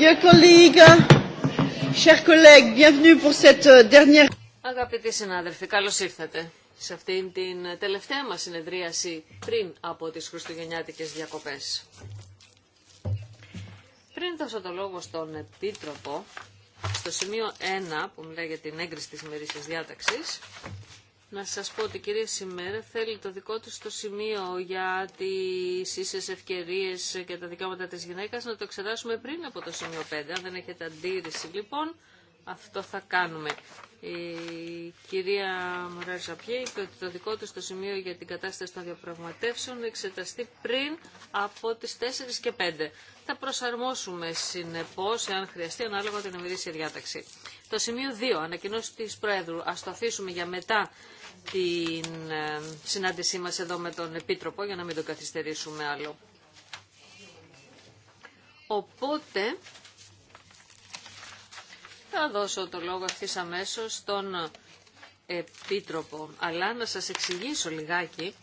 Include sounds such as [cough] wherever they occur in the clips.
Euh, Αγαπητοί συνάδελφοι, καλώ ήρθατε σε αυτήν την τελευταία μα συνεδρίαση πριν από τι Χριστουγεννιάτικε διακοπέ. Πριν δώσω το λόγο στον Επίτροπο, στο σημείο 1 που μιλάει για την έγκριση τη ημερήσια διάταξη. Να σας πω ότι η κυρία Σημέρα θέλει το δικό της το σημείο για τις ίσες ευκαιρίες και τα δικαιώματα της γυναίκας να το εξετάσουμε πριν από το σημείο 5. Αν δεν έχετε αντίρρηση λοιπόν, αυτό θα κάνουμε. Η κυρία Μωράρη Σαπιέ είπε ότι το δικό της το σημείο για την κατάσταση των διαπραγματεύσεων εξεταστεί πριν από τις 4 και 5. Θα προσαρμόσουμε συνεπώς, εάν χρειαστεί, ανάλογα την ημερήσια διάταξη. Το σημείο 2, ανακοινώσει της Πρόεδρου, Α το αφήσουμε για μετά την ε, συνάντησή μας εδώ με τον Επίτροπο για να μην το καθυστερήσουμε άλλο. Οπότε θα δώσω το λόγο αυτής αμέσως στον Επίτροπο. Αλλά να σας εξηγήσω λιγάκι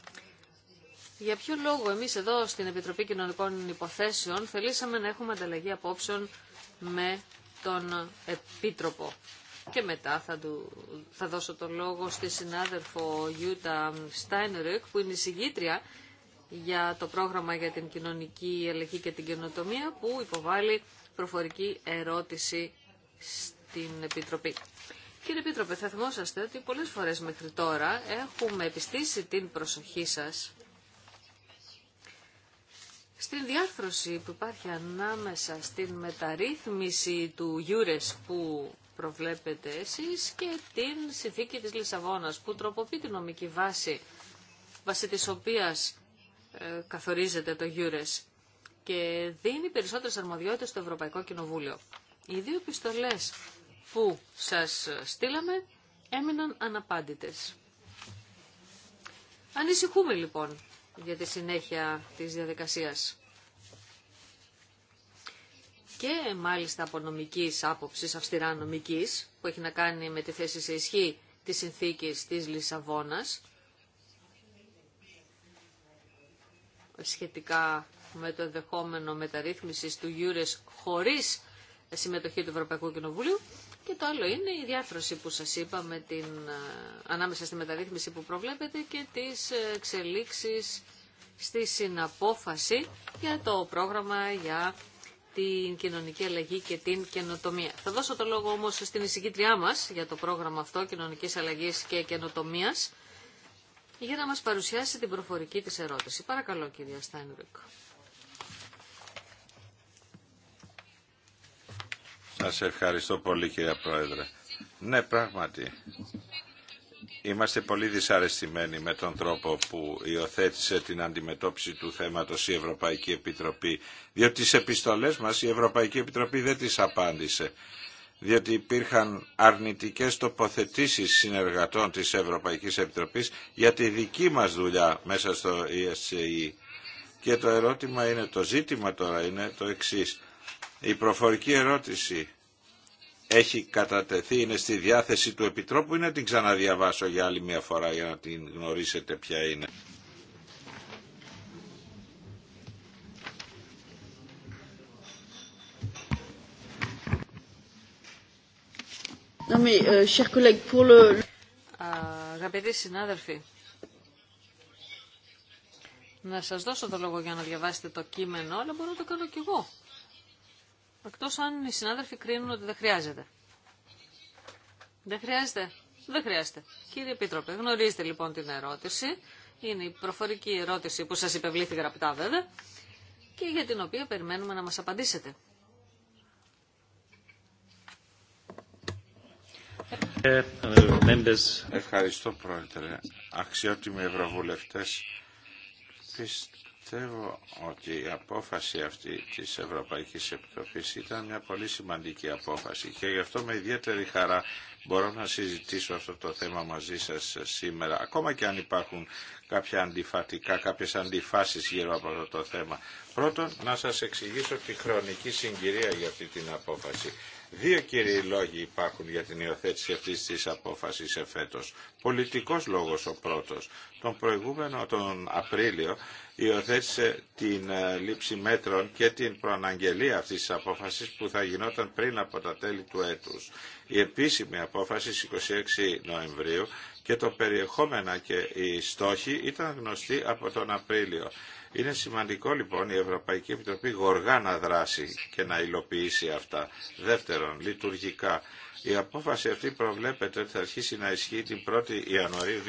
για ποιο λόγο εμείς εδώ στην Επιτροπή Κοινωνικών Υποθέσεων θελήσαμε να έχουμε ανταλλαγή απόψεων με τον Επίτροπο και μετά θα, θα δώσω το λόγο στη συνάδελφο Γιούτα Στάινρουκ που είναι η συγγήτρια για το πρόγραμμα για την κοινωνική ελεγχή και την καινοτομία που υποβάλλει προφορική ερώτηση στην Επιτροπή. Κύριε Επίτροπε, θα θυμόσαστε ότι πολλές φορές μέχρι τώρα έχουμε επιστήσει την προσοχή σας στην διάρθρωση που υπάρχει ανάμεσα στην μεταρρύθμιση του Γιούρες που προβλέπετε εσείς και την συνθήκη της Λισαβόνας που τροποποιεί τη νομική βάση βάσει της οποίας ε, καθορίζεται το Γιούρες και δίνει περισσότερες αρμοδιότητες στο Ευρωπαϊκό Κοινοβούλιο. Οι δύο επιστολές που σας στείλαμε έμειναν αναπάντητες. Ανησυχούμε λοιπόν για τη συνέχεια της διαδικασίας και μάλιστα από νομική άποψης, αυστηρά νομική, που έχει να κάνει με τη θέση σε ισχύ της συνθήκη της Λισαβόνας, σχετικά με το ενδεχόμενο μεταρρύθμισης του Γιούρε χωρίς συμμετοχή του Ευρωπαϊκού Κοινοβουλίου. Και το άλλο είναι η διάρθρωση που σας είπα την, ε, ανάμεσα στη μεταρρύθμιση που προβλέπετε και τις εξελίξεις στη συναπόφαση για το πρόγραμμα για την κοινωνική αλλαγή και την καινοτομία. Θα δώσω το λόγο όμως στην εισηγήτριά μας για το πρόγραμμα αυτό κοινωνικής αλλαγής και καινοτομία, για να μας παρουσιάσει την προφορική της ερώτηση. Παρακαλώ κυρία Στάινρικ. Σας ευχαριστώ πολύ κυρία Πρόεδρε. Ναι πράγματι Είμαστε πολύ δυσαρεστημένοι με τον τρόπο που υιοθέτησε την αντιμετώπιση του θέματος η Ευρωπαϊκή Επιτροπή, διότι τις επιστολές μας η Ευρωπαϊκή Επιτροπή δεν τις απάντησε, διότι υπήρχαν αρνητικές τοποθετήσεις συνεργατών της Ευρωπαϊκής Επιτροπής για τη δική μας δουλειά μέσα στο ESCE. E. Και το ερώτημα είναι, το ζήτημα τώρα είναι το εξής. Η προφορική ερώτηση έχει κατατεθεί, είναι στη διάθεση του Επιτρόπου ή να την ξαναδιαβάσω για άλλη μια φορά για να την γνωρίσετε ποια είναι. Euh, Αγαπητοί συνάδελφοι, να σας δώσω το λόγο για να διαβάσετε το κείμενο, αλλά μπορώ να το κάνω κι εγώ. Εκτό αν οι συνάδελφοι κρίνουν ότι δεν χρειάζεται. Δεν χρειάζεται. Δεν χρειάζεται. Κύριε Επίτροπε, γνωρίζετε λοιπόν την ερώτηση. Είναι η προφορική ερώτηση που σας υπευλήθη γραπτά βέβαια και για την οποία περιμένουμε να μας απαντήσετε. Ε, ε, Ευχαριστώ πρόεδρε. Αξιότιμοι ευρωβουλευτές. Πιστεύω ότι η απόφαση αυτή της Ευρωπαϊκής Επιτροπής ήταν μια πολύ σημαντική απόφαση και γι' αυτό με ιδιαίτερη χαρά μπορώ να συζητήσω αυτό το θέμα μαζί σας σήμερα, ακόμα και αν υπάρχουν κάποια αντιφατικά, κάποιες αντιφάσεις γύρω από αυτό το θέμα. Πρώτον, να σας εξηγήσω τη χρονική συγκυρία για αυτή την απόφαση. Δύο κύριοι λόγοι υπάρχουν για την υιοθέτηση αυτής της απόφασης εφέτος. Πολιτικός λόγος ο πρώτος. Τον προηγούμενο τον Απρίλιο υιοθέτησε την ε, λήψη μέτρων και την προαναγγελία αυτής της απόφαση που θα γινόταν πριν από τα τέλη του έτους. Η επίσημη απόφαση 26 Νοεμβρίου και το περιεχόμενα και οι στόχοι ήταν γνωστοί από τον Απρίλιο. Είναι σημαντικό λοιπόν η Ευρωπαϊκή Επιτροπή γοργά να δράσει και να υλοποιήσει αυτά. Δεύτερον, λειτουργικά. Η απόφαση αυτή προβλέπεται ότι θα αρχίσει να ισχύει την 1η Ιανουαρίου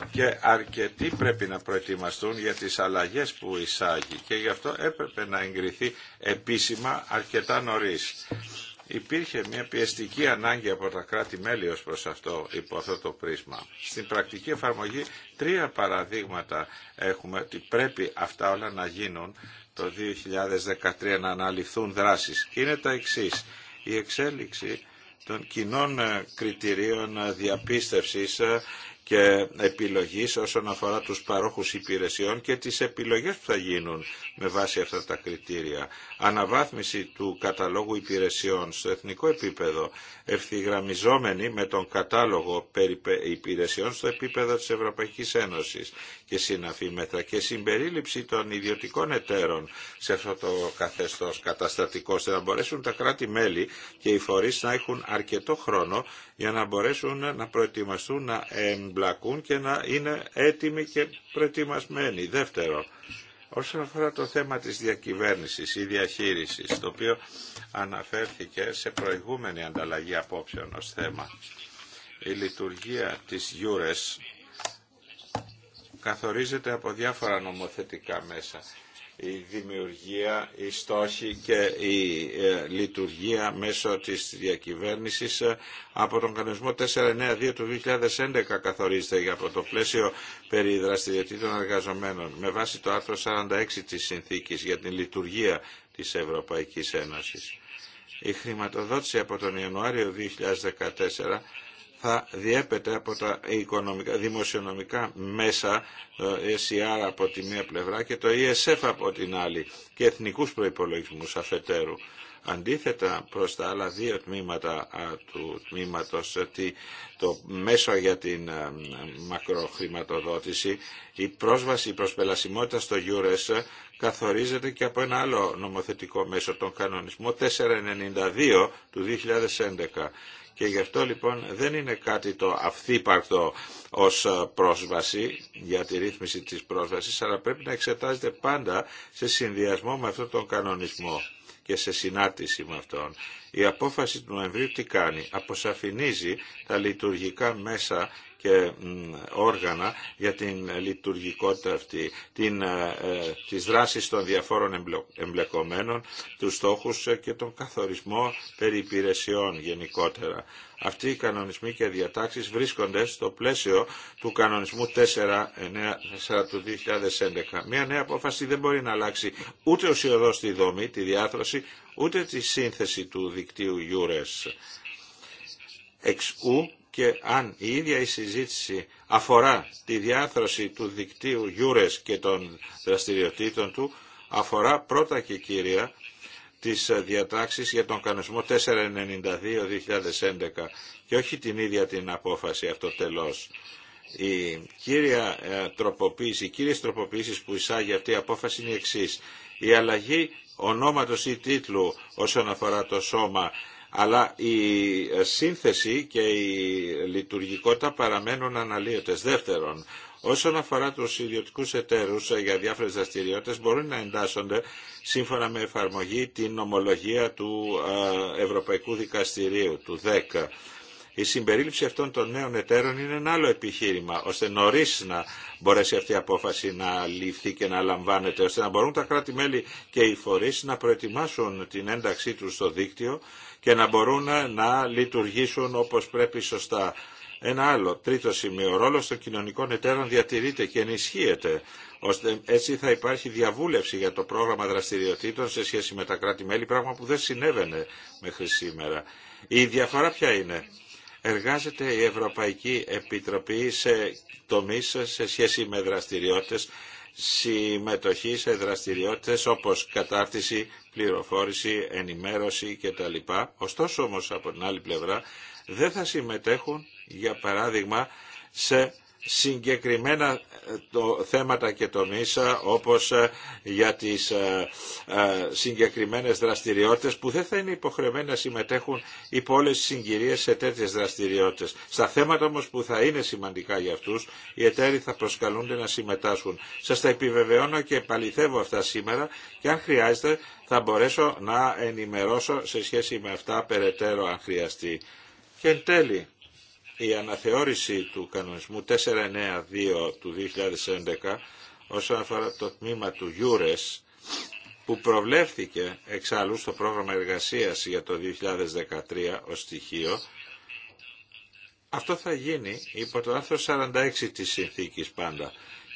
2014 και αρκετοί πρέπει να προετοιμαστούν για τις αλλαγές που εισάγει και γι' αυτό έπρεπε να εγκριθεί επίσημα αρκετά νωρίς υπήρχε μια πιεστική ανάγκη από τα κράτη-μέλη ως προς αυτό, υπό αυτό το πρίσμα. Στην πρακτική εφαρμογή τρία παραδείγματα έχουμε ότι πρέπει αυτά όλα να γίνουν το 2013 να αναλυθούν δράσεις. Είναι τα εξής. Η εξέλιξη των κοινών ε, κριτηρίων ε, διαπίστευσης ε, και επιλογής όσον αφορά τους παρόχους υπηρεσιών και τις επιλογές που θα γίνουν με βάση αυτά τα κριτήρια. Αναβάθμιση του καταλόγου υπηρεσιών στο εθνικό επίπεδο, ευθυγραμμιζόμενη με τον κατάλογο υπηρεσιών στο επίπεδο της Ευρωπαϊκής Ένωσης και συναφή και συμπερίληψη των ιδιωτικών εταίρων σε αυτό το καθεστώς καταστατικό, ώστε να μπορέσουν τα κράτη-μέλη και οι φορείς να έχουν αρκετό χρόνο για να μπορέσουν να προετοιμαστούν να εμπλακούν και να είναι έτοιμοι και προετοιμασμένοι. Δεύτερο, όσον αφορά το θέμα της διακυβέρνησης ή διαχείρισης, το οποίο αναφέρθηκε σε προηγούμενη ανταλλαγή απόψεων ως θέμα, η λειτουργία της Γιούρες καθορίζεται από διάφορα νομοθετικά μέσα η δημιουργία, η στόχη και η ε, λειτουργία μέσω της διακυβέρνησης ε, από τον κανονισμό 492 του 2011 καθορίζεται για από το πλαίσιο περί δραστηριοτήτων εργαζομένων με βάση το άρθρο 46 της Συνθήκης για την λειτουργία της Ευρωπαϊκής Ένωσης. Η χρηματοδότηση από τον Ιανουάριο 2014 θα διέπεται από τα οικονομικά, δημοσιονομικά μέσα, το ε, SCR e από τη μία πλευρά και το ESF από την άλλη και εθνικούς προϋπολογισμούς αφετέρου. Αντίθετα προς τα άλλα δύο τμήματα του τμήματος, ε, το μέσο για την ε, μακροχρηματοδότηση, η πρόσβαση, η προσπελασιμότητα στο EURES καθορίζεται και από ένα άλλο νομοθετικό μέσο, τον κανονισμό 492 του 2011 και γι' αυτό λοιπόν δεν είναι κάτι το αυθύπαρκτο ως ε, πρόσβαση για τη ρύθμιση της πρόσβασης, αλλά πρέπει να εξετάζεται πάντα σε συνδυασμό με αυτόν τον κανονισμό και σε συνάρτηση με αυτόν. Η απόφαση του Νοεμβρίου τι κάνει. Αποσαφηνίζει τα λειτουργικά μέσα και όργανα για την λειτουργικότητα αυτή, την, ε, ε, τις δράσεις των διαφόρων εμπλεκομένων, τους στόχους ε, και τον καθορισμό περί υπηρεσιών γενικότερα. Αυτοί οι κανονισμοί και διατάξεις βρίσκονται στο πλαίσιο του κανονισμού 4, του 2011. Μια νέα απόφαση δεν μπορεί να αλλάξει ούτε ουσιοδός τη δομή, τη διάθρωση, ούτε τη σύνθεση του δικτύου EURES. Εξ ου και αν η ίδια η συζήτηση αφορά τη διάθρωση του δικτύου Γιούρες και των δραστηριοτήτων του, αφορά πρώτα και κύρια τις διατάξεις για τον κανονισμό 492-2011 και όχι την ίδια την απόφαση αυτό τελώς. Η κύρια ε, τροποποίηση, οι κύριες τροποποίησεις που εισάγει αυτή η απόφαση είναι η εξής. Η αλλαγή ονόματος ή τίτλου όσον αφορά το σώμα αλλά η ε, σύνθεση και η λειτουργικότητα παραμένουν αναλύωτες. Δεύτερον, Όσον αφορά του ιδιωτικού εταίρους ε, για διάφορε δραστηριότητε, μπορούν να εντάσσονται σύμφωνα με εφαρμογή την ομολογία του ε, Ευρωπαϊκού Δικαστηρίου, του 10. Η συμπερίληψη αυτών των νέων εταίρων είναι ένα άλλο επιχείρημα, ώστε νωρί να μπορέσει αυτή η απόφαση να ληφθεί και να λαμβάνεται, ώστε να μπορούν τα κράτη-μέλη και οι φορεί να προετοιμάσουν την ένταξή του στο δίκτυο και να μπορούν να λειτουργήσουν όπως πρέπει σωστά. Ένα άλλο, τρίτο σημείο, ο ρόλος των κοινωνικών εταίρων διατηρείται και ενισχύεται, ώστε έτσι θα υπάρχει διαβούλευση για το πρόγραμμα δραστηριοτήτων σε σχέση με τα κράτη-μέλη, πράγμα που δεν συνέβαινε μέχρι σήμερα. Η διαφορά ποια είναι. Εργάζεται η Ευρωπαϊκή Επιτροπή σε τομείς σε σχέση με δραστηριότητες συμμετοχή σε δραστηριότητες όπως κατάρτιση, πληροφόρηση, ενημέρωση κτλ. Ωστόσο όμως από την άλλη πλευρά δεν θα συμμετέχουν για παράδειγμα σε συγκεκριμένα ε, το, θέματα και τομείς ε, όπως ε, για τις συγκεκριμένες δραστηριότητες που δεν θα είναι υποχρεωμένοι να συμμετέχουν υπό όλες τις συγκυρίες σε τέτοιες δραστηριότητες. Στα θέματα όμως που θα είναι σημαντικά για αυτούς, οι εταίροι θα προσκαλούνται να συμμετάσχουν. Σας τα επιβεβαιώνω και επαληθεύω αυτά σήμερα και αν χρειάζεται θα μπορέσω να ενημερώσω σε σχέση με αυτά περαιτέρω αν χρειαστεί. Και εν τέλει, η αναθεώρηση του κανονισμού 492 του 2011 όσον αφορά το τμήμα του Γιούρες που προβλέφθηκε εξάλλου στο πρόγραμμα εργασίας για το 2013 ως στοιχείο αυτό θα γίνει υπό το άρθρο 46 της συνθήκης πάντα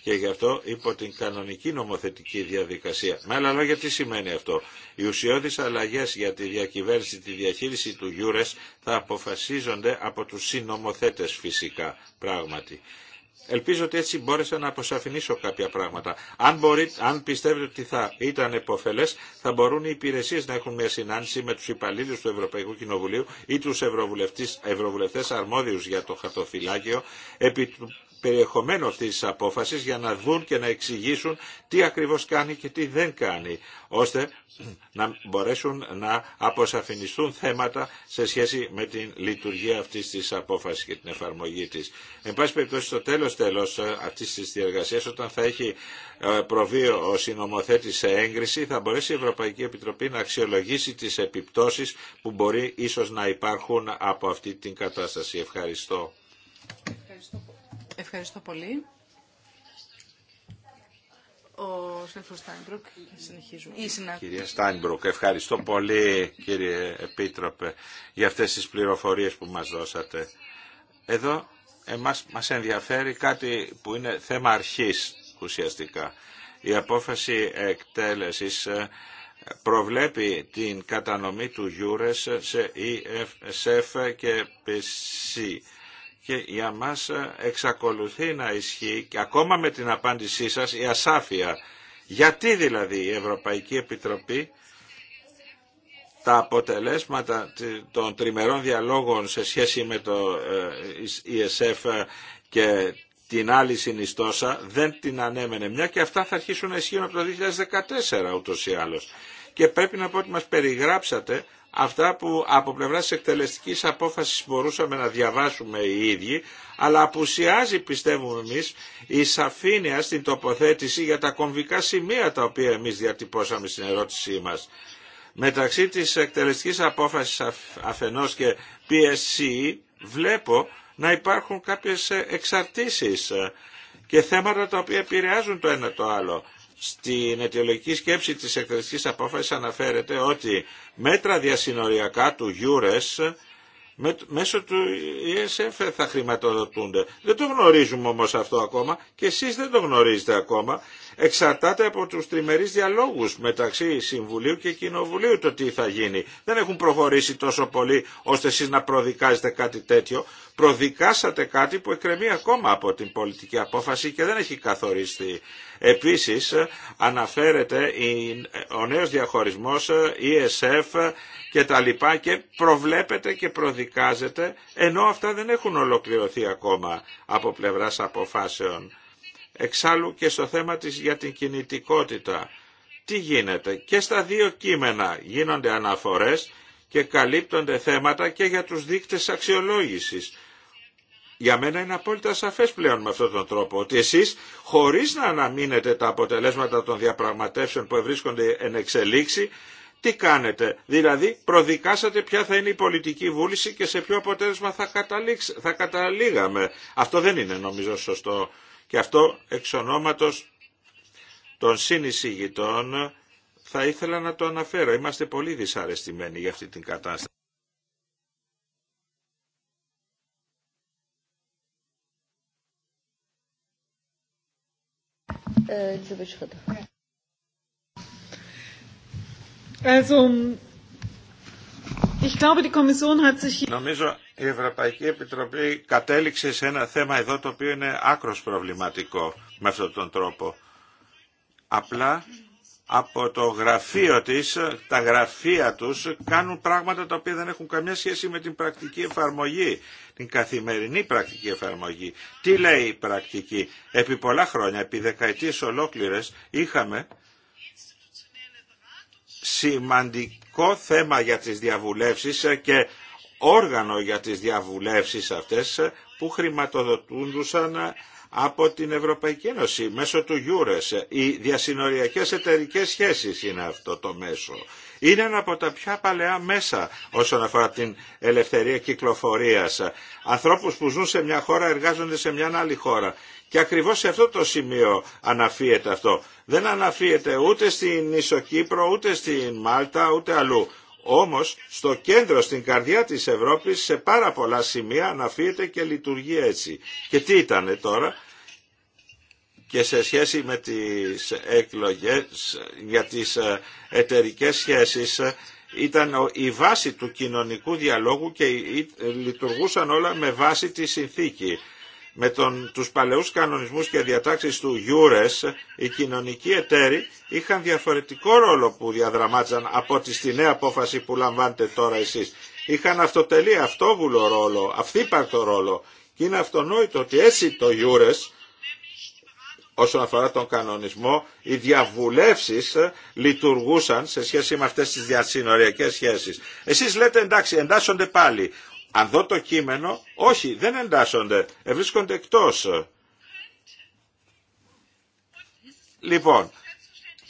και γι' αυτό υπό την κανονική νομοθετική διαδικασία. Με άλλα λόγια τι σημαίνει αυτό. Οι ουσιώδει αλλαγέ για τη διακυβέρνηση, τη διαχείριση του Γιούρε θα αποφασίζονται από του συνομοθέτε φυσικά πράγματι. Ελπίζω ότι έτσι μπόρεσα να αποσαφηνίσω κάποια πράγματα. Αν, μπορεί, αν πιστεύετε ότι θα ήταν επωφελέ, θα μπορούν οι υπηρεσίε να έχουν μια συνάντηση με του υπαλλήλου του Ευρωπαϊκού Κοινοβουλίου ή του ευρωβουλευτέ αρμόδιου για το χαρτοφυλάκιο επί του περιεχομένου αυτής της απόφασης για να δουν και να εξηγήσουν τι ακριβώς κάνει και τι δεν κάνει, ώστε να μπορέσουν να αποσαφινιστούν θέματα σε σχέση με την λειτουργία αυτής της απόφασης και την εφαρμογή της. Εν πάση περιπτώσει, στο τέλος τέλος ε, αυτής της διεργασίας, όταν θα έχει ε, προβεί ο συνομοθέτης σε έγκριση, θα μπορέσει η Ευρωπαϊκή Επιτροπή να αξιολογήσει τις επιπτώσεις που μπορεί ίσως να υπάρχουν από αυτή την κατάσταση. Ευχαριστώ. Ευχαριστώ. Ευχαριστώ πολύ. Ο Σέλφος Στάινμπρουκ, συνεχίζουμε. Κυρία Στάινμπρουκ, ευχαριστώ πολύ κύριε Επίτροπε για αυτές τις πληροφορίες που μας δώσατε. Εδώ εμάς μας ενδιαφέρει κάτι που είναι θέμα αρχής ουσιαστικά. Η απόφαση εκτέλεσης ε, προβλέπει την κατανομή του Γιούρες σε EFSF και PC και για μας εξακολουθεί να ισχύει και ακόμα με την απάντησή σας η ασάφεια. Γιατί δηλαδή η Ευρωπαϊκή Επιτροπή τα αποτελέσματα των τριμερών διαλόγων σε σχέση με το ESF ε, και την άλλη συνιστόσα δεν την ανέμενε μια και αυτά θα αρχίσουν να ισχύουν από το 2014 ούτως ή άλλως. Και πρέπει να πω ότι μας περιγράψατε αυτά που από πλευρά τη εκτελεστικής απόφασης μπορούσαμε να διαβάσουμε οι ίδιοι, αλλά απουσιάζει πιστεύουμε εμείς η σαφήνεια στην τοποθέτηση για τα κομβικά σημεία τα οποία εμείς διατυπώσαμε στην ερώτησή μας. Μεταξύ της εκτελεστικής απόφασης αφενός και PSC βλέπω να υπάρχουν κάποιες εξαρτήσεις και θέματα τα οποία επηρεάζουν το ένα το άλλο στην αιτιολογική σκέψη της εκτελεστικής απόφασης αναφέρεται ότι μέτρα διασυνοριακά του Γιούρες μέσω του ESF θα χρηματοδοτούνται. Δεν το γνωρίζουμε όμως αυτό ακόμα και εσείς δεν το γνωρίζετε ακόμα εξαρτάται από τους τριμερείς διαλόγους μεταξύ Συμβουλίου και Κοινοβουλίου το τι θα γίνει. Δεν έχουν προχωρήσει τόσο πολύ ώστε εσείς να προδικάζετε κάτι τέτοιο. Προδικάσατε κάτι που εκκρεμεί ακόμα από την πολιτική απόφαση και δεν έχει καθοριστεί. Επίσης αναφέρεται ο νέος διαχωρισμός ESF και τα λοιπά και προβλέπεται και προδικάζεται ενώ αυτά δεν έχουν ολοκληρωθεί ακόμα από πλευράς αποφάσεων. Εξάλλου και στο θέμα της για την κινητικότητα. Τι γίνεται. Και στα δύο κείμενα γίνονται αναφορές και καλύπτονται θέματα και για τους δείκτες αξιολόγησης. Για μένα είναι απόλυτα σαφές πλέον με αυτόν τον τρόπο ότι εσείς χωρίς να αναμείνετε τα αποτελέσματα των διαπραγματεύσεων που ευρίσκονται εν εξελίξη, τι κάνετε, δηλαδή προδικάσατε ποια θα είναι η πολιτική βούληση και σε ποιο αποτέλεσμα θα, θα καταλήγαμε. Αυτό δεν είναι νομίζω σωστό. Και αυτό εξ ονόματος των συνεισηγητών θα ήθελα να το αναφέρω. Είμαστε πολύ δυσαρεστημένοι για αυτή την κατάσταση. Also, ε, Νομίζω η Ευρωπαϊκή Επιτροπή κατέληξε σε ένα θέμα εδώ το οποίο είναι άκρος προβληματικό με αυτόν τον τρόπο. Απλά από το γραφείο της, τα γραφεία τους κάνουν πράγματα τα οποία δεν έχουν καμιά σχέση με την πρακτική εφαρμογή, την καθημερινή πρακτική εφαρμογή. Τι λέει η πρακτική. Επί πολλά χρόνια, επί δεκαετίες ολόκληρες, είχαμε σημαντική βασικό θέμα για τις διαβουλεύσεις και όργανο για τις διαβουλεύσεις αυτές που χρηματοδοτούντουσαν από την Ευρωπαϊκή Ένωση μέσω του Γιούρες. Οι διασυνοριακές εταιρικές σχέσεις είναι αυτό το μέσο. Είναι ένα από τα πιο παλαιά μέσα όσον αφορά την ελευθερία κυκλοφορίας. Ανθρώπους που ζουν σε μια χώρα εργάζονται σε μια άλλη χώρα. Και ακριβώς σε αυτό το σημείο αναφύεται αυτό. Δεν αναφύεται ούτε στην Ισοκύπρο, ούτε στην Μάλτα, ούτε αλλού. Όμως στο κέντρο, στην καρδιά της Ευρώπης, σε πάρα πολλά σημεία αναφύεται και λειτουργεί έτσι. Και τι ήτανε τώρα, και σε σχέση με τις εκλογές για τις ε, εταιρικές σχέσεις ε, ήταν η βάση του κοινωνικού διαλόγου και λειτουργούσαν όλα με βάση τη συνθήκη. Με τον, τους παλαιούς κανονισμούς και διατάξεις του Γιούρες, οι κοινωνικοί εταίροι είχαν διαφορετικό ρόλο που διαδραμάτιζαν από τη νέα απόφαση που λαμβάνετε τώρα εσείς. Είχαν αυτοτελεί αυτόβουλο ρόλο, αυθύπαρτο ρόλο. Και είναι αυτονόητο ότι έτσι το Γιούρες όσον αφορά τον κανονισμό, οι διαβουλεύσεις ε, λειτουργούσαν σε σχέση με αυτές τις διασυνοριακές σχέσεις. Εσείς λέτε εντάξει, εντάσσονται πάλι. Αν δω το κείμενο, όχι, δεν εντάσσονται, ε, βρίσκονται εκτός. Λοιπόν,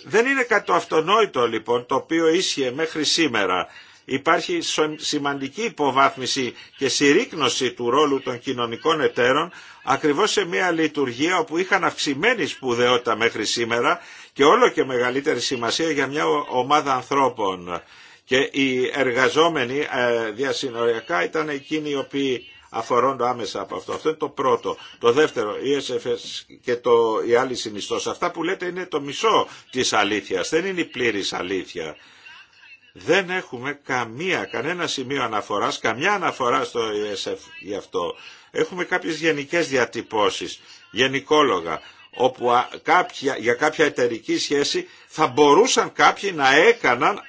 δεν είναι το αυτονόητο λοιπόν το οποίο ίσχυε μέχρι σήμερα Υπάρχει σημαντική υποβάθμιση και συρρήκνωση του ρόλου των κοινωνικών εταίρων ακριβώς σε μια λειτουργία όπου είχαν αυξημένη σπουδαιότητα μέχρι σήμερα και όλο και μεγαλύτερη σημασία για μια ομάδα ανθρώπων. Και οι εργαζόμενοι ε, διασυνοριακά ήταν εκείνοι οι οποίοι αφορώνται άμεσα από αυτό. Αυτό είναι το πρώτο. Το δεύτερο, η ΕΣΕΦΕΣ και το, η άλλη συνιστός. Αυτά που λέτε είναι το μισό της αλήθειας. Δεν είναι η πλήρης αλήθεια δεν έχουμε καμία, κανένα σημείο αναφοράς, καμιά αναφορά στο ΕΣΕΦ γι' αυτό. Έχουμε κάποιες γενικές διατυπώσεις, γενικόλογα, όπου για κάποια εταιρική σχέση θα μπορούσαν κάποιοι να έκαναν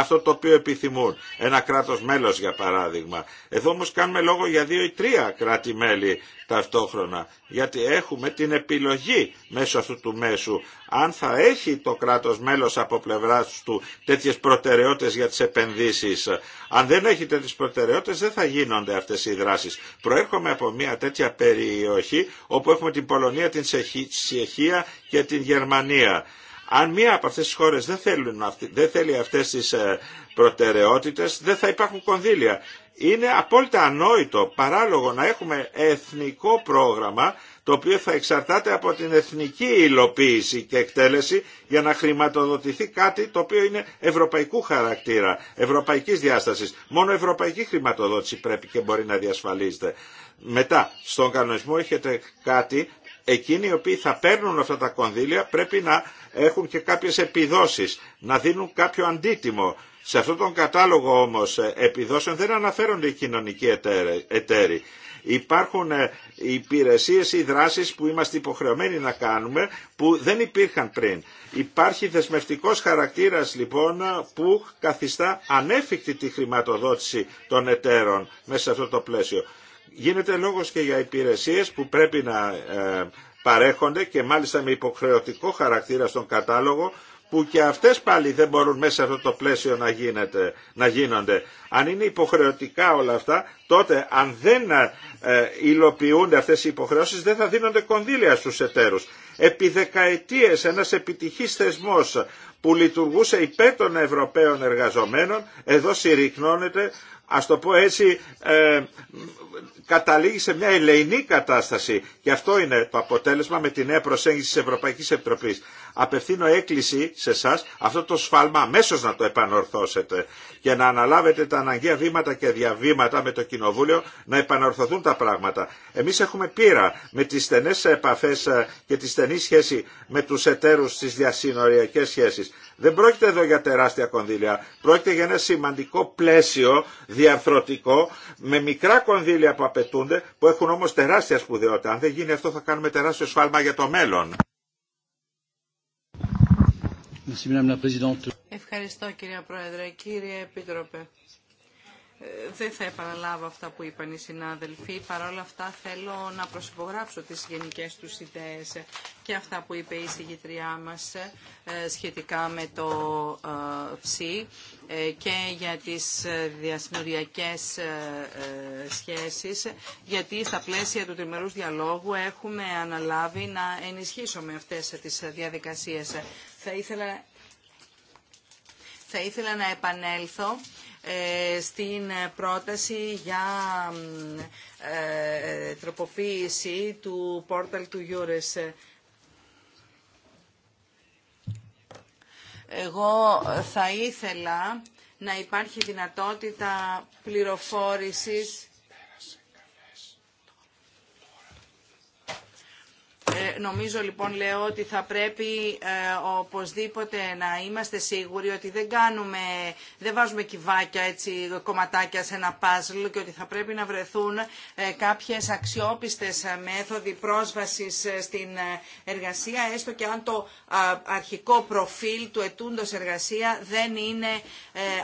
αυτό το οποίο επιθυμούν. Ένα κράτος μέλος για παράδειγμα. Εδώ όμως κάνουμε λόγο για δύο ή τρία κράτη-μέλη ταυτόχρονα. Γιατί έχουμε την επιλογή μέσω αυτού του μέσου. Αν θα έχει το κράτος μέλος από πλευρά του τέτοιες προτεραιότητες για τις επενδύσεις. Αν δεν έχει τέτοιες προτεραιότητες δεν θα γίνονται αυτές οι δράσεις. Προέρχομαι από μια τέτοια περιοχή όπου έχουμε την Πολωνία, την Σιεχία και την Γερμανία. Αν μία από αυτές τις χώρες δεν, θέλουν, δεν θέλει αυτές τις ε, προτεραιότητες, δεν θα υπάρχουν κονδύλια. Είναι απόλυτα ανόητο, παράλογο να έχουμε εθνικό πρόγραμμα το οποίο θα εξαρτάται από την εθνική υλοποίηση και εκτέλεση για να χρηματοδοτηθεί κάτι το οποίο είναι ευρωπαϊκού χαρακτήρα, ευρωπαϊκής διάστασης. Μόνο ευρωπαϊκή χρηματοδότηση πρέπει και μπορεί να διασφαλίζεται. Μετά, στον κανονισμό έχετε κάτι εκείνοι οι οποίοι θα παίρνουν αυτά τα κονδύλια πρέπει να έχουν και κάποιες επιδόσεις, να δίνουν κάποιο αντίτιμο. Σε αυτόν τον κατάλογο όμως ε, επιδόσεων δεν αναφέρονται οι κοινωνικοί εταίροι. Υπάρχουν ε, υπηρεσίες ή δράσεις που είμαστε υποχρεωμένοι να κάνουμε που δεν υπήρχαν πριν. Υπάρχει δεσμευτικός χαρακτήρας λοιπόν που καθιστά ανέφικτη τη χρηματοδότηση των εταίρων μέσα σε αυτό το πλαίσιο. Γίνεται λόγος και για υπηρεσίες που πρέπει να ε, παρέχονται και μάλιστα με υποχρεωτικό χαρακτήρα στον κατάλογο που και αυτές πάλι δεν μπορούν μέσα σε αυτό το πλαίσιο να, γίνεται, να γίνονται. Αν είναι υποχρεωτικά όλα αυτά, τότε αν δεν ε, υλοποιούνται αυτές οι υποχρεώσεις δεν θα δίνονται κονδύλια στους εταίρους. Επί δεκαετίες ένας επιτυχής θεσμός που λειτουργούσε υπέρ των Ευρωπαίων εργαζομένων, εδώ συρρυκνώνεται ας το πω έτσι, ε, καταλήγει σε μια ελεηνή κατάσταση. Και αυτό είναι το αποτέλεσμα με τη νέα προσέγγιση της Ευρωπαϊκής Επιτροπής. Απευθύνω έκκληση σε εσά αυτό το σφάλμα αμέσω να το επανορθώσετε και να αναλάβετε τα αναγκαία βήματα και διαβήματα με το Κοινοβούλιο να επανορθωθούν τα πράγματα. Εμείς έχουμε πείρα με τις στενές επαφές ε, και τη στενή σχέση με τους εταίρους στις διασυνοριακέ σχέσει. Δεν πρόκειται εδώ για τεράστια κονδύλια. Πρόκειται για ένα σημαντικό πλαίσιο διαρθρωτικό με μικρά κονδύλια που απαιτούνται που έχουν όμως τεράστια σπουδαιότητα. Αν δεν γίνει αυτό θα κάνουμε τεράστιο σφάλμα για το μέλλον. Ευχαριστώ κυρία Πρόεδρε. Κύριε Επίτροπε δεν θα επαναλάβω αυτά που είπαν οι συνάδελφοι. Παρ' όλα αυτά θέλω να προσυπογράψω τις γενικές τους ιδέες και αυτά που είπε η συγγητριά μας ε, σχετικά με το ε, ΨΥ ε, και για τις διασυνοριακές σχέσεις, γιατί στα πλαίσια του τριμερούς διαλόγου έχουμε αναλάβει να ενισχύσουμε αυτές τις διαδικασίες. Θα ήθελα, θα ήθελα να επανέλθω ε, στην πρόταση για ε, ε, τροποποίηση του πόρταλ του Γιούρες. Εγώ θα ήθελα να υπάρχει δυνατότητα πληροφόρησης Ε, νομίζω λοιπόν λέω ότι θα πρέπει ε, οπωσδήποτε να είμαστε σίγουροι ότι δεν κάνουμε, δεν βάζουμε κυβάκια έτσι κομματάκια σε ένα παζλ και ότι θα πρέπει να βρεθούν ε, κάποιες αξιόπιστες μέθοδοι πρόσβασης στην εργασία έστω και αν το αρχικό προφίλ του ετούντος εργασία δεν είναι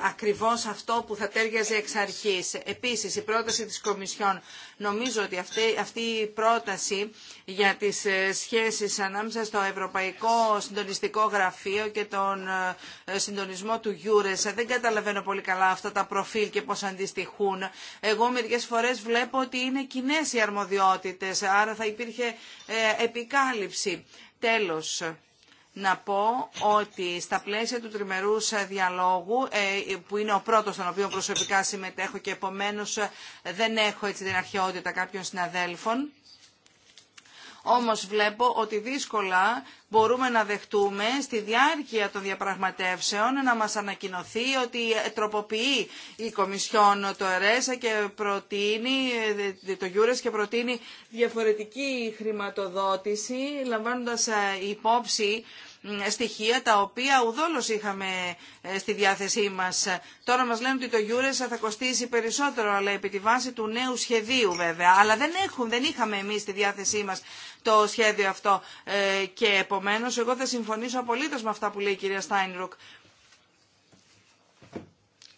ακριβώς αυτό που θα τέριαζε εξ αρχής. Επίσης η πρόταση της Κομισιόν Νομίζω ότι αυτή, αυτή η πρόταση για τις ε, σχέσεις ανάμεσα στο Ευρωπαϊκό Συντονιστικό Γραφείο και τον ε, ε, συντονισμό του Γιούρες. Δεν καταλαβαίνω πολύ καλά αυτά τα προφίλ και πώς αντιστοιχούν. Εγώ μερικές φορές βλέπω ότι είναι κοινέ οι αρμοδιότητες, άρα θα υπήρχε επικάλυψη. Τέλος να πω ότι στα πλαίσια του τριμερού διαλόγου, ε, που είναι ο πρώτος στον οποίο προσωπικά συμμετέχω και επομένως ε, δεν έχω έτσι την αρχαιότητα κάποιων συναδέλφων, όμως βλέπω ότι δύσκολα μπορούμε να δεχτούμε στη διάρκεια των διαπραγματεύσεων να μας ανακοινωθεί ότι τροποποιεί η Κομισιόν το ΕΡΕΣΑ και προτείνει, το Γιούρες και προτείνει διαφορετική χρηματοδότηση λαμβάνοντας ε, υπόψη στοιχεία τα οποία ουδόλως είχαμε ε, στη διάθεσή μας. Τώρα μας λένε ότι το Eures θα κοστίσει περισσότερο, αλλά επί τη βάση του νέου σχεδίου βέβαια. Αλλά δεν, έχουν, δεν είχαμε εμείς στη διάθεσή μας το σχέδιο αυτό. Ε, και επομένως εγώ θα συμφωνήσω απολύτως με αυτά που λέει η κυρία Στάινρουκ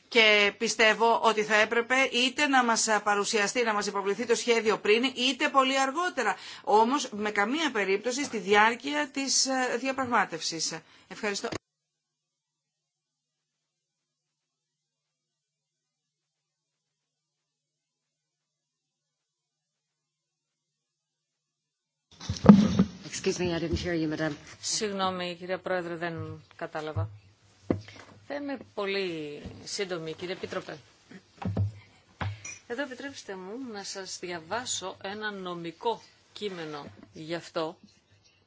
και πιστεύω ότι θα έπρεπε είτε να μας παρουσιαστεί, να μας υποβληθεί το σχέδιο πριν, είτε πολύ αργότερα. Όμως με καμία περίπτωση στη διάρκεια της ε, διαπραγμάτευσης. Ευχαριστώ. Συγγνώμη, κυρία Πρόεδρε, δεν κατάλαβα. Θα είμαι πολύ σύντομη, κύριε Επίτροπε. Εδώ επιτρέψτε μου να σας διαβάσω ένα νομικό κείμενο γι' αυτό.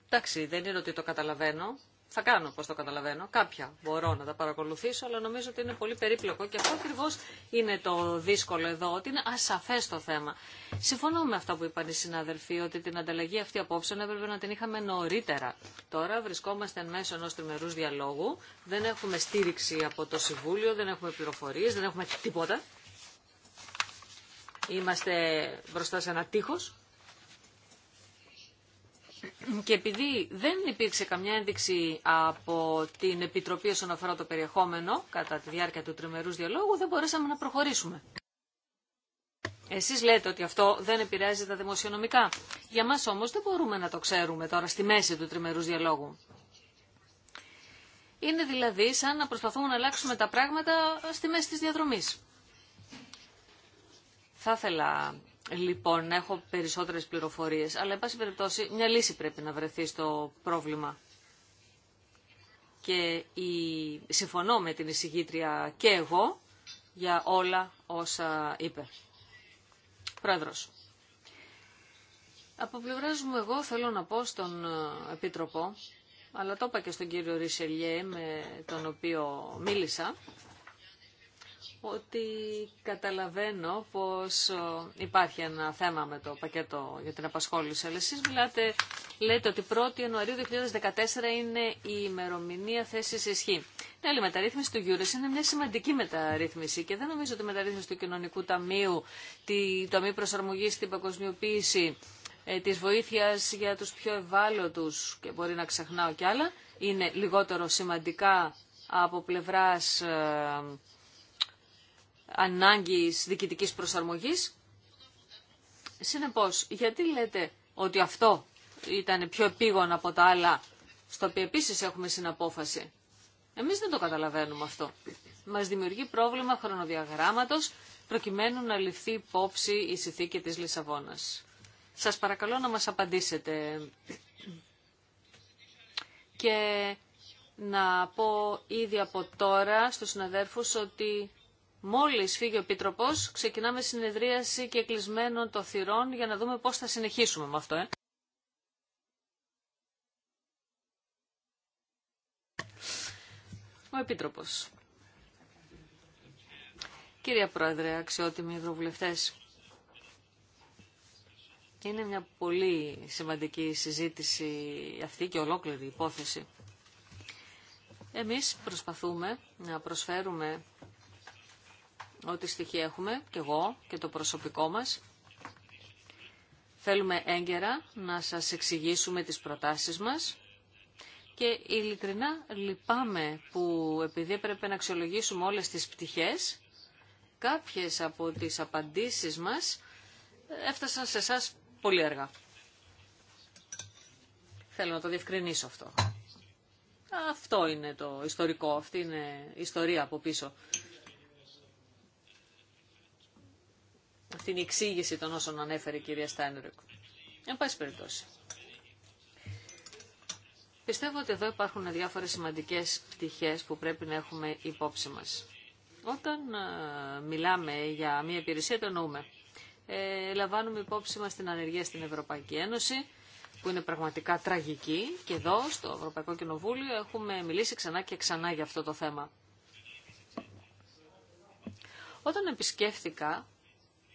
Εντάξει, δεν είναι ότι το καταλαβαίνω, θα κάνω, πώ το καταλαβαίνω. Κάποια μπορώ να τα παρακολουθήσω, αλλά νομίζω ότι είναι πολύ περίπλοκο και αυτό ακριβώ είναι το δύσκολο εδώ, ότι είναι ασαφέ το θέμα. Συμφωνώ με αυτά που είπαν οι συναδελφοί, ότι την ανταλλαγή αυτή απόψε έπρεπε να την είχαμε νωρίτερα. Τώρα βρισκόμαστε εν μέσω ενό τριμερού διαλόγου, δεν έχουμε στήριξη από το Συμβούλιο, δεν έχουμε πληροφορίε, δεν έχουμε τίποτα. Είμαστε μπροστά σε ένα τείχος και επειδή δεν υπήρξε καμιά ένδειξη από την Επιτροπή όσον αφορά το περιεχόμενο κατά τη διάρκεια του τριμερούς διαλόγου, δεν μπορέσαμε να προχωρήσουμε. Εσείς λέτε ότι αυτό δεν επηρεάζει τα δημοσιονομικά. Για μας όμως δεν μπορούμε να το ξέρουμε τώρα στη μέση του τριμερούς διαλόγου. Είναι δηλαδή σαν να προσπαθούμε να αλλάξουμε τα πράγματα στη μέση της διαδρομής. Θα ήθελα λοιπόν έχω περισσότερες πληροφορίες. Αλλά, εν πάση περιπτώσει, μια λύση πρέπει να βρεθεί στο πρόβλημα. Και η... συμφωνώ με την εισηγήτρια και εγώ για όλα όσα είπε. Πρόεδρος. Από μου εγώ θέλω να πω στον ε, Επίτροπο, αλλά το είπα και στον κύριο Ρισελιέ με τον οποίο μίλησα, ότι καταλαβαίνω πως ε, υπάρχει ένα θέμα με το πακέτο για την απασχόληση. Αλλά εσείς μιλάτε, λέτε ότι 1η Ιανουαρίου 2014 είναι η ημερομηνία θέση ισχύ. Ναι, αλλά η μεταρρύθμιση του Γιούρες είναι μια σημαντική μεταρρύθμιση και δεν νομίζω ότι η μεταρρύθμιση του Κοινωνικού Ταμείου, τη τομή Προσαρμογή στην Παγκοσμιοποίηση, ε, της βοήθειας για τους πιο ευάλωτους και μπορεί να ξεχνάω κι άλλα, είναι λιγότερο σημαντικά από πλευράς ε, ανάγκης διοικητικής προσαρμογής. Συνεπώς, γιατί λέτε ότι αυτό ήταν πιο επίγον από τα άλλα, στο οποίο επίσης έχουμε συναπόφαση. Εμείς δεν το καταλαβαίνουμε αυτό. Μας δημιουργεί πρόβλημα χρονοδιαγράμματος, προκειμένου να ληφθεί υπόψη η συνθήκη της Λισαβόνας. Σας παρακαλώ να μας απαντήσετε. Και να πω ήδη από τώρα στους συναδέρφους ότι Μόλις φύγει ο Επίτροπος, ξεκινάμε συνεδρίαση και κλεισμένων των θυρών για να δούμε πώς θα συνεχίσουμε με αυτό. Ε. Ο Επίτροπος. Κυρία Πρόεδρε, αξιότιμοι ευρωβουλευτές, είναι μια πολύ σημαντική συζήτηση αυτή και ολόκληρη υπόθεση. Εμείς προσπαθούμε να προσφέρουμε ό,τι στοιχεία έχουμε, και εγώ και το προσωπικό μας. Θέλουμε έγκαιρα να σας εξηγήσουμε τις προτάσεις μας και ειλικρινά λυπάμαι που επειδή έπρεπε να αξιολογήσουμε όλες τις πτυχές, κάποιες από τις απαντήσεις μας έφτασαν σε εσά πολύ αργά. Θέλω να το διευκρινίσω αυτό. Αυτό είναι το ιστορικό, αυτή είναι η ιστορία από πίσω. την η εξήγηση των όσων ανέφερε η κυρία Στάινρουκ. Εν πάση περιπτώσει. Πιστεύω ότι εδώ υπάρχουν διάφορες σημαντικές πτυχές που πρέπει να έχουμε υπόψη μας. Όταν ε, μιλάμε για μια υπηρεσία, το εννοούμε. Ε, λαμβάνουμε υπόψη μας την ανεργία στην Ευρωπαϊκή Ένωση, που είναι πραγματικά τραγική και εδώ στο Ευρωπαϊκό Κοινοβούλιο έχουμε μιλήσει ξανά και ξανά για αυτό το θέμα. Όταν επισκέφθηκα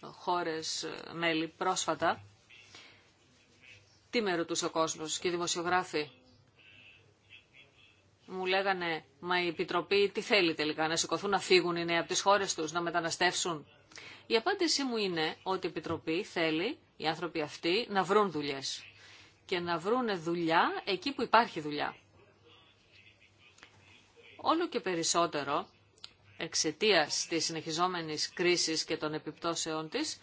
χώρες ε, μέλη πρόσφατα, τι με ρωτούσε ο κόσμος και οι δημοσιογράφοι. Μου λέγανε, μα η Επιτροπή τι θέλει τελικά, να σηκωθούν να φύγουν οι νέοι από τις χώρες τους, να μεταναστεύσουν. Η απάντησή μου είναι ότι η Επιτροπή θέλει οι άνθρωποι αυτοί να βρουν δουλειές και να βρουν δουλειά εκεί που υπάρχει δουλειά. Όλο και περισσότερο εξαιτίας της συνεχιζόμενης κρίσης και των επιπτώσεών της,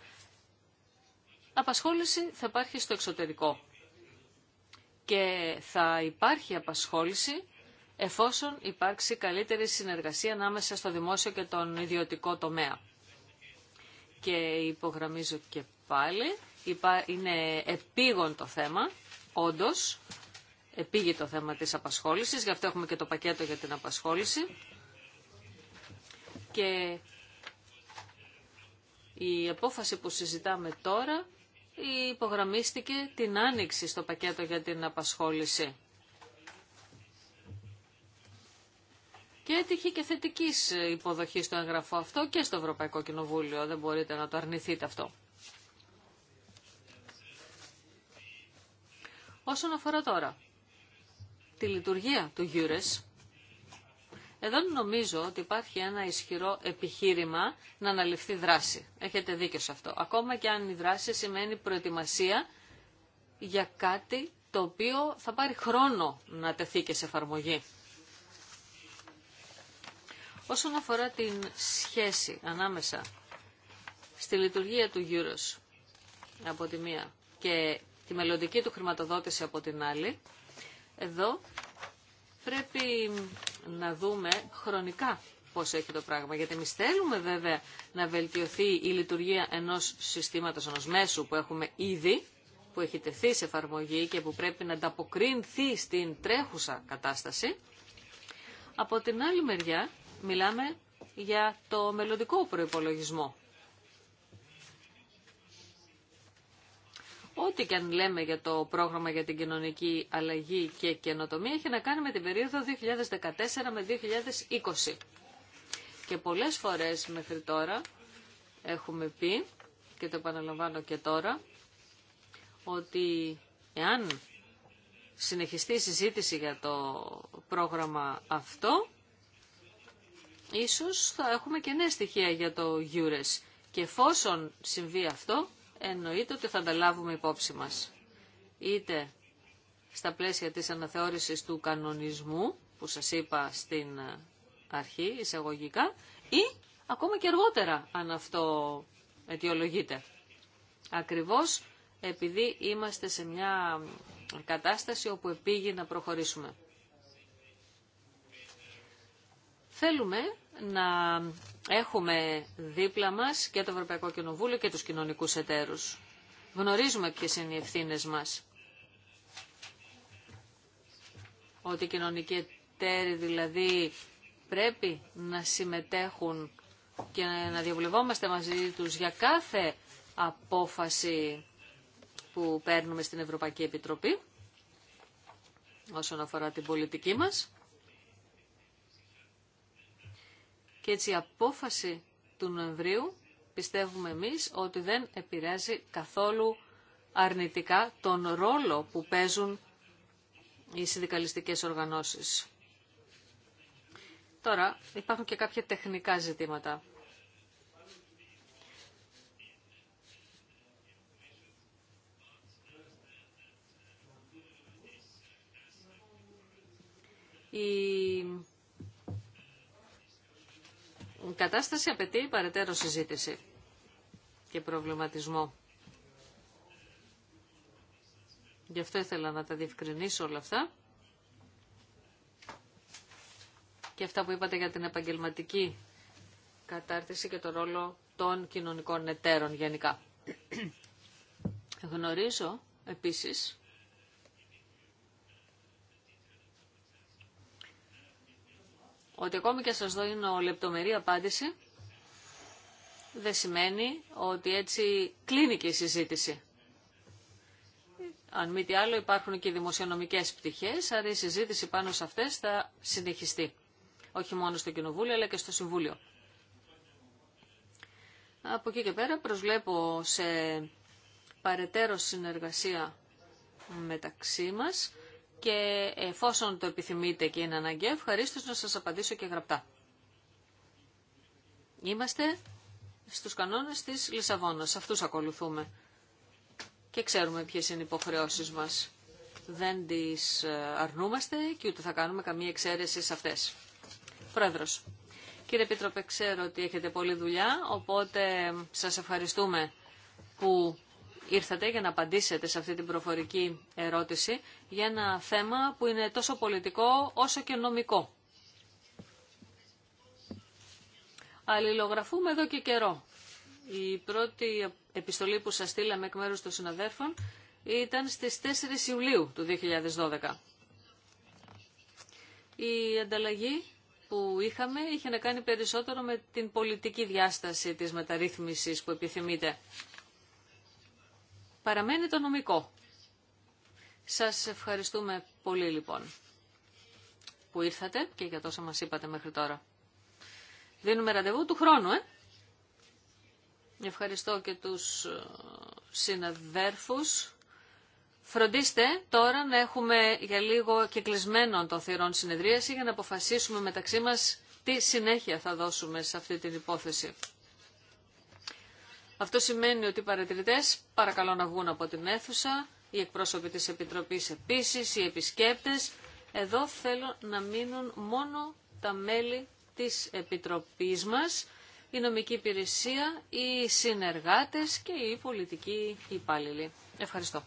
απασχόληση θα υπάρχει στο εξωτερικό. Και θα υπάρχει απασχόληση εφόσον υπάρξει καλύτερη συνεργασία ανάμεσα στο δημόσιο και τον ιδιωτικό τομέα. Και υπογραμμίζω και πάλι, είναι επίγον το θέμα, όντως, επίγει το θέμα της απασχόλησης, γι' αυτό έχουμε και το πακέτο για την απασχόληση και η απόφαση που συζητάμε τώρα υπογραμμίστηκε την άνοιξη στο πακέτο για την απασχόληση. Και έτυχε και θετική υποδοχή στο εγγραφό αυτό και στο Ευρωπαϊκό Κοινοβούλιο. Δεν μπορείτε να το αρνηθείτε αυτό. Όσον αφορά τώρα τη λειτουργία του Γιούρες, εδώ νομίζω ότι υπάρχει ένα ισχυρό επιχείρημα να αναλυφθεί δράση. Έχετε δίκιο σε αυτό. Ακόμα και αν η δράση σημαίνει προετοιμασία για κάτι το οποίο θα πάρει χρόνο να τεθεί και σε εφαρμογή. Όσον αφορά την σχέση ανάμεσα στη λειτουργία του γύρους από τη μία και τη μελλοντική του χρηματοδότηση από την άλλη, εδώ πρέπει να δούμε χρονικά πώς έχει το πράγμα. Γιατί εμεί θέλουμε βέβαια να βελτιωθεί η λειτουργία ενός συστήματος, ενός μέσου που έχουμε ήδη, που έχει τεθεί σε εφαρμογή και που πρέπει να ανταποκρίνθει στην τρέχουσα κατάσταση. Από την άλλη μεριά μιλάμε για το μελλοντικό προϋπολογισμό Ό,τι και αν λέμε για το πρόγραμμα για την κοινωνική αλλαγή και καινοτομία έχει να κάνει με την περίοδο 2014 με 2020. Και πολλές φορές μέχρι τώρα έχουμε πει, και το επαναλαμβάνω και τώρα, ότι εάν συνεχιστεί η συζήτηση για το πρόγραμμα αυτό, ίσως θα έχουμε και νέα στοιχεία για το EURES. Και εφόσον συμβεί αυτό, εννοείται ότι θα ανταλάβουμε λάβουμε υπόψη μας. Είτε στα πλαίσια της αναθεώρησης του κανονισμού, που σας είπα στην ε, αρχή εισαγωγικά, ή ακόμα και αργότερα, αν αυτό αιτιολογείται. Ακριβώς επειδή είμαστε σε μια κατάσταση όπου επήγει να προχωρήσουμε. Θέλουμε να έχουμε δίπλα μας και το Ευρωπαϊκό Κοινοβούλιο και τους κοινωνικούς εταίρους. Γνωρίζουμε ποιες είναι οι ευθύνε μας. Ότι οι κοινωνικοί εταίροι δηλαδή πρέπει να συμμετέχουν και να διαβουλευόμαστε μαζί τους για κάθε απόφαση που παίρνουμε στην Ευρωπαϊκή Επιτροπή όσον αφορά την πολιτική μας. Και έτσι η απόφαση του Νοεμβρίου πιστεύουμε εμείς ότι δεν επηρεάζει καθόλου αρνητικά τον ρόλο που παίζουν οι συνδικαλιστικές οργανώσεις. Τώρα υπάρχουν και κάποια τεχνικά ζητήματα. Η η κατάσταση απαιτεί παρετέρω συζήτηση και προβληματισμό. Γι' αυτό ήθελα να τα διευκρινίσω όλα αυτά. Και αυτά που είπατε για την επαγγελματική κατάρτιση και το ρόλο των κοινωνικών εταίρων γενικά. Γνωρίζω επίσης ότι ακόμη και σας είναι λεπτομερή απάντηση, δεν σημαίνει ότι έτσι κλείνει και η συζήτηση. Αν μη τι άλλο υπάρχουν και δημοσιονομικές πτυχές, άρα η συζήτηση πάνω σε αυτές θα συνεχιστεί. Όχι μόνο στο Κοινοβούλιο αλλά και στο Συμβούλιο. Από εκεί και πέρα προσβλέπω σε παρετέρω συνεργασία μεταξύ μας και εφόσον το επιθυμείτε και είναι αναγκαίο, ευχαρίστω να σας απαντήσω και γραπτά. Είμαστε στους κανόνες της Λισαβόνα. Αυτούς ακολουθούμε. Και ξέρουμε ποιε είναι οι υποχρεώσει μας. Δεν τις ε, αρνούμαστε και ούτε θα κάνουμε καμία εξαίρεση σε αυτές. Πρόεδρος, κύριε Επίτροπε, ξέρω ότι έχετε πολλή δουλειά, οπότε σας ευχαριστούμε που ήρθατε για να απαντήσετε σε αυτή την προφορική ερώτηση για ένα θέμα που είναι τόσο πολιτικό όσο και νομικό. Αλληλογραφούμε εδώ και καιρό. Η πρώτη επιστολή που σας στείλαμε εκ μέρους των συναδέρφων ήταν στις 4 Ιουλίου του 2012. Η ανταλλαγή που είχαμε είχε να κάνει περισσότερο με την πολιτική διάσταση της μεταρρύθμισης που επιθυμείτε. Παραμένει το νομικό. Σας ευχαριστούμε πολύ λοιπόν που ήρθατε και για τόσα μας είπατε μέχρι τώρα. Δίνουμε ραντεβού του χρόνου, ε. Ευχαριστώ και τους ε, συναδέρφους. Φροντίστε τώρα να έχουμε για λίγο και κλεισμένο των θηρών συνεδρίαση για να αποφασίσουμε μεταξύ μας τι συνέχεια θα δώσουμε σε αυτή την υπόθεση. Αυτό σημαίνει ότι οι παρατηρητές παρακαλώ να βγουν από την αίθουσα, οι εκπρόσωποι της Επιτροπής επίση, οι επισκέπτες. Εδώ θέλω να μείνουν μόνο τα μέλη της Επιτροπής μας, η νομική υπηρεσία, οι συνεργάτες και οι πολιτικοί υπάλληλοι. Ευχαριστώ.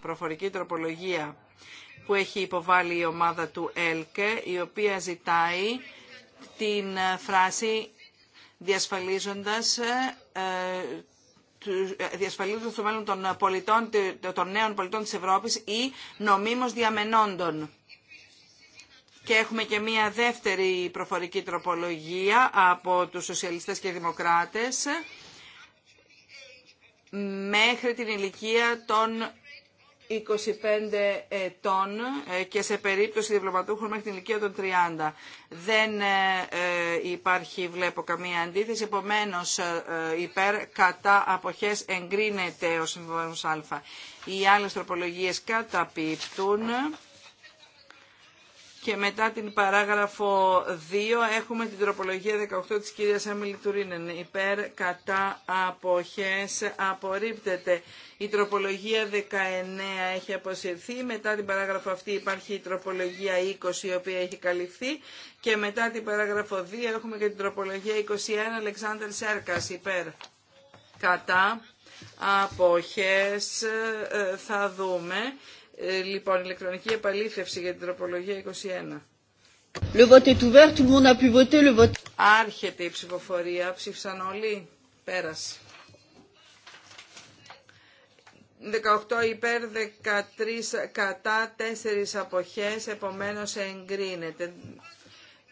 προφορική τροπολογία που έχει υποβάλει η ομάδα του ΕΛΚΕ, η οποία ζητάει την φράση διασφαλίζοντας ε, ε, διασφαλίζοντας το μέλλον των, πολιτών, των νέων πολιτών της Ευρώπης ή νομίμως διαμενόντων. Και έχουμε και μία δεύτερη προφορική τροπολογία από τους σοσιαλιστές και δημοκράτες μέχρι την ηλικία των 25 ετών ε, και σε περίπτωση διπλωματούχων μέχρι την ηλικία των 30. Δεν ε, ε, υπάρχει, βλέπω, καμία αντίθεση. Επομένως, υπέρ κατά αποχές εγκρίνεται ο συμβολός Α. Οι άλλες τροπολογίες καταπίπτουν. Και μετά την παράγραφο 2 έχουμε την τροπολογία 18 της κυρίας Άμιλη Τουρίνεν. Υπέρ κατά αποχές απορρίπτεται. Η τροπολογία 19 έχει αποσυρθεί. Μετά την παράγραφο αυτή υπάρχει η τροπολογία 20 η οποία έχει καλυφθεί. Και μετά την παράγραφο 2 έχουμε και την τροπολογία 21 Αλεξάνδρ Σέρκας. Υπέρ κατά αποχές ε, θα δούμε. Ε, λοιπόν, ηλεκτρονική επαλήθευση για την τροπολογία 21. Le vote est ouvert, tout le monde a pu voter le vote. Άρχεται η ψηφοφορία, ψήφισαν όλοι, πέρασε. 18 υπέρ, 13 κατά, 4 αποχές, επομένως εγκρίνεται.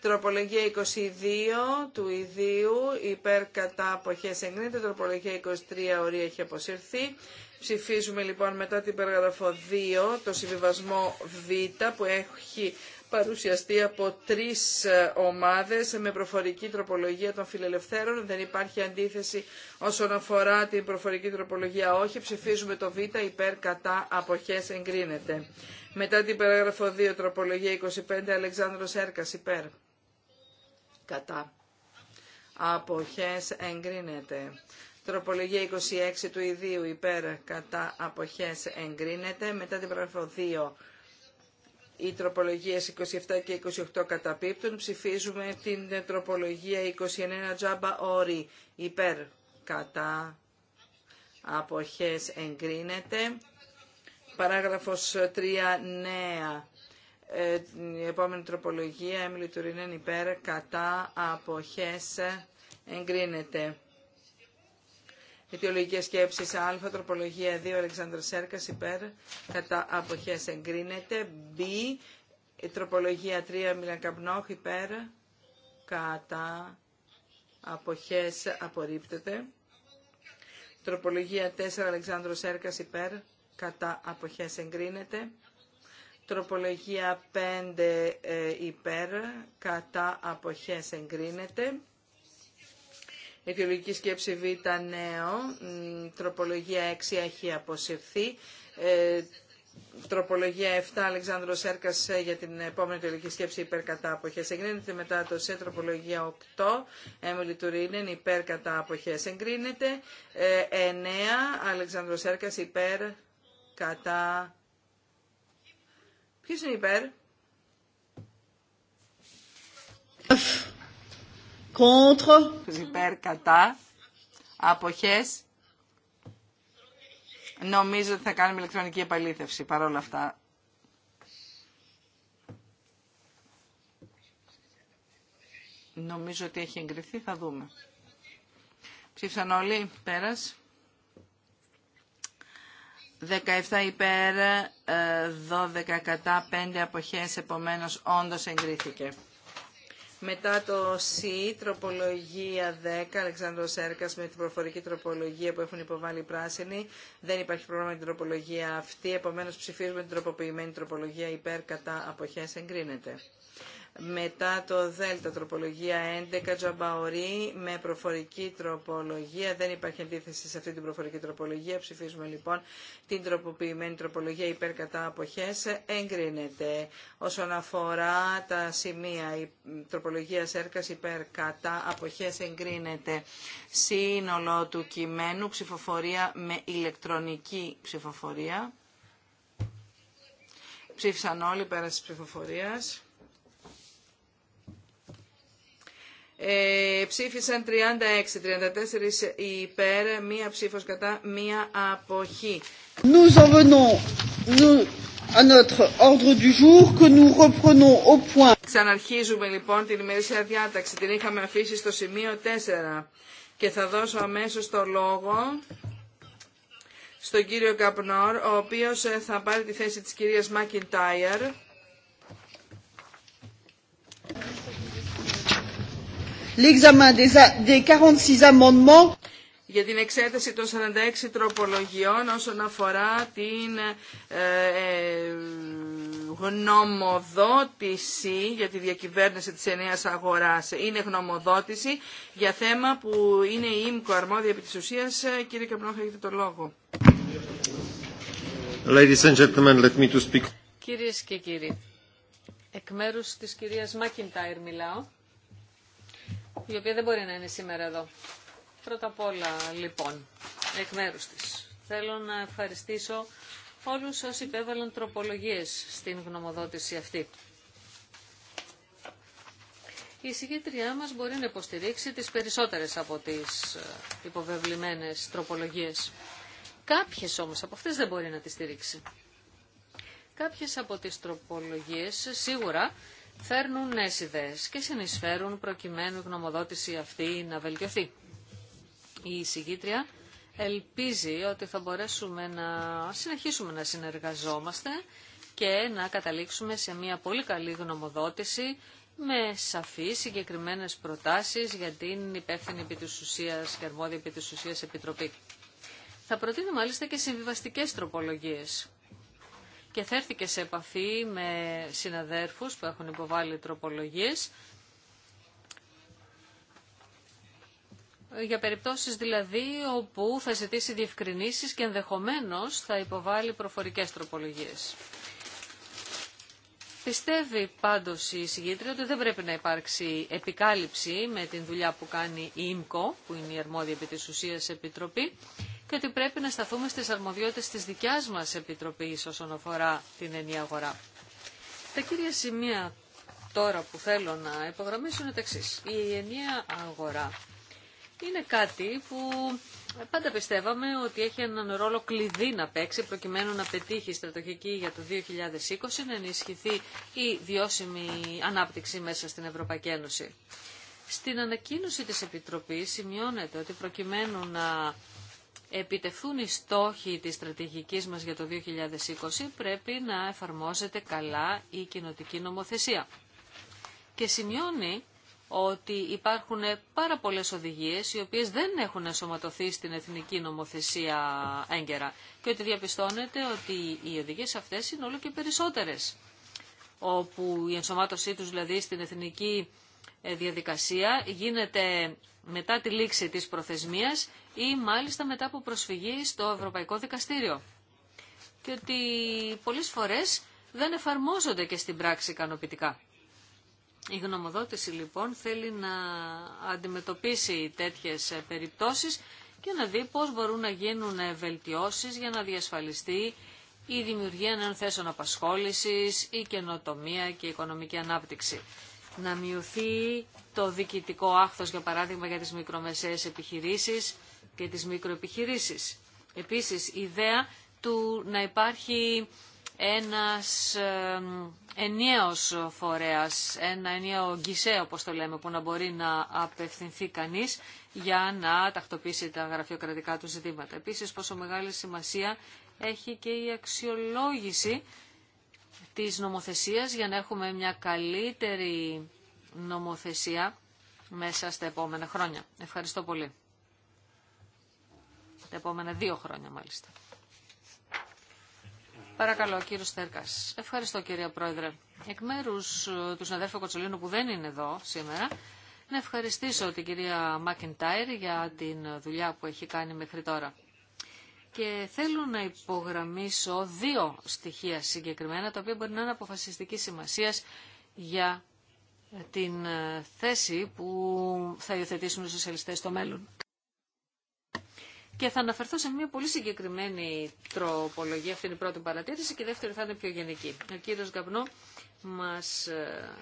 Τροπολογία 22 του ιδίου, υπέρ κατά αποχές εγκρίνεται. Τροπολογία 23 ορία έχει αποσυρθεί. Ψηφίζουμε λοιπόν μετά την παραγραφό 2 το συμβιβασμό Β που έχει παρουσιαστεί από τρεις ε, ομάδες με προφορική τροπολογία των φιλελευθέρων. Δεν υπάρχει αντίθεση όσον αφορά την προφορική τροπολογία. Όχι, ψηφίζουμε το Β υπέρ κατά αποχές εγκρίνεται. Μετά την παράγραφο 2 τροπολογία 25 Αλεξάνδρος Έρκας υπέρ κατά αποχές εγκρίνεται. Τροπολογία 26 του ιδίου υπέρ κατά αποχές εγκρίνεται. Μετά την παραγραφό 2 οι τροπολογίες 27 και 28 καταπίπτουν. Ψηφίζουμε την τροπολογία 29 τζάμπα όρη υπέρ κατά αποχές εγκρίνεται. Παράγραφος 3 νέα. η ε, επόμενη τροπολογία, Έμιλη Τουρινέν υπέρ, κατά αποχές εγκρίνεται. Αιτιολογικέ σκέψεις Α, τροπολογία 2, Αλεξάνδρου Σέρκας, υπέρ, κατά αποχές εγκρίνεται. Β, τροπολογία 3, Μιλακαμπνόχ, υπέρ, κατά αποχές απορρίπτεται. Τροπολογία 4, Αλεξάνδρου Σέρκας, υπέρ, κατά αποχές εγκρίνεται. Τροπολογία 5 ε, υπέρ, κατά αποχές εγκρίνεται. Η Αιτιολογική σκέψη Β νέο, τροπολογία 6 έχει αποσυρθεί. Ε, τροπολογία 7 Αλεξάνδρο Σέρκα ε, για την επόμενη αιτιολογική σκέψη υπέρ κατά αποχές. Εγκρίνεται μετά το σε τροπολογία 8 Έμιλι Τουρίνεν υπέρ κατά αποχές. Εγκρίνεται 9 ε, Αλεξάνδρο Σέρκα υπέρ κατά. Ποιο είναι υπέρ? Contre. Υπέρ κατά. Αποχές. Νομίζω ότι θα κάνουμε ηλεκτρονική επαλήθευση παρόλα αυτά. Νομίζω ότι έχει εγκριθεί, θα δούμε. Ψήφισαν όλοι, πέρας. 17 υπέρ, 12 ε, κατά, 5 αποχές, επομένως όντως εγκρίθηκε. Μετά το C, τροπολογία 10, Αλεξάνδρο Σέρκα με την προφορική τροπολογία που έχουν υποβάλει οι πράσινοι. Δεν υπάρχει πρόβλημα με την τροπολογία αυτή. Επομένω, ψηφίζουμε την τροποποιημένη τροπολογία υπέρ κατά αποχέ εγκρίνεται. Μετά το ΔΕΛΤΑ τροπολογία 11, Τζαμπαωρή, με προφορική τροπολογία. Δεν υπάρχει αντίθεση σε αυτή την προφορική τροπολογία. Ψηφίζουμε λοιπόν την τροποποιημένη τροπολογία υπέρ κατά αποχές. Εγκρίνεται. Όσον αφορά τα σημεία, η τροπολογία έρκαση υπέρ κατά αποχές εγκρίνεται. Σύνολο του κειμένου ψηφοφορία με ηλεκτρονική ψηφοφορία. Ψήφισαν όλοι πέρα της ψηφοφορίας. Ε, ψήφισαν 36, 34 υπέρ, μία ψήφος κατά, μία αποχή. Nous en venons nous, à notre ordre du jour que nous reprenons au point. Ξαναρχίζουμε λοιπόν την ημερήσια διάταξη. Την είχαμε αφήσει στο σημείο 4 και θα δώσω αμέσως το λόγο στον κύριο Καπνόρ, ο οποίος ε, θα πάρει τη θέση της κυρίας Μακιντάιερ. για την εξέταση των 46 τροπολογιών όσον αφορά την ε, ε, γνωμοδότηση για τη διακυβέρνηση της ενέας αγοράς. Είναι γνωμοδότηση για θέμα που είναι η ΙΜΚΟ αρμόδια επί της ουσίας. Ε, κύριε Καπνόχα, έχετε το λόγο. Ladies Κυρίες και κύριοι, εκ μέρους της κυρίας Μάκιντάιρ μιλάω η οποία δεν μπορεί να είναι σήμερα εδώ. Πρώτα απ' όλα, λοιπόν, εκ μέρους της, θέλω να ευχαριστήσω όλους όσοι υπέβαλαν τροπολογίες στην γνωμοδότηση αυτή. Η συγκέντριά μας μπορεί να υποστηρίξει τις περισσότερες από τις ε, υποβεβλημένες τροπολογίες. Κάποιες όμως από αυτές δεν μπορεί να τις στηρίξει. Κάποιες από τις τροπολογίες σίγουρα φέρνουν νέες ιδέες και συνεισφέρουν προκειμένου η γνωμοδότηση αυτή να βελτιωθεί. Η συγκήτρια ελπίζει ότι θα μπορέσουμε να συνεχίσουμε να συνεργαζόμαστε και να καταλήξουμε σε μια πολύ καλή γνωμοδότηση με σαφείς συγκεκριμένες προτάσεις για την υπεύθυνη επί της και αρμόδια επί της επιτροπή. Θα προτείνω μάλιστα και συμβιβαστικές τροπολογίες και θα έρθει και σε επαφή με συναδέρφους που έχουν υποβάλει τροπολογίες για περιπτώσεις δηλαδή όπου θα ζητήσει διευκρινήσεις και ενδεχομένως θα υποβάλει προφορικές τροπολογίες. Πιστεύει πάντως η συγκήτρια ότι δεν πρέπει να υπάρξει επικάλυψη με την δουλειά που κάνει η ΙΜΚΟ, που είναι η αρμόδια επί της ουσίας επιτροπή, και ότι πρέπει να σταθούμε στις αρμοδιότητες της δικιάς μας Επιτροπής όσον αφορά την ενιαία αγορά. Τα κύρια σημεία τώρα που θέλω να υπογραμμίσω είναι τα εξή. Η ενιαία αγορά είναι κάτι που πάντα πιστεύαμε ότι έχει έναν ρόλο κλειδί να παίξει προκειμένου να πετύχει η στρατογική για το 2020 να ενισχυθεί η βιώσιμη ανάπτυξη μέσα στην Ευρωπαϊκή Ένωση. Στην ανακοίνωση της Επιτροπής σημειώνεται ότι προκειμένου να επιτευθούν οι στόχοι της στρατηγικής μας για το 2020, πρέπει να εφαρμόζεται καλά η κοινοτική νομοθεσία. Και σημειώνει ότι υπάρχουν πάρα πολλές οδηγίες οι οποίες δεν έχουν ενσωματωθεί στην εθνική νομοθεσία έγκαιρα και ότι διαπιστώνεται ότι οι οδηγίες αυτές είναι όλο και περισσότερες όπου η ενσωμάτωσή τους δηλαδή στην εθνική ε, διαδικασία γίνεται μετά τη λήξη της προθεσμίας ή μάλιστα μετά από προσφυγή στο Ευρωπαϊκό Δικαστήριο. Και ότι πολλές φορές δεν εφαρμόζονται και στην πράξη ικανοποιητικά. Η γνωμοδότηση λοιπόν θέλει να αντιμετωπίσει τέτοιες ε, περιπτώσεις και να δει πώς μπορούν να γίνουν ε, βελτιώσεις για να διασφαλιστεί η δημιουργία νέων θέσεων απασχόλησης, η καινοτομία και η οικονομική ανάπτυξη να μειωθεί το διοικητικό άχθος, για παράδειγμα, για τις μικρομεσαίες επιχειρήσεις και τις μικροεπιχειρήσεις. Επίσης, η ιδέα του να υπάρχει ένας ενιαίος φορέας, ένα ενιαίο γκισέ, όπως το λέμε, που να μπορεί να απευθυνθεί κανείς για να τακτοποιήσει τα γραφειοκρατικά του ζητήματα. Επίσης, πόσο μεγάλη σημασία έχει και η αξιολόγηση της νομοθεσίας για να έχουμε μια καλύτερη νομοθεσία μέσα στα επόμενα χρόνια. Ευχαριστώ πολύ. Τα επόμενα δύο χρόνια μάλιστα. Παρακαλώ, κύριο Στέρκα. Ευχαριστώ, κυρία Πρόεδρε. Εκ μέρου ε, του συναδέλφου Κοτσολίνου που δεν είναι εδώ σήμερα, να ευχαριστήσω την κυρία Μάκιντάιρ για την δουλειά που έχει κάνει μέχρι τώρα. Και θέλω να υπογραμμίσω δύο στοιχεία συγκεκριμένα, τα οποία μπορεί να είναι αποφασιστική σημασία για την ε, θέση που θα υιοθετήσουν οι σοσιαλιστέ στο μέλλον. Και θα αναφερθώ σε μια πολύ συγκεκριμένη τροπολογία, αυτή είναι η πρώτη παρατήρηση και η δεύτερη θα είναι πιο γενική. Ο κύριο Γκαμπνό μας ε,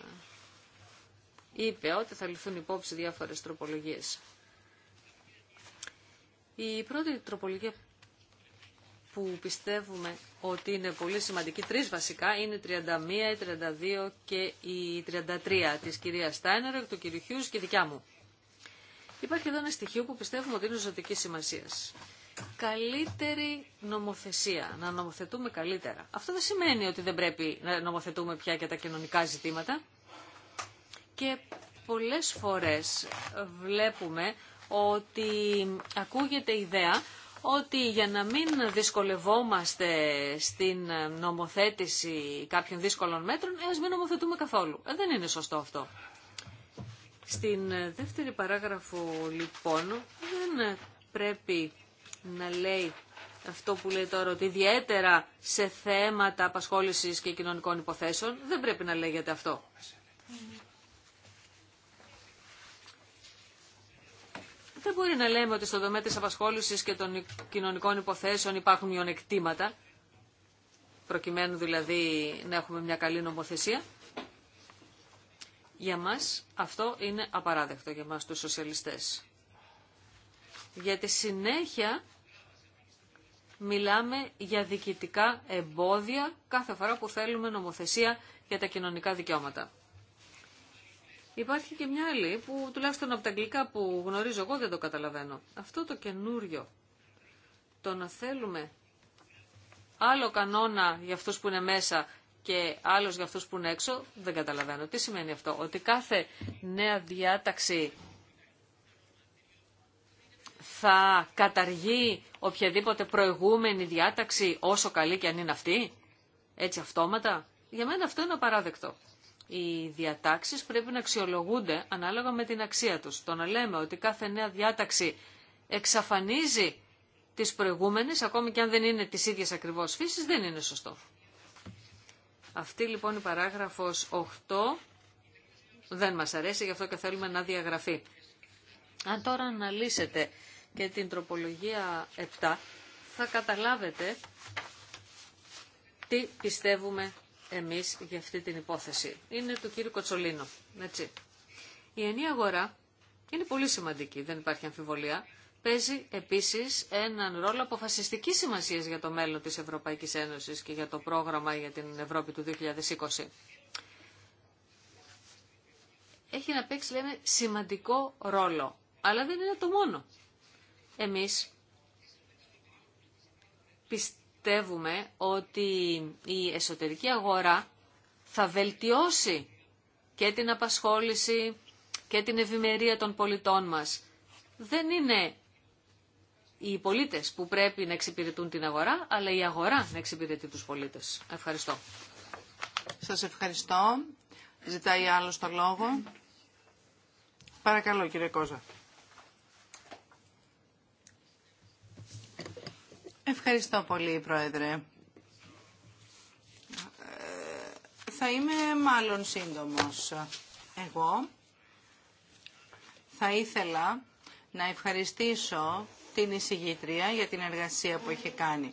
είπε ότι θα ληφθούν υπόψη διάφορε τροπολογίες. Η πρώτη τροπολογία που πιστεύουμε ότι είναι πολύ σημαντική, τρεις βασικά, είναι η 31, η 32 και η 33 της κυρίας Στάινερ, του κυρίου Χιούς και δικιά μου. Υπάρχει εδώ ένα στοιχείο που πιστεύουμε ότι είναι ζωτική σημασία. Καλύτερη νομοθεσία, να νομοθετούμε καλύτερα. Αυτό δεν σημαίνει ότι δεν πρέπει να νομοθετούμε πια και τα κοινωνικά ζητήματα. Και πολλές φορές βλέπουμε ότι ακούγεται ιδέα ότι για να μην δυσκολευόμαστε στην νομοθέτηση κάποιων δύσκολων μέτρων, ας μην νομοθετούμε καθόλου. Ε, δεν είναι σωστό αυτό. Στην δεύτερη παράγραφο λοιπόν δεν πρέπει να λέει αυτό που λέει τώρα ότι ιδιαίτερα σε θέματα απασχόλησης και κοινωνικών υποθέσεων δεν πρέπει να λέγεται αυτό. Δεν μπορεί να λέμε ότι στο δομέα της απασχόλησης και των κοινωνικών υποθέσεων υπάρχουν μειονεκτήματα, προκειμένου δηλαδή να έχουμε μια καλή νομοθεσία. Για μας αυτό είναι απαράδεκτο για μας τους σοσιαλιστές. Γιατί συνέχεια μιλάμε για διοικητικά εμπόδια κάθε φορά που θέλουμε νομοθεσία για τα κοινωνικά δικαιώματα. Υπάρχει και μια άλλη που τουλάχιστον από τα αγγλικά που γνωρίζω εγώ δεν το καταλαβαίνω. Αυτό το καινούριο, το να θέλουμε άλλο κανόνα για αυτούς που είναι μέσα και άλλος για αυτούς που είναι έξω, δεν καταλαβαίνω. Τι σημαίνει αυτό, ότι κάθε νέα διάταξη θα καταργεί οποιαδήποτε προηγούμενη διάταξη όσο καλή και αν είναι αυτή, έτσι αυτόματα. Για μένα αυτό είναι απαράδεκτο οι διατάξεις πρέπει να αξιολογούνται ανάλογα με την αξία τους. Το να λέμε ότι κάθε νέα διάταξη εξαφανίζει τις προηγούμενες, ακόμη και αν δεν είναι τις ίδιες ακριβώς φύσεις, δεν είναι σωστό. Αυτή λοιπόν η παράγραφος 8 δεν μας αρέσει, γι' αυτό και θέλουμε να διαγραφεί. Αν τώρα αναλύσετε και την τροπολογία 7, θα καταλάβετε τι πιστεύουμε εμείς για αυτή την υπόθεση. Είναι του κύριου Κοτσολίνο. Έτσι. Η ενή αγορά είναι πολύ σημαντική, δεν υπάρχει αμφιβολία. Παίζει επίσης έναν ρόλο αποφασιστική σημασία για το μέλλον της Ευρωπαϊκής Ένωσης και για το πρόγραμμα για την Ευρώπη του 2020. Έχει να παίξει, λέμε, σημαντικό ρόλο. Αλλά δεν είναι το μόνο. Εμείς πιστεύουμε πιστεύουμε ότι η εσωτερική αγορά θα βελτιώσει και την απασχόληση και την ευημερία των πολιτών μας. Δεν είναι οι πολίτες που πρέπει να εξυπηρετούν την αγορά, αλλά η αγορά να εξυπηρετεί τους πολίτες. Ευχαριστώ. Σας ευχαριστώ. Ζητάει άλλο το λόγο. Παρακαλώ κύριε Κόζα. Ευχαριστώ πολύ, Πρόεδρε. Ε, θα είμαι μάλλον σύντομος. Εγώ θα ήθελα να ευχαριστήσω την εισηγήτρια για την εργασία που έχει κάνει.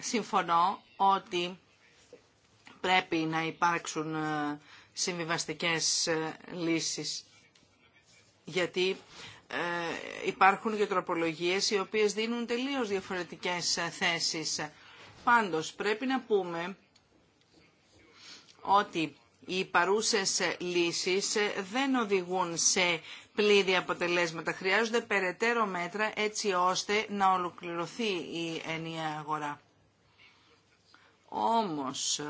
Συμφωνώ ότι πρέπει να υπάρξουν ε, συμβιβαστικές ε, λύσεις, γιατί ε, υπάρχουν και τροπολογίες οι οποίες δίνουν τελείως διαφορετικές ε, θέσεις. Πάντως πρέπει να πούμε ότι οι παρούσες ε, λύσεις δεν οδηγούν σε πλήρη αποτελέσματα. Χρειάζονται περαιτέρω μέτρα έτσι ώστε να ολοκληρωθεί η ενιαία αγορά. Όμως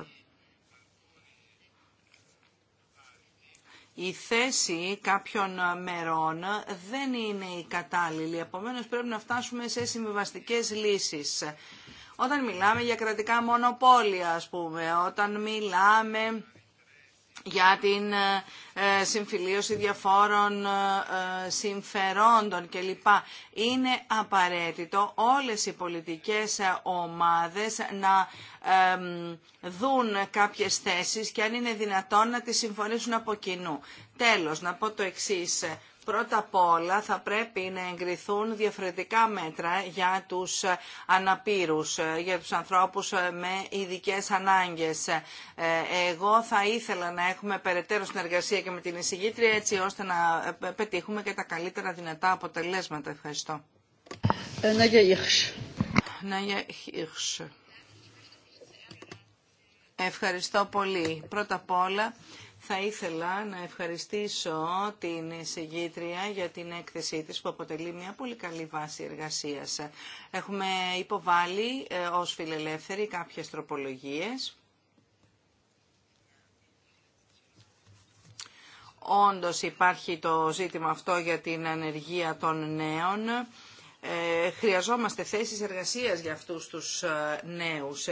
η θέση κάποιων μερών δεν είναι η κατάλληλη. Επομένως πρέπει να φτάσουμε σε συμβιβαστικές λύσεις. Όταν μιλάμε για κρατικά μονοπόλια, ας πούμε, όταν μιλάμε για την ε, ε, συμφιλίωση διαφόρων ε, συμφερόντων κλπ. Είναι απαραίτητο όλες οι πολιτικές ομάδες να δουν κάποιες θέσεις και αν είναι δυνατόν να τις συμφωνήσουν από κοινού. Τέλος, να πω το εξής. Πρώτα απ' όλα θα πρέπει να εγκριθούν διαφορετικά μέτρα για τους αναπήρους, για τους ανθρώπους με ειδικέ ανάγκες. Εγώ θα ήθελα να έχουμε περαιτέρω συνεργασία και με την εισηγήτρια έτσι ώστε να πετύχουμε και τα καλύτερα δυνατά αποτελέσματα. Ευχαριστώ. Ευχαριστώ πολύ. Πρώτα απ' όλα θα ήθελα να ευχαριστήσω την συγγήτρια για την έκθεσή της που αποτελεί μια πολύ καλή βάση εργασίας. Έχουμε υποβάλει ε, ως φιλελεύθεροι κάποιες τροπολογίες. Όντως υπάρχει το ζήτημα αυτό για την ανεργία των νέων. Ε, χρειαζόμαστε θέσεις εργασίας για αυτούς τους ε, νέους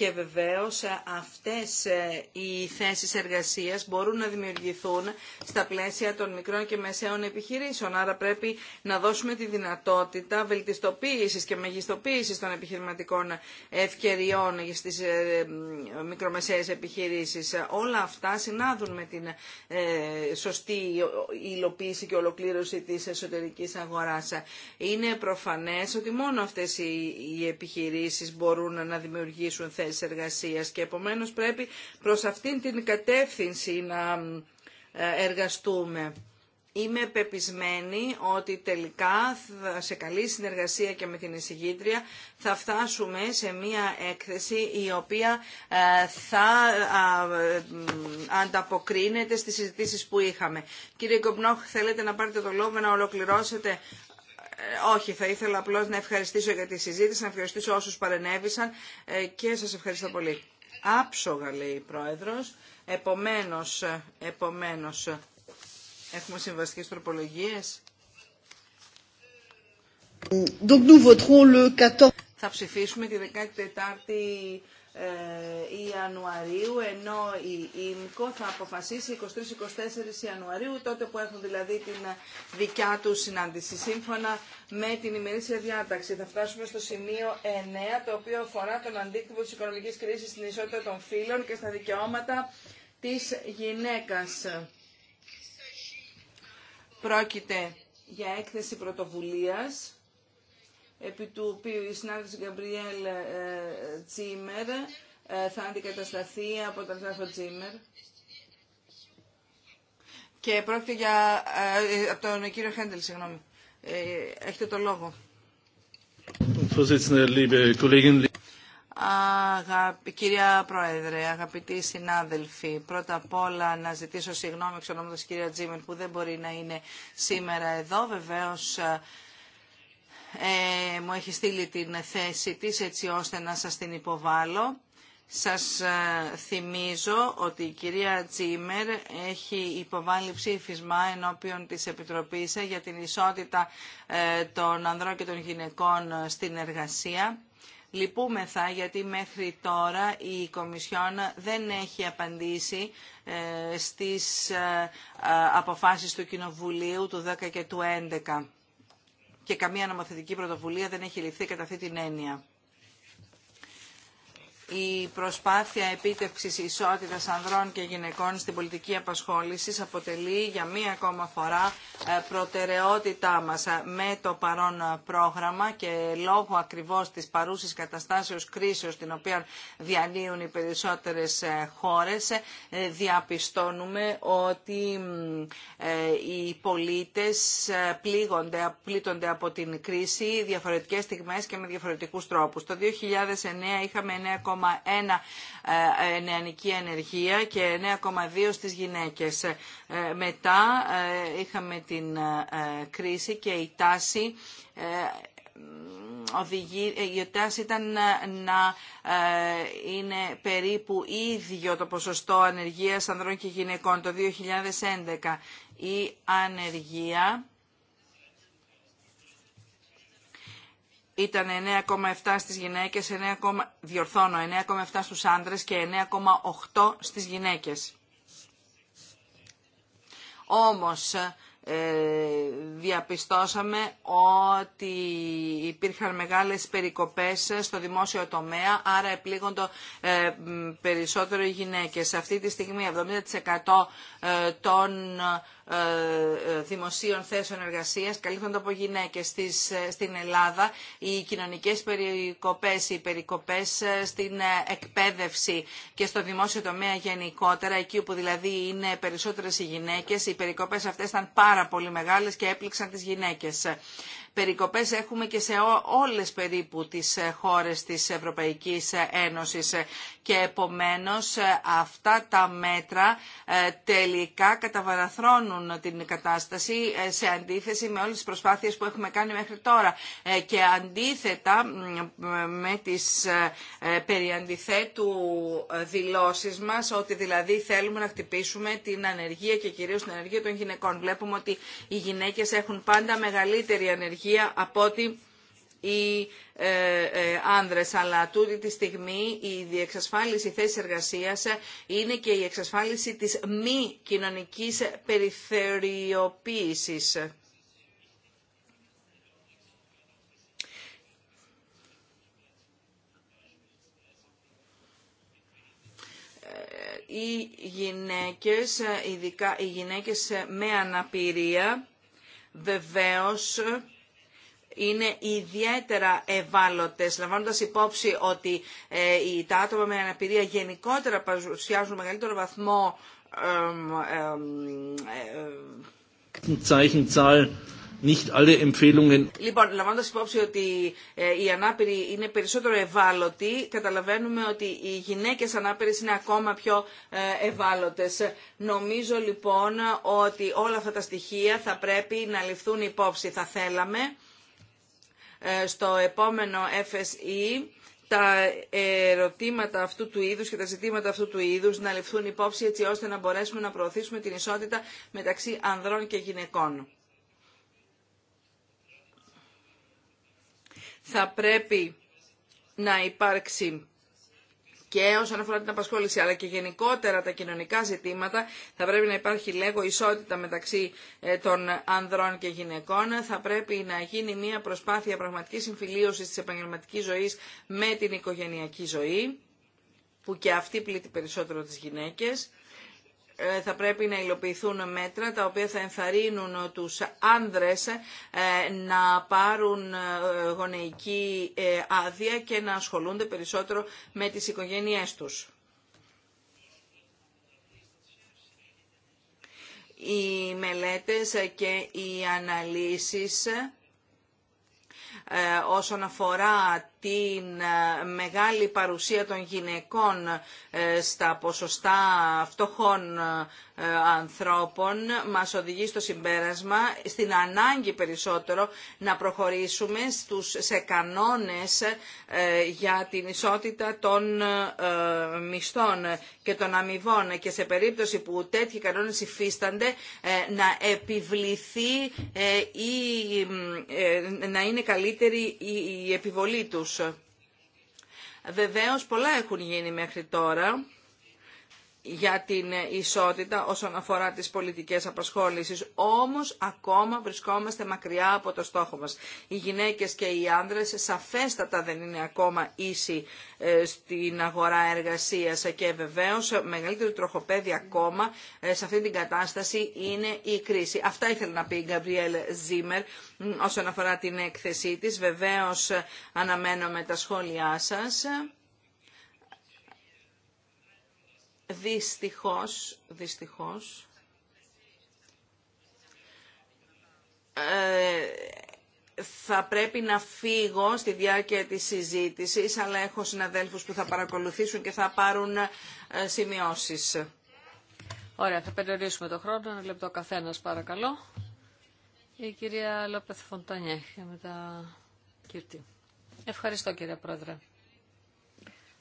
και βεβαίως ε, αυτές ε, οι θέσεις εργασίας μπορούν να δημιουργηθούν στα πλαίσια των μικρών και μεσαίων επιχειρήσεων. Άρα πρέπει να δώσουμε τη δυνατότητα βελτιστοποίησης και μεγιστοποίησης των επιχειρηματικών ευκαιριών στις ε, μικρομεσαίες επιχειρήσεις. Όλα αυτά συνάδουν με την σωστή υλοποίηση και ολοκλήρωση της εσωτερικής αγοράς. Είναι προφανές ότι μόνο αυτές οι επιχειρήσεις μπορούν να δημιουργήσουν θέσεις θέσεις και επομένως πρέπει προς αυτήν την κατεύθυνση να ε, εργαστούμε. Είμαι πεπισμένη ότι τελικά σε καλή συνεργασία και με την εισηγήτρια θα φτάσουμε σε μία έκθεση η οποία ε, θα ε, ανταποκρίνεται στις συζητήσεις που είχαμε. Κύριε Κομπνόχ, θέλετε να πάρετε το λόγο να ολοκληρώσετε. Ε, όχι, θα ήθελα απλώς να ευχαριστήσω για τη συζήτηση, να ευχαριστήσω όσους παρενέβησαν ε, και σας ευχαριστώ πολύ. Άψογα, λέει η Πρόεδρος. Επομένως, ε, επομένως έχουμε συμβαστικές τροπολογίες. Donc nous voterons le 14... Θα ψηφίσουμε τη 14η ε, Ιανουαρίου, ενώ η ΙΜΚΟ θα αποφασίσει 23-24 Ιανουαρίου, τότε που έχουν δηλαδή την δικιά του συνάντηση. Σύμφωνα με την ημερήσια διάταξη θα φτάσουμε στο σημείο 9, το οποίο αφορά τον αντίκτυπο τη οικονομικής κρίσης στην ισότητα των φύλων και στα δικαιώματα της γυναίκας. Πρόκειται για έκθεση πρωτοβουλίας επί του οποίου η συνάδελφος Γκαμπριέλ ε, Τσίμερ ε, θα αντικατασταθεί από τον συνάδελφο Τσίμερ. Και πρόκειται για... Ε, από τον κύριο Χέντελ, συγγνώμη. Έχετε το λόγο. κυρία Πρόεδρε, αγαπητοί συνάδελφοι, πρώτα απ' όλα να ζητήσω συγγνώμη εξ ονόματος κυρία Τζίμερ που δεν μπορεί να είναι σήμερα εδώ. Βεβαίως ε, μου έχει στείλει την θέση της έτσι ώστε να σας την υποβάλω. Σας ε, θυμίζω ότι η κυρία Τσίμερ έχει υποβάλει ψήφισμα ενώπιον της Επιτροπής για την ισότητα ε, των ανδρών και των γυναικών στην εργασία. Λυπούμεθα γιατί μέχρι τώρα η Κομισιόν δεν έχει απαντήσει στις αποφάσεις του Κοινοβουλίου του 10 και του 11 και καμία νομοθετική πρωτοβουλία δεν έχει ληφθεί κατά αυτή την έννοια η προσπάθεια επίτευξης ισότητας ανδρών και γυναικών στην πολιτική απασχόλησης αποτελεί για μία ακόμα φορά ε, προτεραιότητά μας. Ε, με το παρόν πρόγραμμα και λόγω ακριβώς της παρούσης καταστάσεως κρίσεως την οποία διανύουν οι περισσότερες ε, χώρες διαπιστώνουμε ότι οι πολίτες πλήγονται, πλήττονται από την κρίση διαφορετικές στιγμές και με διαφορετικούς τρόπους. Το 2009 είχαμε 9,1 ε, ε, νεανική ανεργία και 9,2 στις γυναίκες. Ε, μετά είχαμε την κρίση και η τάση οδηγεί, η τάση ήταν να είναι περίπου ίδιο το ποσοστό ανεργίας ανδρών και γυναικών το 2011. Η ανεργία ήταν 9,7 στις γυναίκες, 9, διορθώνω, 9,7 στους άντρες και 9,8 στις γυναίκες. Όμως, ε, διαπιστώσαμε ότι υπήρχαν μεγάλες περικοπές στο δημόσιο τομέα, άρα επλήγονται ε, περισσότερο οι γυναίκες. Αυτή τη στιγμή 70% ε, των ε, ε, δημοσίων θέσεων εργασίας καλύπτονται από γυναίκες ε, στην Ελλάδα, οι κοινωνικές περικοπές, οι περικοπές στην εκπαίδευση και στο δημόσιο τομέα γενικότερα, εκεί όπου δηλαδή είναι περισσότερες οι γυναίκες, οι περικοπές αυτές ήταν πάρα πολύ μεγάλες και έπληξαν τις γυναίκες περικοπές έχουμε και σε όλες περίπου τις ε, χώρες της Ευρωπαϊκής ε, Ένωσης ε, και επομένως αυτά τα μέτρα τελικά καταβαραθρώνουν την κατάσταση σε αντίθεση με όλες τις προσπάθειες που έχουμε κάνει μέχρι τώρα και αντίθετα με τις περιαντιθέτου δηλώσεις μας ότι δηλαδή θέλουμε να χτυπήσουμε την ανεργία και κυρίως την ανεργία των γυναικών. Βλέπουμε ότι οι γυναίκες έχουν πάντα μεγαλύτερη ανεργία από ότι οι ε, ε, άνδρες. Αλλά τούτη τη στιγμή η διεξασφάλιση θέση εργασίας είναι και η εξασφάλιση της μη κοινωνικής περιθεριοποίησης. Ε, οι γυναίκες, ειδικά οι γυναίκες με αναπηρία, βεβαίως είναι ιδιαίτερα ευάλωτες, λαμβάνοντας υπόψη ότι ε, τα άτομα με αναπηρία γενικότερα παρουσιάζουν μεγαλύτερο βαθμό Nicht alle Λοιπόν, λαμβάνοντα υπόψη ότι ε, οι ανάπηροι είναι περισσότερο ευάλωτοι, καταλαβαίνουμε ότι οι γυναίκε ανάπηρε είναι ακόμα πιο ε, ευάλωτε. Νομίζω λοιπόν ότι όλα αυτά τα στοιχεία θα πρέπει να ληφθούν υπόψη. Θα θέλαμε ε, στο επόμενο FSE τα ερωτήματα αυτού του είδους και τα ζητήματα αυτού του είδους να ληφθούν υπόψη έτσι ώστε να μπορέσουμε να προωθήσουμε την ισότητα μεταξύ ανδρών και γυναικών. Θα πρέπει να υπάρξει και όσον αφορά την απασχόληση αλλά και γενικότερα τα κοινωνικά ζητήματα θα πρέπει να υπάρχει λέγω ισότητα μεταξύ ε, των ανδρών και γυναικών. Θα πρέπει να γίνει μια προσπάθεια πραγματικής συμφιλίωσης τη επαγγελματική ζωή με την οικογενειακή ζωή που και αυτή πλήττει περισσότερο τι γυναίκε θα πρέπει να υλοποιηθούν μέτρα τα οποία θα ενθαρρύνουν τους άνδρες ε, να πάρουν ε, γονεϊκή ε, άδεια και να ασχολούνται περισσότερο με τις οικογένειές τους. Οι μελέτες και οι αναλύσεις όσον αφορά την ε, μεγάλη παρουσία των γυναικών ε, στα ποσοστά φτωχών ε, ανθρώπων μας οδηγεί στο συμπέρασμα στην ανάγκη περισσότερο να προχωρήσουμε στους, σε κανόνες για την ισότητα των μισθών και των αμοιβών και σε περίπτωση που τέτοιοι κανόνες υφίστανται να επιβληθεί ή να είναι καλύτερη η επιβολή τους. Βεβαίως πολλά έχουν γίνει μέχρι τώρα για την ε, ισότητα όσον αφορά τις πολιτικές απασχόλησης. Όμως ακόμα βρισκόμαστε μακριά από το στόχο μας. Οι γυναίκες και οι άνδρες σαφέστατα δεν είναι ακόμα ίσοι ε, στην αγορά εργασίας και βεβαίως μεγαλύτερο τροχοπέδι ακόμα ε, σε αυτή την κατάσταση είναι η κρίση. Αυτά ήθελε να πει η Γκαμπριέλ Ζήμερ όσον αφορά την έκθεσή της. Βεβαίως αναμένω με τα σχόλιά σας. Δυστυχώς, δυστυχώς, ε, θα πρέπει να φύγω στη διάρκεια της συζήτησης, αλλά έχω συναδέλφους που θα παρακολουθήσουν και θα πάρουν ε, σημειώσεις. Ωραία, θα περιορίσουμε το χρόνο. Ένα λεπτό καθένας, παρακαλώ. Η κυρία Λόπεθ Φοντανιέχη τα κύρτη. Ευχαριστώ κύριε Πρόεδρε.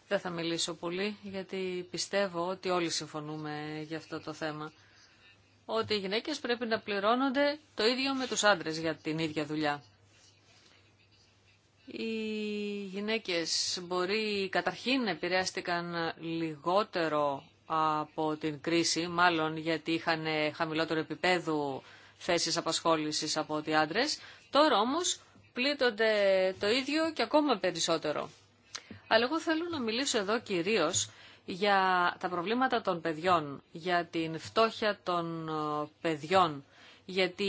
Δεν θα μιλήσω πολύ γιατί πιστεύω ότι όλοι συμφωνούμε για αυτό το θέμα. Ότι οι γυναίκες πρέπει να πληρώνονται το ίδιο με τους άντρες για την ίδια δουλειά. Οι γυναίκες μπορεί καταρχήν επηρεάστηκαν λιγότερο από την κρίση, μάλλον γιατί είχαν χαμηλότερο επίπεδο θέσεις απασχόλησης από ότι άντρες. Τώρα όμως πλήττονται το ίδιο και ακόμα περισσότερο. Αλλά εγώ θέλω να μιλήσω εδώ κυρίως για τα προβλήματα των παιδιών, για την φτώχεια των ε, παιδιών. Γιατί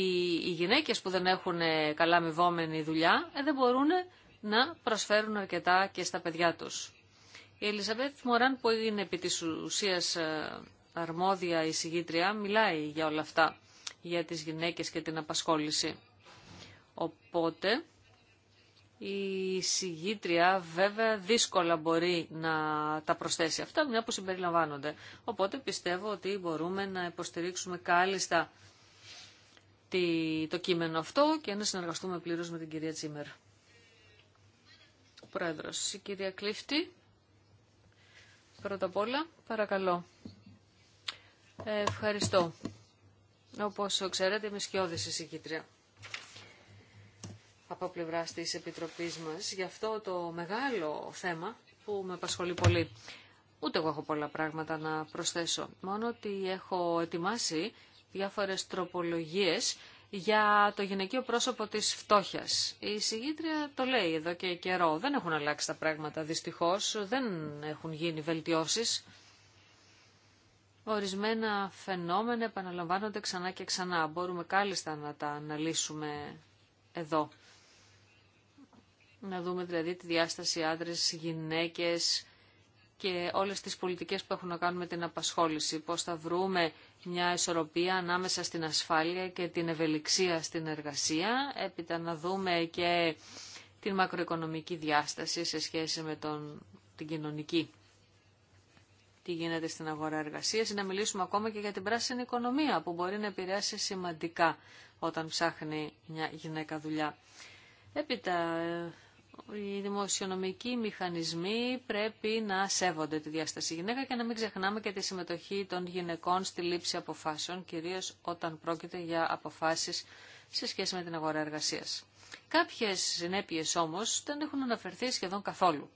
οι γυναίκες που δεν έχουν ε, καλά αμοιβόμενη δουλειά ε, δεν μπορούν να προσφέρουν αρκετά και στα παιδιά τους. Η Ελισαβέτ Μωράν που είναι επί της ουσίας αρμόδια εισηγήτρια μιλάει για όλα αυτά, για τις γυναίκες και την απασχόληση. Οπότε η συγγήτρια βέβαια δύσκολα μπορεί να τα προσθέσει αυτά, μια που συμπεριλαμβάνονται. Οπότε πιστεύω ότι μπορούμε να υποστηρίξουμε κάλλιστα το κείμενο αυτό και να συνεργαστούμε πλήρως με την κυρία Τσίμερ. Πρόεδρος, η κυρία Κλήφτη, πρώτα απ' όλα, παρακαλώ. Ε, ευχαριστώ. Όπως ξέρετε, είμαι σκιώδης συγγήτρια από πλευρά της Επιτροπής μας για αυτό το μεγάλο θέμα που με απασχολεί πολύ. Ούτε εγώ έχω πολλά πράγματα να προσθέσω, μόνο ότι έχω ετοιμάσει διάφορες τροπολογίε για το γυναικείο πρόσωπο της φτώχειας. Η συγγήτρια το λέει εδώ και καιρό. Δεν έχουν αλλάξει τα πράγματα δυστυχώς, δεν έχουν γίνει βελτιώσεις. Ορισμένα φαινόμενα επαναλαμβάνονται ξανά και ξανά. Μπορούμε κάλλιστα να τα αναλύσουμε εδώ. Να δούμε δηλαδή τη διάσταση άντρες, γυναίκες και όλες τις πολιτικές που έχουν να κάνουν με την απασχόληση. Πώς θα βρούμε μια ισορροπία ανάμεσα στην ασφάλεια και την ευελιξία στην εργασία. Έπειτα να δούμε και την μακροοικονομική διάσταση σε σχέση με τον, την κοινωνική. Τι γίνεται στην αγορά εργασίας να μιλήσουμε ακόμα και για την πράσινη οικονομία που μπορεί να επηρεάσει σημαντικά όταν ψάχνει μια γυναίκα δουλειά. Έπειτα ε, οι δημοσιονομικοί μηχανισμοί πρέπει να σέβονται τη διάσταση γυναίκα και να μην ξεχνάμε και τη συμμετοχή των γυναικών στη λήψη αποφάσεων, κυρίως όταν πρόκειται για αποφάσεις σε σχέση με την αγορά εργασίας. Κάποιες συνέπειες όμως δεν έχουν αναφερθεί σχεδόν καθόλου.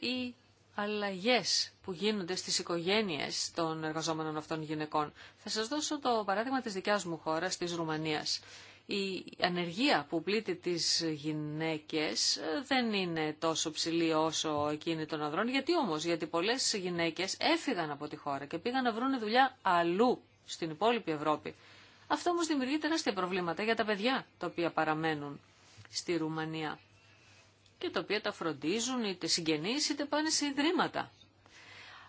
Οι αλλαγές που γίνονται στις οικογένειες των εργαζόμενων αυτών γυναικών. Θα σας δώσω το παράδειγμα της δικιάς μου χώρας, της Ρουμανίας η ανεργία που πλήττει τις γυναίκες ε, δεν είναι τόσο ψηλή όσο εκείνη των ανδρών. Γιατί όμως, γιατί πολλές γυναίκες έφυγαν από τη χώρα και πήγαν να βρουν δουλειά αλλού στην υπόλοιπη Ευρώπη. Αυτό όμως δημιουργεί τεράστια προβλήματα για τα παιδιά τα οποία παραμένουν στη Ρουμανία και τα οποία τα φροντίζουν είτε συγγενείς είτε πάνε σε ιδρύματα.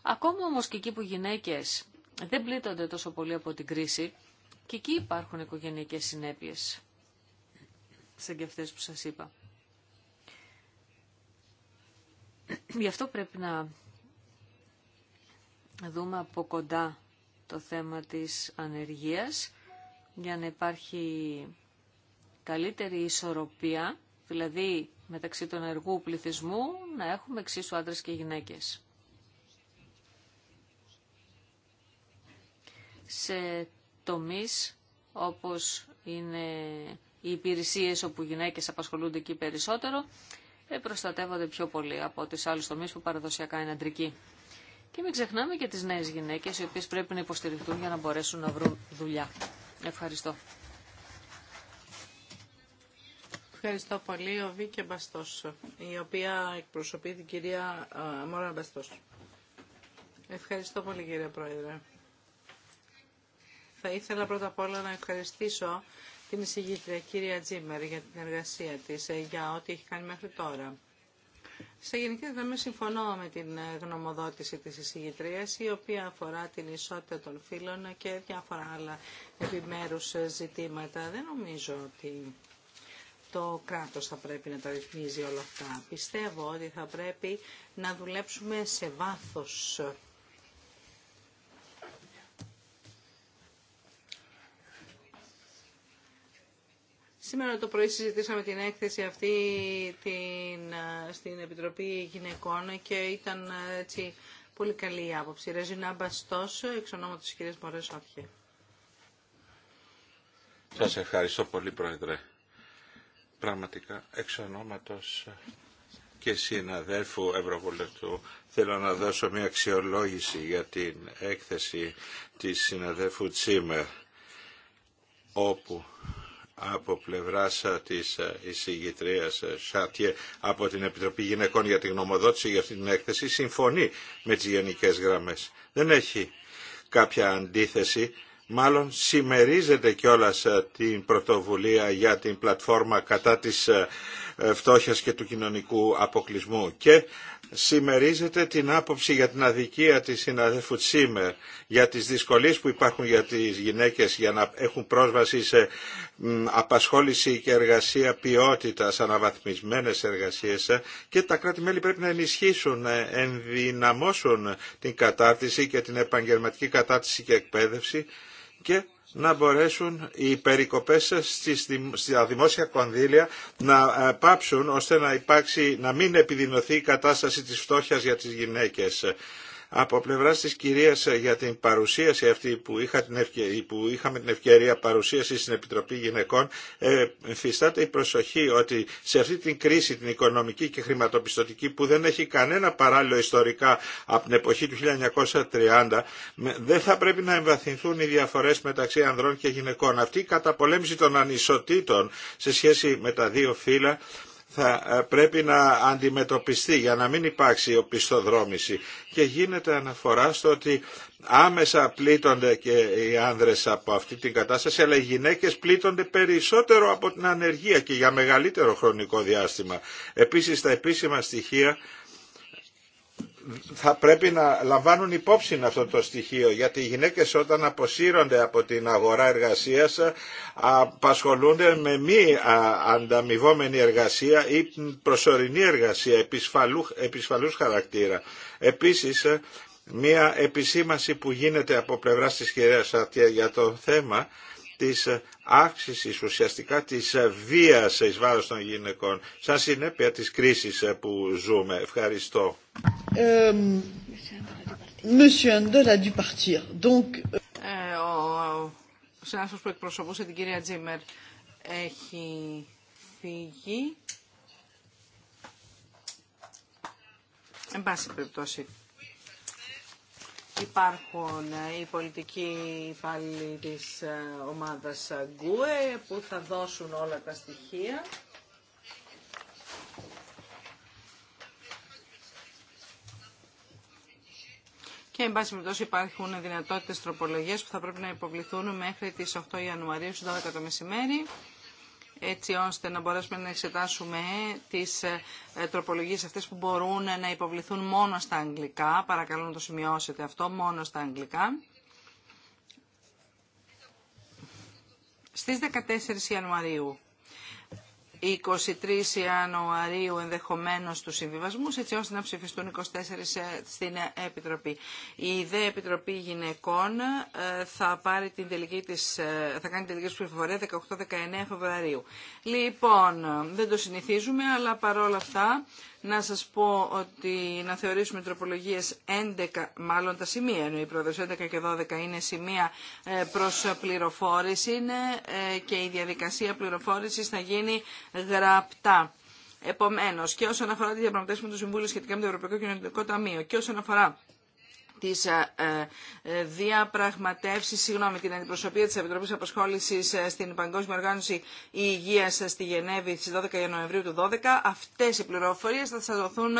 Ακόμα όμως και εκεί που γυναίκες δεν πλήττονται τόσο πολύ από την κρίση, και εκεί υπάρχουν οικογενειακές συνέπειες, σαν και αυτές που σας είπα. Γι' αυτό πρέπει να δούμε από κοντά το θέμα της ανεργίας για να υπάρχει καλύτερη ισορροπία, δηλαδή μεταξύ των εργού πληθυσμού να έχουμε εξίσου άντρες και γυναίκες. Σε τομείς όπως είναι οι υπηρεσίες όπου οι γυναίκες απασχολούνται εκεί περισσότερο, ε, προστατεύονται πιο πολύ από τις άλλες τομείς που παραδοσιακά είναι αντρικοί. Και μην ξεχνάμε και τις νέες γυναίκες, οι οποίες πρέπει να υποστηριχτούν για να μπορέσουν να βρουν δουλειά. Ευχαριστώ. Ευχαριστώ πολύ, ο Βίκε Μπαστός, η οποία εκπροσωπεί την κυρία ε, Μόρα Μπαστός. Ευχαριστώ πολύ, κύριε Πρόεδρε. Θα ήθελα πρώτα απ' όλα να ευχαριστήσω την εισηγήτρια κυρία Τζίμερ για την εργασία της, ε, για ό,τι έχει κάνει μέχρι τώρα. Σε γενική δεδομένη συμφωνώ με την ε, γνωμοδότηση της εισηγητρίας, η οποία αφορά την ισότητα των φύλων και διάφορα άλλα επιμέρους ε, ζητήματα. Δεν νομίζω ότι το κράτος θα πρέπει να τα ρυθμίζει όλα αυτά. Πιστεύω ότι θα πρέπει να δουλέψουμε σε βάθος Σήμερα το πρωί συζητήσαμε την έκθεση αυτή την, ε, στην Επιτροπή Γυναικών και ήταν ε, έτσι πολύ καλή η άποψη. Ρεζινά Μπαστός, εξ ονόματος της κυρίας Μωρές Σας ευχαριστώ πολύ Πρόεδρε. Πραγματικά εξ ονόματος και συναδέλφου Ευρωβουλευτού θέλω να δώσω μια αξιολόγηση για την έκθεση της συναδέλφου Τσίμερ όπου από πλευρά ε, της ε, εισηγητρία Σάτιε από την Επιτροπή Γυναικών για την γνωμοδότηση για αυτή την έκθεση συμφωνεί με τι γενικέ γραμμές. Δεν έχει κάποια αντίθεση. Μάλλον συμμερίζεται κιόλας ε, την πρωτοβουλία για την πλατφόρμα κατά της φτώχειας και του κοινωνικού αποκλεισμού και συμμερίζεται την άποψη για την αδικία της συναδέλφου Τσίμερ, για τις δυσκολίες που υπάρχουν για τις γυναίκες για να έχουν πρόσβαση σε απασχόληση και εργασία ποιότητας, αναβαθμισμένες εργασίες ε, και τα κράτη-μέλη πρέπει να ενισχύσουν, να ε, ενδυναμώσουν την κατάρτιση και την επαγγελματική κατάρτιση και εκπαίδευση και να μπορέσουν οι περικοπές στις, στα δημόσια κονδύλια να ε, πάψουν ώστε να, υπάρξει, να μην επιδεινωθεί η κατάσταση της φτώχειας για τις γυναίκες. Από πλευρά τη κυρία ε, για την παρουσίαση αυτή που, είχα την που είχαμε την ευκαιρία παρουσίαση στην Επιτροπή Γυναικών, ε, φυστάται η προσοχή ότι σε αυτή την κρίση την οικονομική και χρηματοπιστωτική που δεν έχει κανένα παράλληλο ιστορικά από την εποχή του 1930, δεν θα πρέπει να εμβαθυνθούν οι διαφορές μεταξύ ανδρών και γυναικών. Αυτή η καταπολέμηση των ανισοτήτων σε σχέση με τα δύο φύλλα θα ε, πρέπει να αντιμετωπιστεί για να μην υπάρξει οπισθοδρόμηση και γίνεται αναφορά στο ότι άμεσα πλήττονται και οι άνδρες από αυτή την κατάσταση αλλά οι γυναίκες πλήττονται περισσότερο από την ανεργία και για μεγαλύτερο χρονικό διάστημα. Επίσης τα επίσημα στοιχεία θα πρέπει να λαμβάνουν υπόψη αυτό το στοιχείο γιατί οι γυναίκες όταν αποσύρονται από την αγορά εργασίας απασχολούνται με μη ανταμοιβόμενη εργασία ή προσωρινή εργασία επισφαλού, επισφαλούς χαρακτήρα. Επίσης ε, μια επισήμαση που γίνεται από πλευράς της κυρίας Σάτια για το θέμα της ε, αύξησης ουσιαστικά της ε, βίας εις βάρος των γυναικών σαν συνέπεια της κρίσης ε, που ζούμε. Ευχαριστώ. ο συνάδελφος που εκπροσωπούσε την κυρία Τζίμερ έχει φύγει. Εν πάση περιπτώσει, Υπάρχουν ε, οι πολιτικοί υπάλληλοι της ε, ομάδας ΓΚΟΕ που θα δώσουν όλα τα στοιχεία. Και, εν πάση τόσο, υπάρχουν δυνατότητες τροπολογίες που θα πρέπει να υποβληθούν μέχρι τις 8 Ιανουαρίου στις 12 το μεσημέρι έτσι ώστε να μπορέσουμε να εξετάσουμε τις ε, τροπολογίες αυτές που μπορούν να υποβληθούν μόνο στα αγγλικά. Παρακαλώ να το σημειώσετε αυτό, μόνο στα αγγλικά. Στις 14 Ιανουαρίου 23 Ιανουαρίου ενδεχομένω του συμβιβασμού, έτσι ώστε να ψηφιστούν 24 στην Επιτροπή. Η ΔΕ Επιτροπή Γυναικών ε, θα, πάρει την τελική της, ε, θα κάνει τελική ψηφοφορία 18-19 Φεβρουαρίου. Λοιπόν, ε, δεν το συνηθίζουμε, αλλά παρόλα αυτά να σας πω ότι να θεωρήσουμε τροπολογίες 11, μάλλον τα σημεία ενώ η Πρόεδρος, 11 και 12 είναι σημεία ε, προς πληροφόρηση ε, και η διαδικασία πληροφόρησης θα γίνει γραπτά. Επομένως, και όσον αφορά τη διαπραγματεύση με το Συμβούλιο σχετικά με το Ευρωπαϊκό Κοινωνικό Ταμείο και όσον αφορά τις ε, ε, διαπραγματεύσεις, συγγνώμη, την αντιπροσωπεία της Επιτροπής Αποσχόλησης ε, στην Παγκόσμια Οργάνωση Υγείας στη Γενέβη στις 12 Ιανουαρίου του 2012. Αυτές οι πληροφορίες θα σας δοθούν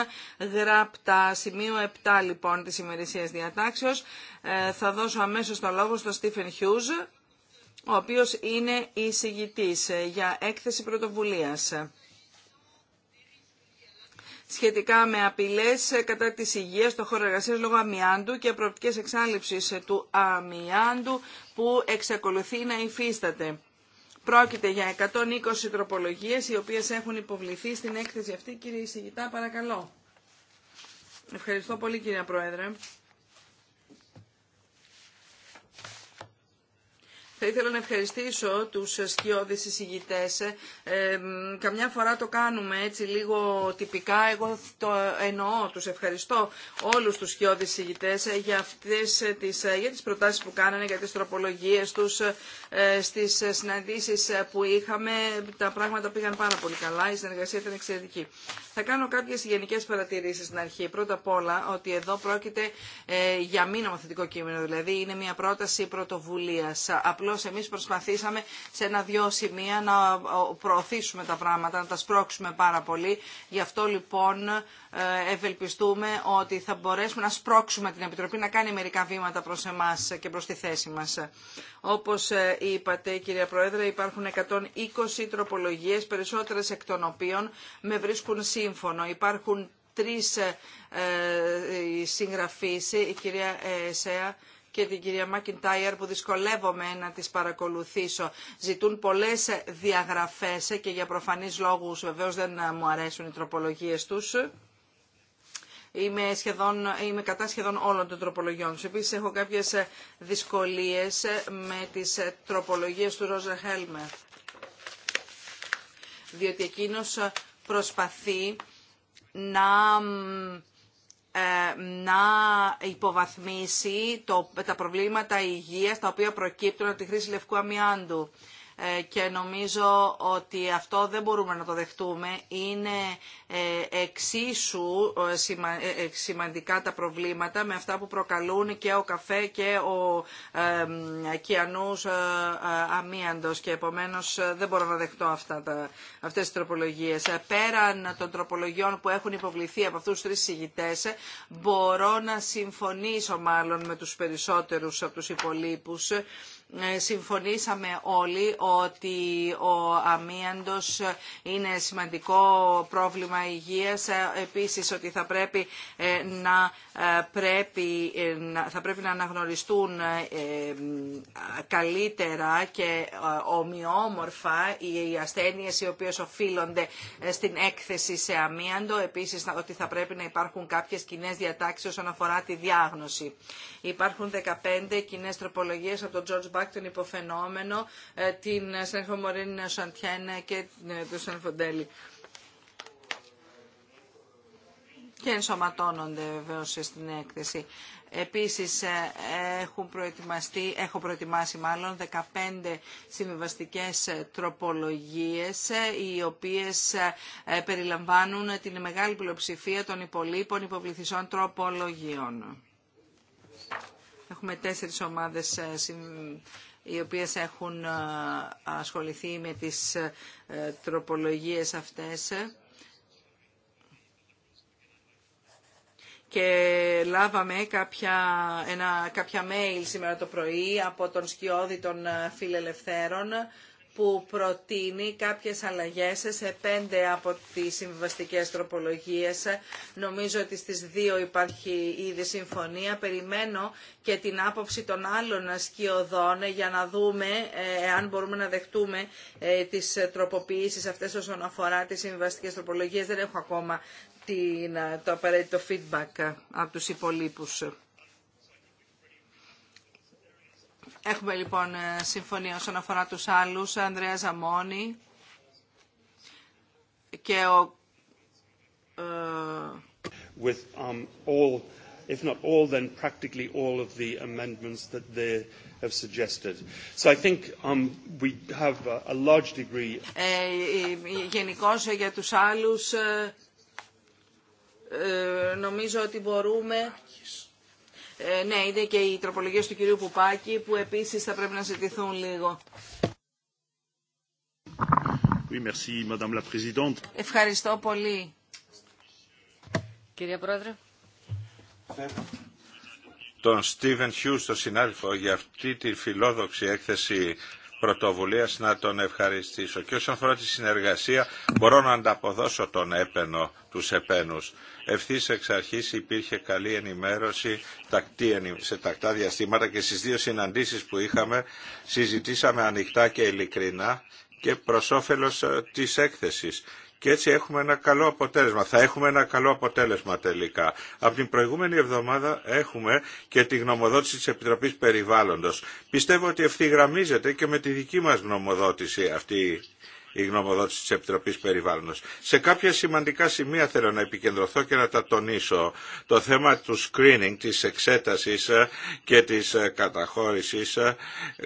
γραπτά. Σημείο 7 λοιπόν της ημερησίας διατάξεως. Θα δώσω αμέσως το λόγο στον Στίφεν Χιούζ, ο οποίος είναι εισηγητής για έκθεση πρωτοβουλίας σχετικά με απειλές κατά της υγείας στο χώρο εργασία λόγω αμοιάντου και προοπτικέ εξάλληψη του αμοιάντου που εξακολουθεί να υφίσταται. Πρόκειται για 120 τροπολογίες οι οποίες έχουν υποβληθεί στην έκθεση αυτή. Κύριε Ισηγητά, παρακαλώ. Ευχαριστώ πολύ κύριε Πρόεδρε. Θα ήθελα να ευχαριστήσω τους σκιώδεις εισηγητές. Ε, καμιά φορά το κάνουμε έτσι λίγο τυπικά. Εγώ το εννοώ, τους ευχαριστώ όλους τους σκιώδεις εισηγητές ε, για, αυτές ε, τις, ε, για τις προτάσεις που κάνανε, για τις τροπολογίες τους, ε, στις συναντήσεις που είχαμε. Τα πράγματα πήγαν πάρα πολύ καλά, η συνεργασία ήταν εξαιρετική. Θα κάνω κάποιες γενικές παρατηρήσεις στην αρχή. Πρώτα απ' όλα ότι εδώ πρόκειται για μη μαθητικό κείμενο, δηλαδή είναι μια πρόταση πρωτοβουλίας Εμεί Εμείς προσπαθήσαμε σε ένα-δυο σημεία να προωθήσουμε τα πράγματα, να τα σπρώξουμε πάρα πολύ. Γι' αυτό λοιπόν ε, ευελπιστούμε ότι θα μπορέσουμε να σπρώξουμε την Επιτροπή να κάνει μερικά βήματα προς εμάς και προς τη θέση μας. Όπως ε, είπατε κυρία Πρόεδρε υπάρχουν 120 τροπολογίες, περισσότερες εκ των οποίων με βρίσκουν σύμφωνο. Υπάρχουν τρεις ε, ε η κυρία Σέα και την κυρία Μακιντάιερ που δυσκολεύομαι να τις παρακολουθήσω. Ζητούν πολλές διαγραφές και για προφανείς λόγους βεβαίως δεν μου αρέσουν οι τροπολογίες τους. Είμαι, σχεδόν, είμαι κατά σχεδόν όλων των τροπολογιών τους. Επίσης έχω κάποιες δυσκολίες με τις τροπολογίες του Ρόζα Χέλμερ. Διότι εκείνος προσπαθεί να ε, να υποβαθμίσει τα προβλήματα υγείας τα οποία προκύπτουν από τη χρήση λευκού αμοιάντου. Ε, και νομίζω ότι αυτό δεν μπορούμε να το δεχτούμε. Είναι ε, εξίσου ε, σημαντικά τα προβλήματα με αυτά που προκαλούν και ο καφέ και ο κιανούς αμίαντος και επομένως δεν μπορώ να δεχτώ αυτά τα, αυτές τις τροπολογίες. Πέραν των τροπολογιών που έχουν υποβληθεί από αυτούς τους τρεις συγητές, μπορώ να συμφωνήσω μάλλον με τους περισσότερους από τους υπολείπους ε, συμφωνήσαμε όλοι ότι ο αμίαντος είναι σημαντικό πρόβλημα υγείας, ε, επίσης ότι θα πρέπει ε, να, πρέπει, θα πρέπει να αναγνωριστούν καλύτερα και ομοιόμορφα οι ασθένειες οι οποίες οφείλονται στην έκθεση σε αμίαντο, επίσης ότι θα πρέπει να υπάρχουν κάποιες κοινέ διατάξεις όσον αφορά τη διάγνωση. Υπάρχουν 15 κοινέ τροπολογίες από τον George Μπακ, τον υποφαινόμενο, ε, την συνάδελφο Μωρίνη Σαντιέν και ε, τον συνάδελφο Και ενσωματώνονται βεβαίω στην έκθεση. Επίσης ε, έχουν προετοιμαστεί, έχω προετοιμάσει μάλλον 15 συμβιβαστικές τροπολογίες οι οποίες περιλαμβάνουν την μεγάλη πλειοψηφία των υπολείπων υποβληθισών τροπολογιών. Έχουμε τέσσερις ομάδες ε, οι οποίες έχουν ε, ασχοληθεί με τις ε, τροπολογίες αυτές. και λάβαμε κάποια, ένα, κάποια mail σήμερα το πρωί από τον σκιώδη των φιλελευθέρων που προτείνει κάποιες αλλαγές σε πέντε από τις συμβαστικές τροπολογίες. Νομίζω ότι στις δύο υπάρχει ήδη συμφωνία. Περιμένω και την άποψη των άλλων σκιωδών για να δούμε αν ε, μπορούμε να δεχτούμε ε, τις τροποποιήσεις αυτές όσον αφορά τις συμβιβαστικές τροπολογίες. Δεν έχω ακόμα το απαραίτητο feedback από τους υπολείπους. Έχουμε λοιπόν συμφωνία όσον αφορά τους άλλους, Ανδρέα Ζαμόνη και ο... With, um, all, if not all, then practically all of the amendments that they have suggested. So I think um, we have a, a large degree... Ε, γενικώς για τους άλλους ε, νομίζω ότι μπορούμε... Ε, ναι, είδε και οι τροπολογίε του κυρίου Πουπάκη που επίση θα πρέπει να ζητηθούν λίγο. Ευχαριστώ πολύ. Κύριε Πρόεδρε. Τον Στίβεν Χιούς, τον συνάδελφο, για αυτή τη φιλόδοξη έκθεση πρωτοβουλίας να τον ευχαριστήσω. Και όσον αφορά τη συνεργασία μπορώ να ανταποδώσω τον έπαινο, τους επένους. Ευθύ εξ αρχή υπήρχε καλή ενημέρωση σε τακτά διαστήματα και στι δύο συναντήσει που είχαμε συζητήσαμε ανοιχτά και ειλικρινά και προ όφελο ε, τη έκθεση. Και έτσι έχουμε ένα καλό αποτέλεσμα. Θα έχουμε ένα καλό αποτέλεσμα τελικά. Από την προηγούμενη εβδομάδα έχουμε και τη γνωμοδότηση της Επιτροπής Περιβάλλοντος. Πιστεύω ότι ευθυγραμμίζεται και με τη δική μας γνωμοδότηση αυτή η γνωμοδότηση της Επιτροπής Περιβάλλοντος. Σε κάποια σημαντικά σημεία θέλω να επικεντρωθώ και να τα τονίσω. Το θέμα του screening, της εξέτασης ε, και της ε, καταχώρησης. Ε,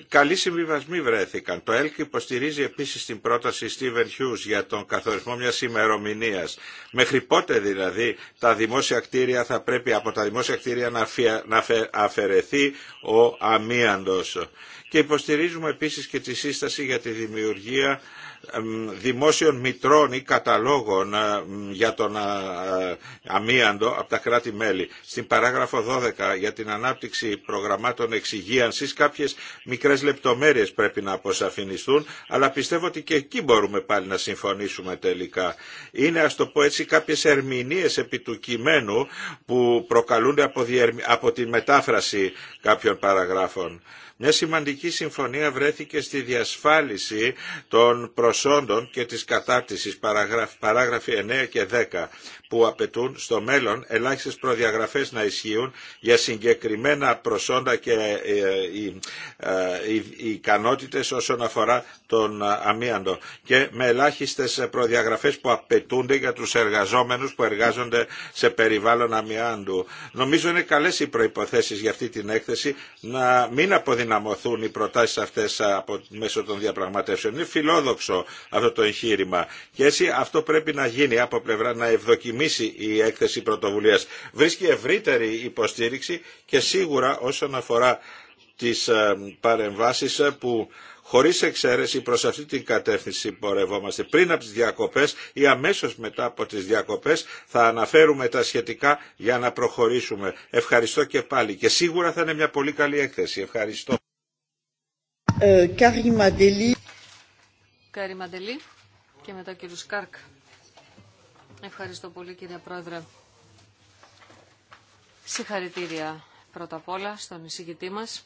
καλοί συμβιβασμοί βρέθηκαν. Το ΕΛΚ υποστηρίζει επίσης την πρόταση Steven Hughes για τον καθορισμό μιας ημερομηνία. Μέχρι πότε δηλαδή τα δημόσια κτίρια θα πρέπει από τα δημόσια κτίρια να αφαιρεθεί ο αμίαντος. Και υποστηρίζουμε επίσης και τη σύσταση για τη δημιουργία δημόσιων μητρών ή καταλόγων ε, για τον ε, ε, αμίαντο από τα κράτη-μέλη. Στην παράγραφο 12 για την ανάπτυξη προγραμμάτων εξυγίανσης κάποιες μικρές λεπτομέρειες πρέπει να αποσαφινιστούν, αλλά πιστεύω ότι και εκεί μπορούμε πάλι να συμφωνήσουμε τελικά. Είναι, ας το πω έτσι, κάποιες ερμηνείες επί του κειμένου που προκαλούνται από, τη μετάφραση κάποιων παραγράφων. Μια σημαντική συμφωνία βρέθηκε στη διασφάλιση των προσόντων και της κατάρτισης παράγραφοι 9 και 10 που απαιτούν στο μέλλον ελάχιστες προδιαγραφές να ισχύουν για συγκεκριμένα προσόντα και ε, ε, ε, ικανότητες όσον αφορά τον αμίαντο και με ελάχιστες προδιαγραφές που απαιτούνται για τους εργαζόμενους που εργάζονται σε περιβάλλον αμοιάντου. Νομίζω είναι καλές οι προϋποθέσεις για αυτή την έκθεση να μην ενδυναμωθούν οι προτάσει αυτές μέσω των διαπραγματεύσεων. Είναι φιλόδοξο αυτό το εγχείρημα και έτσι αυτό πρέπει να γίνει από πλευρά να ευδοκιμήσει η έκθεση πρωτοβουλία. Βρίσκει ευρύτερη υποστήριξη και σίγουρα όσον αφορά τι ε, παρεμβάσει που χωρίς εξαίρεση προς αυτή την κατεύθυνση πορευόμαστε. Πριν από τις διακοπές ή αμέσως μετά από τις διακοπές θα αναφέρουμε τα σχετικά για να προχωρήσουμε. Ευχαριστώ και πάλι και σίγουρα θα είναι μια πολύ καλή έκθεση. Ευχαριστώ. Ε, Κάρι Μαντελή και μετά κύριο Σκάρκ. Ευχαριστώ πολύ κύριε Πρόεδρε. Συγχαρητήρια πρώτα απ' όλα στον εισηγητή μας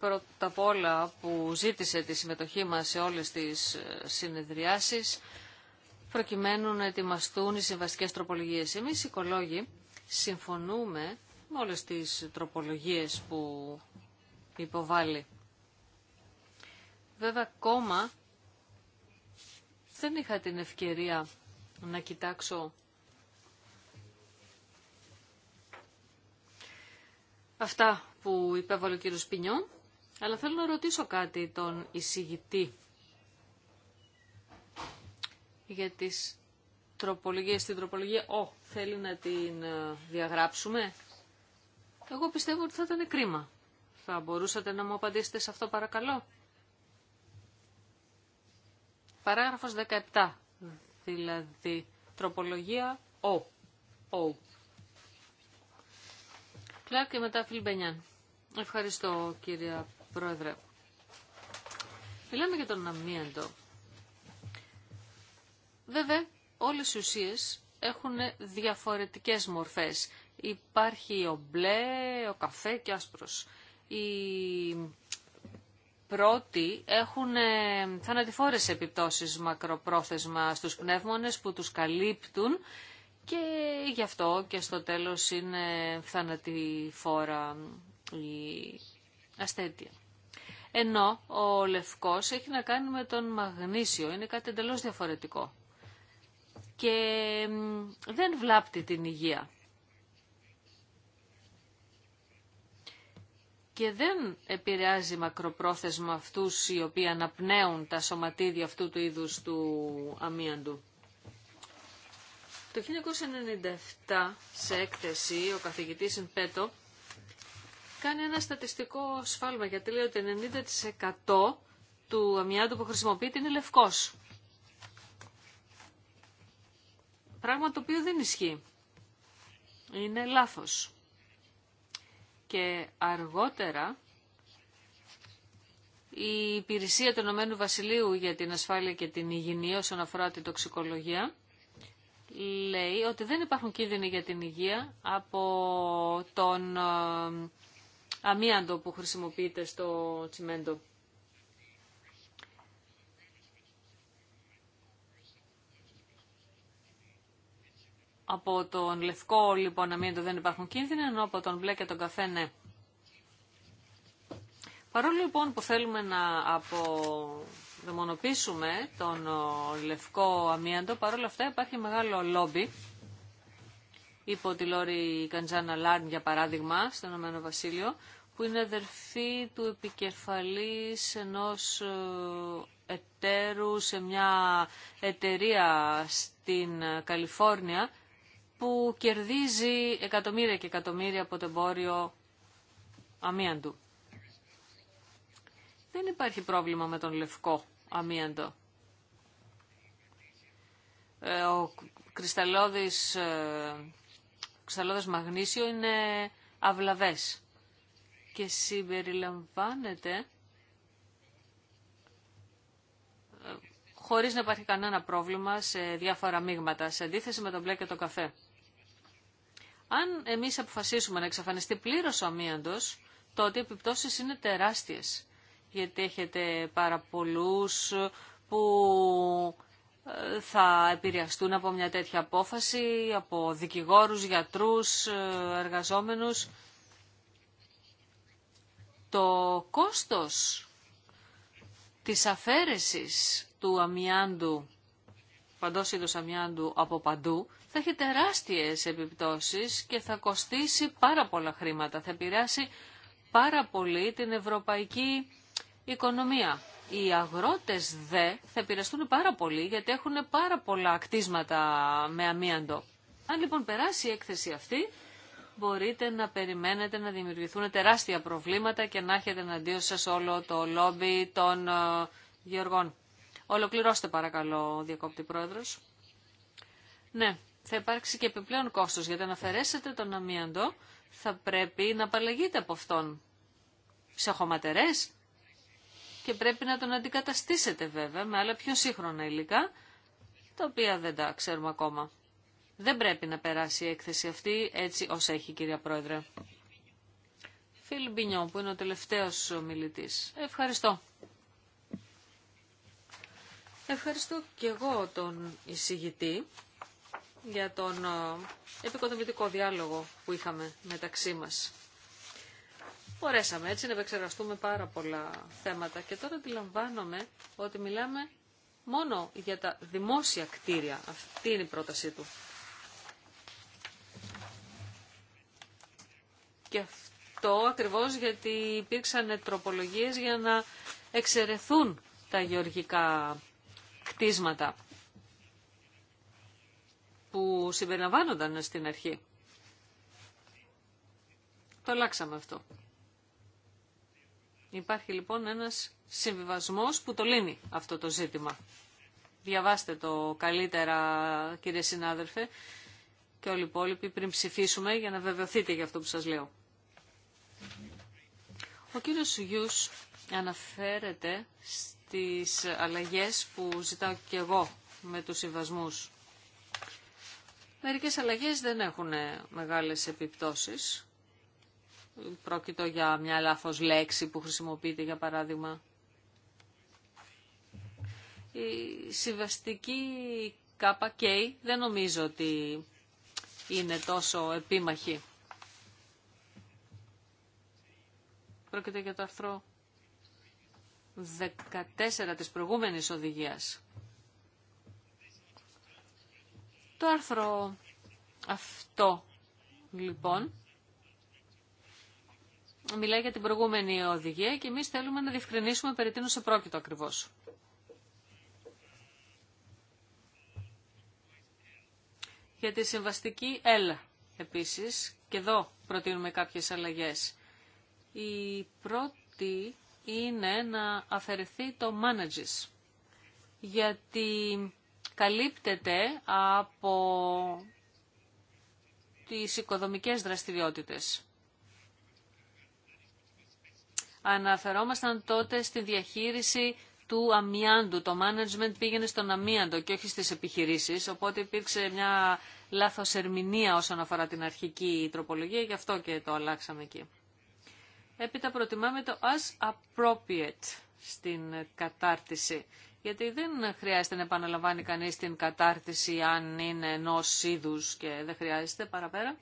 πρώτα απ' όλα που ζήτησε τη συμμετοχή μας σε όλες τις ε, συνεδριάσεις προκειμένου να ετοιμαστούν οι συμβαστικές τροπολογίες. Εμείς οι οικολόγοι συμφωνούμε με όλες τις τροπολογίες που υποβάλλει. Βέβαια ακόμα δεν είχα την ευκαιρία να κοιτάξω αυτά που υπέβαλε ο κύριος Πινιόν. Αλλά θέλω να ρωτήσω κάτι τον εισηγητή για τις τροπολογίες. Την τροπολογία, ο, θέλει να την ε, διαγράψουμε. Εγώ πιστεύω ότι θα ήταν κρίμα. Θα μπορούσατε να μου απαντήσετε σε αυτό παρακαλώ. Παράγραφος 17, δηλαδή τροπολογία ο, ο. και μετά Φιλμπενιάν. Ευχαριστώ κύριε Πρόεδρε. Μιλάμε για τον αμύαντο. Βέβαια, όλες οι ουσίες έχουν διαφορετικές μορφές. Υπάρχει ο μπλε, ο καφέ και άσπρος. Οι πρώτοι έχουν ε, θανατηφόρες επιπτώσεις μακροπρόθεσμα στους πνεύμονες που τους καλύπτουν και γι' αυτό και στο τέλος είναι θανατηφόρα η ενώ ο λευκός έχει να κάνει με τον μαγνήσιο, είναι κάτι εντελώ διαφορετικό. Και δεν βλάπτει την υγεία. Και δεν επηρεάζει μακροπρόθεσμα αυτούς οι οποίοι αναπνέουν τα σωματίδια αυτού του είδους του αμίαντου. Το 1997 σε έκθεση ο καθηγητής Πέτο κάνει ένα στατιστικό σφάλμα γιατί λέει ότι 90% του αμοιάντου που χρησιμοποιείται είναι λευκός. Πράγμα το οποίο δεν ισχύει. Είναι λάθος. Και αργότερα η υπηρεσία του Ηνωμένου Βασιλείου για την ασφάλεια και την υγιεινή όσον αφορά την τοξικολογία λέει ότι δεν υπάρχουν κίνδυνοι για την υγεία από τον ε, αμίαντο που χρησιμοποιείται στο τσιμέντο. Από τον λευκό λοιπόν αμίαντο δεν υπάρχουν κίνδυνοι, ενώ από τον μπλε και τον καφέ ναι. Παρόλο λοιπόν που θέλουμε να αποδαιμονοποιήσουμε τον ε, λευκό αμίαντο, παρόλα αυτά υπάρχει μεγάλο λόμπι υπό τη Λόρη Καντζάνα Λάρν για παράδειγμα στον Ηνωμένο Βασίλειο που είναι αδερφή του επικεφαλής ενός ε, εταίρου σε μια εταιρεία στην ε, Καλιφόρνια που κερδίζει εκατομμύρια και εκατομμύρια από το εμπόριο αμίαντου. Δεν υπάρχει πρόβλημα με τον λευκό αμίαντο. Ε, ο κρυσταλλώδης ξαλώδες μαγνήσιο είναι αυλαβές και συμπεριλαμβάνεται ε, χωρίς να υπάρχει κανένα πρόβλημα σε διάφορα μείγματα, σε αντίθεση με το μπλε και το καφέ. Αν εμείς αποφασίσουμε να εξαφανιστεί πλήρως ο αμύαντος, τότε οι επιπτώσεις είναι τεράστιες. Γιατί έχετε πάρα πολλούς που θα επηρεαστούν από μια τέτοια απόφαση, από δικηγόρους, γιατρούς, ε, εργαζόμενους. Το κόστος της αφαίρεσης του αμοιάντου, παντός είδους αμοιάντου από παντού, θα έχει τεράστιες επιπτώσεις και θα κοστίσει πάρα πολλά χρήματα. Θα επηρεάσει πάρα πολύ την ευρωπαϊκή οικονομία. Οι αγρότες δε θα επηρεαστούν πάρα πολύ γιατί έχουν πάρα πολλά κτίσματα με αμίαντο. Αν λοιπόν περάσει η έκθεση αυτή, μπορείτε να περιμένετε να δημιουργηθούν τεράστια προβλήματα και να έχετε εναντίον σας όλο το λόμπι των ε, γεωργών. Ολοκληρώστε παρακαλώ, διακόπτη πρόεδρος. Ναι, θα υπάρξει και επιπλέον κόστος, γιατί να αφαιρέσετε τον αμίαντο, θα πρέπει να απαλλαγείτε από αυτόν. Σε χωματερές, και πρέπει να τον αντικαταστήσετε βέβαια με άλλα πιο σύγχρονα υλικά, τα οποία δεν τα ξέρουμε ακόμα. Δεν πρέπει να περάσει η έκθεση αυτή έτσι ως έχει κυρία Πρόεδρε. Φίλ Μπινιό που είναι ο τελευταίος μιλητής. Ευχαριστώ. Ευχαριστώ και εγώ τον εισηγητή για τον ε, επικοδομητικό διάλογο που είχαμε μεταξύ μας. Μπορέσαμε έτσι να επεξεργαστούμε πάρα πολλά θέματα και τώρα αντιλαμβάνομαι ότι μιλάμε μόνο για τα δημόσια κτίρια. Αυτή είναι η πρότασή του. Και αυτό ακριβώς γιατί υπήρξαν τροπολογίες για να εξαιρεθούν τα γεωργικά κτίσματα που συμπεριλαμβάνονταν στην αρχή. Το αλλάξαμε αυτό. Υπάρχει λοιπόν ένας συμβιβασμός που το λύνει αυτό το ζήτημα. Διαβάστε το καλύτερα κύριε συνάδελφε και όλοι οι υπόλοιποι πριν ψηφίσουμε για να βεβαιωθείτε για αυτό που σας λέω. Ο κύριος Γιούς αναφέρεται στις αλλαγές που ζητάω και εγώ με τους συμβασμούς. Μερικές αλλαγές δεν έχουν μεγάλες επιπτώσεις. Πρόκειται για μια λάθος λέξη που χρησιμοποιείται για παράδειγμα. Η συμβαστική ΚΚ δεν νομίζω ότι είναι τόσο επίμαχη. Πρόκειται για το άρθρο 14 της προηγούμενης οδηγίας. Το άρθρο αυτό λοιπόν μιλάει για την προηγούμενη οδηγία και εμείς θέλουμε να διευκρινίσουμε περί τίνου σε πρόκειτο ακριβώς. Για τη συμβαστική L επίσης, και εδώ προτείνουμε κάποιες αλλαγές. Η πρώτη είναι να αφαιρεθεί το manages. γιατί καλύπτεται από τις οικοδομικές δραστηριότητες αναφερόμασταν τότε στη διαχείριση του αμοιάντου. Το management πήγαινε στον αμοιάντο και όχι στις επιχειρήσεις, οπότε υπήρξε μια λάθος ερμηνεία όσον αφορά την αρχική τροπολογία, γι' αυτό και το αλλάξαμε εκεί. Έπειτα προτιμάμε το as appropriate στην κατάρτιση, γιατί δεν χρειάζεται να επαναλαμβάνει κανείς την κατάρτιση αν είναι ενός είδου και δεν χρειάζεται παραπέρα.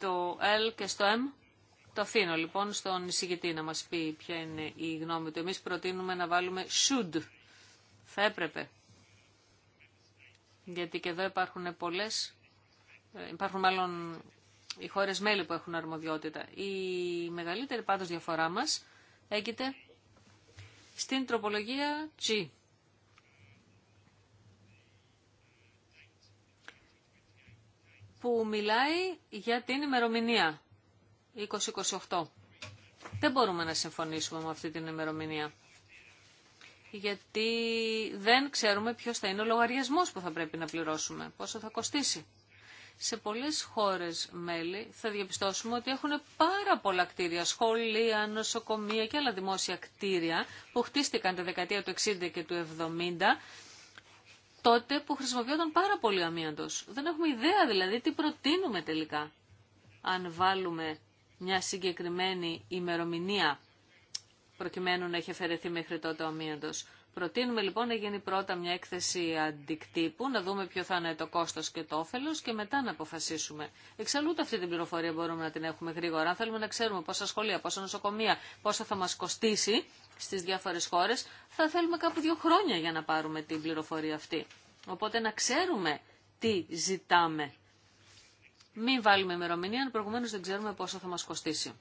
το L και στο M. Το αφήνω λοιπόν στον εισηγητή να μας πει ποια είναι η γνώμη του. Εμείς προτείνουμε να βάλουμε should. Θα έπρεπε. Γιατί και εδώ υπάρχουν πολλές, ε, υπάρχουν μάλλον οι χώρες μέλη που έχουν αρμοδιότητα. Η μεγαλύτερη πάντως διαφορά μας έγινε στην τροπολογία G. που μιλάει για την ημερομηνία 2028. Δεν μπορούμε να συμφωνήσουμε με αυτή την ημερομηνία. Γιατί δεν ξέρουμε ποιος θα είναι ο λογαριασμός που θα πρέπει να πληρώσουμε, πόσο θα κοστίσει. Σε πολλές χώρες μέλη θα διαπιστώσουμε ότι έχουν πάρα πολλά κτίρια, σχολεία, νοσοκομεία και άλλα δημόσια κτίρια που χτίστηκαν τη δεκαετία του 60 και του 70 τότε που χρησιμοποιόταν πάρα πολύ αμύαντος. Δεν έχουμε ιδέα δηλαδή τι προτείνουμε τελικά αν βάλουμε μια συγκεκριμένη ημερομηνία προκειμένου να έχει αφαιρεθεί μέχρι τότε ο αμύαντος. Προτείνουμε λοιπόν να γίνει πρώτα μια έκθεση αντικτύπου, να δούμε ποιο θα είναι το κόστος και το όφελος και μετά να αποφασίσουμε. Εξαλλού αυτή την πληροφορία μπορούμε να την έχουμε γρήγορα. Αν θέλουμε να ξέρουμε πόσα σχολεία, πόσα νοσοκομεία, πόσα θα μας κοστίσει, στις διάφορες χώρες, θα θέλουμε κάπου δύο χρόνια για να πάρουμε την πληροφορία αυτή. Οπότε να ξέρουμε τι ζητάμε. Μην βάλουμε ημερομηνία, αν προηγουμένως δεν ξέρουμε πόσο θα μας κοστίσει.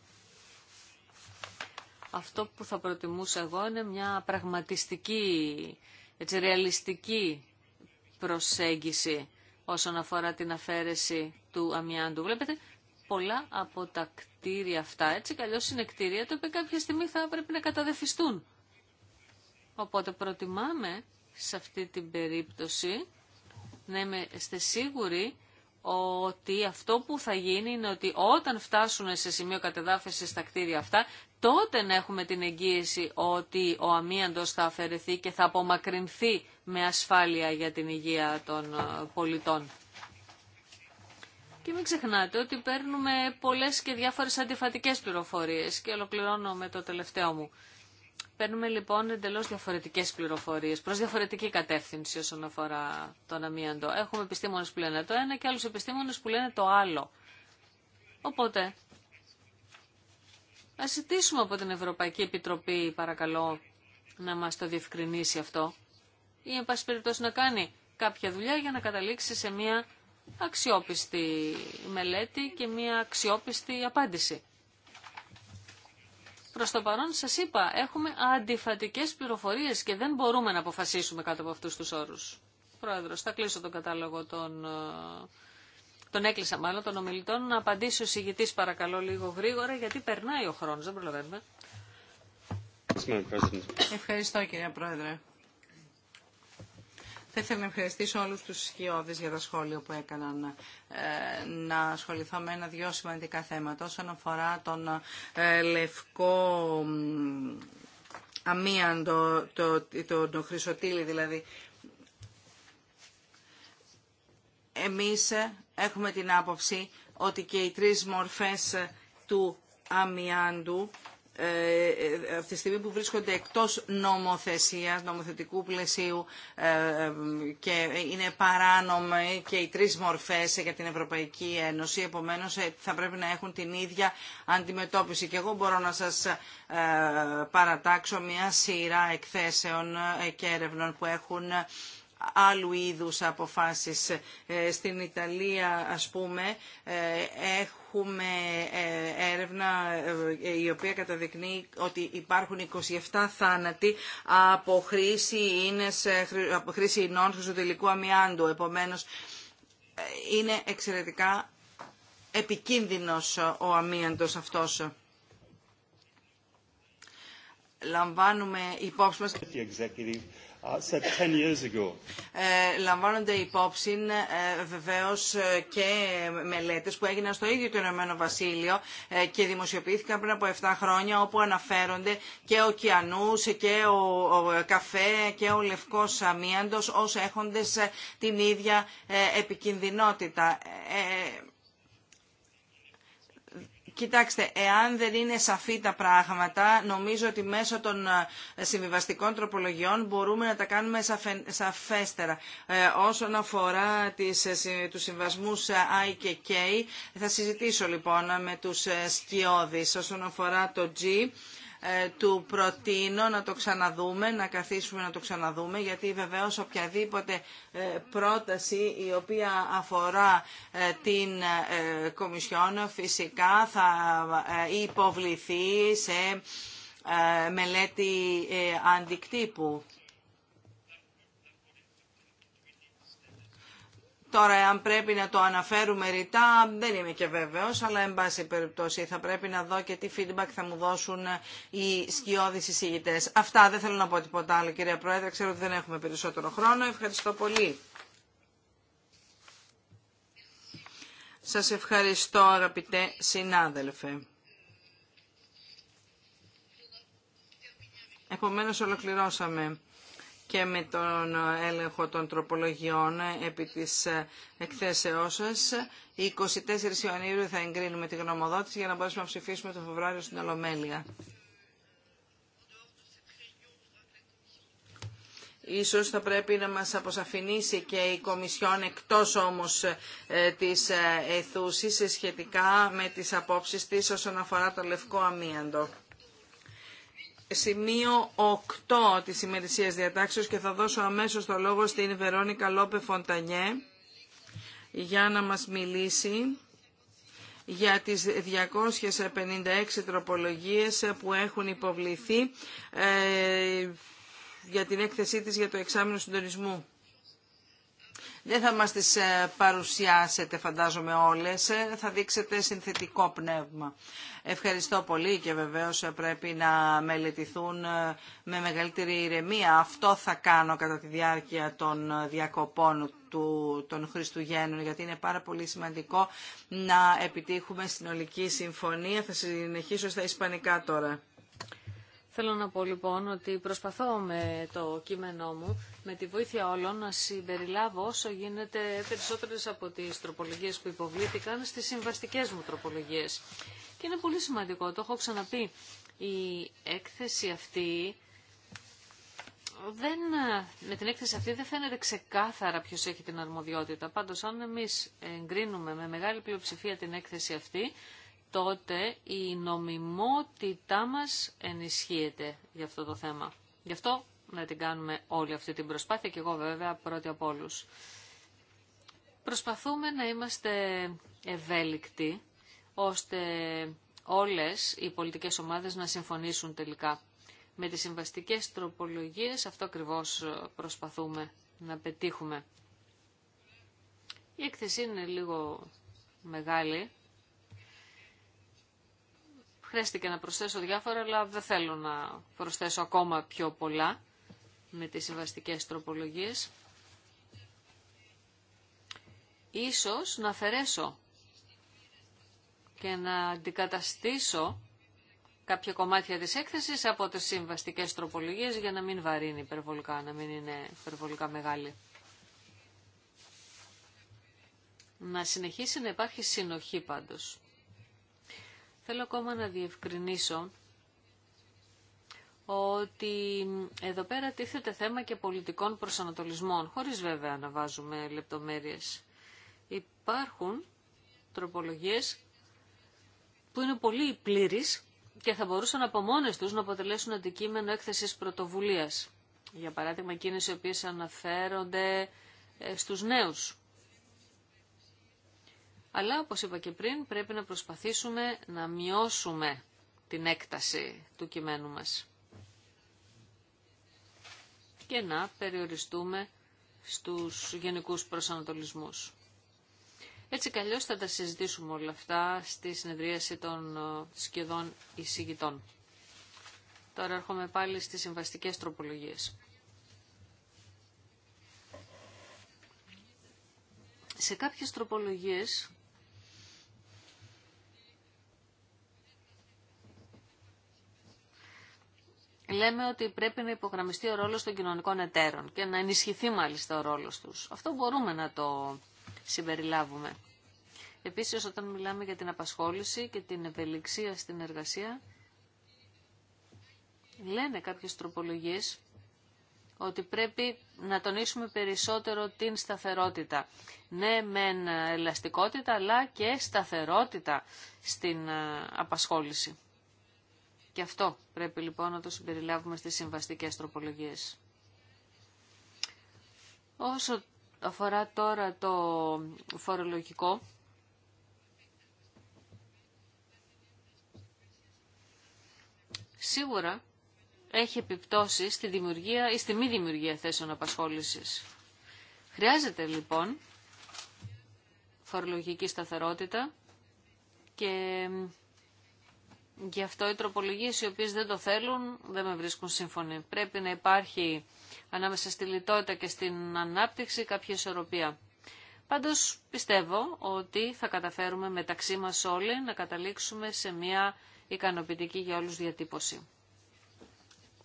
Αυτό που θα προτιμούσα εγώ είναι μια πραγματιστική, έτσι, ρεαλιστική προσέγγιση όσον αφορά την αφαίρεση του αμοιάντου. Βλέπετε, πολλά από τα κτίρια αυτά, έτσι αλλιώς είναι κτίρια, τα οποία κάποια στιγμή θα πρέπει να καταδεφιστούν. Οπότε προτιμάμε σε αυτή την περίπτωση να είμαστε σίγουροι ότι αυτό που θα γίνει είναι ότι όταν φτάσουν σε σημείο κατεδάφιση τα κτίρια αυτά, τότε να έχουμε την εγγύηση ότι ο αμίαντος θα αφαιρεθεί και θα απομακρυνθεί με ασφάλεια για την υγεία των ε, πολιτών. Και μην ξεχνάτε ότι παίρνουμε πολλές και διάφορες αντιφατικές πληροφορίες και ολοκληρώνω με το τελευταίο μου. Παίρνουμε λοιπόν εντελώς διαφορετικές πληροφορίες, προς διαφορετική κατεύθυνση όσον αφορά τον αμίαντο. Έχουμε επιστήμονες που λένε το ένα και άλλους επιστήμονες που λένε το άλλο. Οπότε, α ζητήσουμε από την Ευρωπαϊκή Επιτροπή, παρακαλώ, να μας το διευκρινίσει αυτό ή, εν πάση περιπτώσει, να κάνει κάποια δουλειά για να καταλήξει σε μια αξιόπιστη μελέτη και μια αξιόπιστη απάντηση. Προς το παρόν σας είπα, έχουμε αντιφατικές πληροφορίες και δεν μπορούμε να αποφασίσουμε κάτω από αυτούς τους όρους. Πρόεδρος, θα κλείσω τον κατάλογο των... Ε, τον έκλεισα μάλλον των ομιλητών. Να απαντήσει ο συγητή παρακαλώ λίγο γρήγορα γιατί περνάει ο χρόνος, δεν προλαβαίνουμε. Ευχαριστώ κυρία Πρόεδρε. Θα ήθελα να ευχαριστήσω όλους τους σκιώδες για τα σχόλια που έκαναν ε, να ασχοληθώ με ένα-δυο σημαντικά θέματα όσον αφορά τον ε, λευκό αμμίαντο, το, το, δηλαδή. Εμείς έχουμε την άποψη ότι και οι τρεις μορφές του αμιάντου αυτή τη στιγμή που βρίσκονται εκτός νομοθεσίας, νομοθετικού πλαισίου ε, ε, και είναι παράνομοι και οι τρεις μορφές για την Ευρωπαϊκή Ένωση, επομένως ε, θα πρέπει να έχουν την ίδια αντιμετώπιση. Και εγώ μπορώ να σας παρατάξω μια σειρά εκθέσεων και έρευνων που έχουν άλλου είδους αποφάσεις. Ε, στην Ιταλία, ας πούμε, ε, έχουμε ε, έρευνα η οποία καταδεικνύει ότι υπάρχουν 27 θάνατοι από χρήση, ίνες, από χρήση ινών χρυσοτελικού αμοιάντου. Επομένως, είναι εξαιρετικά επικίνδυνος ο αμίαντος αυτός. Λαμβάνουμε υπόψη μας... Ε, λαμβάνονται υπόψη ε, βεβαίω ε, και μελέτες που έγιναν στο ίδιο το Ηνωμένο Βασίλειο και δημοσιοποιήθηκαν πριν από 7 χρόνια όπου αναφέρονται και ο Κιανού και ο, καφέ και ο λευκός Αμίαντο ως έχοντες την ίδια επικινδυνότητα. Κοιτάξτε, εάν δεν είναι σαφή τα πράγματα, νομίζω ότι μέσω των ε, συμβιβαστικών τροπολογιών μπορούμε να τα κάνουμε σαφε, σαφέστερα. Ε, όσον αφορά τις, ε, τους συμβασμούς I και K, θα συζητήσω λοιπόν με τους σκιώδεις. Όσον αφορά το G, ε, του προτείνω να το ξαναδούμε, να καθίσουμε να το ξαναδούμε, γιατί βεβαίως οποιαδήποτε ε, πρόταση η οποία αφορά ε, την Κομισιόν φυσικά θα υποβληθεί σε μελέτη αντικτύπου. Τώρα, αν πρέπει να το αναφέρουμε ρητά, δεν είμαι και βέβαιος, αλλά εν πάση περιπτώσει θα πρέπει να δω και τι feedback θα μου δώσουν οι σκιώδεις εισηγητέ. Αυτά, δεν θέλω να πω τίποτα άλλο, κυρία Πρόεδρε, ξέρω ότι δεν έχουμε περισσότερο χρόνο. Ευχαριστώ πολύ. Σας ευχαριστώ, αγαπητέ συνάδελφε. Επομένως, ολοκληρώσαμε και με τον έλεγχο των τροπολογιών επί της εκθέσεώς σας. 24 Ιανουαρίου θα εγκρίνουμε τη γνωμοδότηση για να μπορέσουμε να ψηφίσουμε το Φεβράριο στην Ολομέλεια. Ίσως θα πρέπει να μας αποσαφηνίσει και η Κομισιόν εκτός όμως ε, της ε, αιθούσης σχετικά με τις απόψεις της όσον αφορά το λευκό αμίαντο σημείο 8 της ημερησίας διατάξεως και θα δώσω αμέσως το λόγο στην Βερόνικα Λόπε Φοντανιέ για να μας μιλήσει για τις 256 τροπολογίες που έχουν υποβληθεί ε, για την έκθεσή της για το εξάμεινο συντονισμού. Δεν θα μας τις ε, παρουσιάσετε φαντάζομαι όλες, ε, θα δείξετε συνθετικό πνεύμα. Ευχαριστώ πολύ και βεβαίως ε, πρέπει να μελετηθούν με μεγαλύτερη ηρεμία. Αυτό θα κάνω κατά τη διάρκεια των διακοπών του, των Χριστουγέννων, γιατί είναι πάρα πολύ σημαντικό να επιτύχουμε συνολική συμφωνία. Θα συνεχίσω στα Ισπανικά τώρα. Θέλω να πω λοιπόν ότι προσπαθώ με το κείμενό μου, με τη βοήθεια όλων, να συμπεριλάβω όσο γίνεται περισσότερες από τις τροπολογίες που υποβλήθηκαν στις συμβαστικές μου τροπολογίες. Και είναι πολύ σημαντικό, το έχω ξαναπεί, η έκθεση αυτή δεν, με την έκθεση αυτή δεν φαίνεται ξεκάθαρα ποιος έχει την αρμοδιότητα. Πάντως αν εμείς εγκρίνουμε με μεγάλη πλειοψηφία την έκθεση αυτή, τότε η νομιμότητά μας ενισχύεται για αυτό το θέμα. Γι' αυτό να την κάνουμε όλη αυτή την προσπάθεια και εγώ βέβαια πρώτη από όλους. Προσπαθούμε να είμαστε ευέλικτοι ώστε όλες οι πολιτικές ομάδες να συμφωνήσουν τελικά. Με τις συμβαστικές τροπολογίες αυτό ακριβώς προσπαθούμε να πετύχουμε. Η έκθεση είναι λίγο μεγάλη, Χρέστηκε να προσθέσω διάφορα, αλλά δεν θέλω να προσθέσω ακόμα πιο πολλά με τις συμβαστικές τροπολογίες. Ίσως να αφαιρέσω και να αντικαταστήσω κάποια κομμάτια της έκθεσης από τις συμβαστικές τροπολογίες για να μην βαρύνει υπερβολικά, να μην είναι υπερβολικά μεγάλη. Να συνεχίσει να υπάρχει συνοχή πάντως. Θέλω ακόμα να διευκρινίσω ότι εδώ πέρα τίθεται θέμα και πολιτικών προσανατολισμών, χωρίς βέβαια να βάζουμε λεπτομέρειες. Υπάρχουν τροπολογίες που είναι πολύ πλήρεις και θα μπορούσαν από μόνες τους να αποτελέσουν αντικείμενο έκθεσης πρωτοβουλίας. Για παράδειγμα, εκείνες οι οποίες αναφέρονται ε, στους νέους. Αλλά, όπως είπα και πριν, πρέπει να προσπαθήσουμε να μειώσουμε την έκταση του κειμένου μας και να περιοριστούμε στους γενικούς προσανατολισμούς. Έτσι καλώς θα τα συζητήσουμε όλα αυτά στη συνεδρίαση των ε, σχεδόν εισηγητών. Τώρα έρχομαι πάλι στις συμβαστικές τροπολογίες. Σε κάποιες τροπολογίες λέμε ότι πρέπει να υπογραμμιστεί ο ρόλος των κοινωνικών εταίρων και να ενισχυθεί μάλιστα ο ρόλος τους. Αυτό μπορούμε να το συμπεριλάβουμε. Επίσης, όταν μιλάμε για την απασχόληση και την ευελιξία στην εργασία, λένε κάποιες τροπολογίες ότι πρέπει να τονίσουμε περισσότερο την σταθερότητα. Ναι, μεν ελαστικότητα, αλλά και σταθερότητα στην ε, απασχόληση. Και αυτό πρέπει λοιπόν να το συμπεριλάβουμε στις συμβαστικές τροπολογίες. Όσο αφορά τώρα το φορολογικό, σίγουρα έχει επιπτώσει στη δημιουργία ή στη μη δημιουργία θέσεων απασχόλησης. Χρειάζεται λοιπόν φορολογική σταθερότητα και Γι' αυτό οι τροπολογίε οι οποίε δεν το θέλουν δεν με βρίσκουν σύμφωνοι. Πρέπει να υπάρχει ανάμεσα στη λιτότητα και στην ανάπτυξη κάποια ισορροπία. Πάντως πιστεύω ότι θα καταφέρουμε μεταξύ μα όλοι να καταλήξουμε σε μια ικανοποιητική για όλους διατύπωση.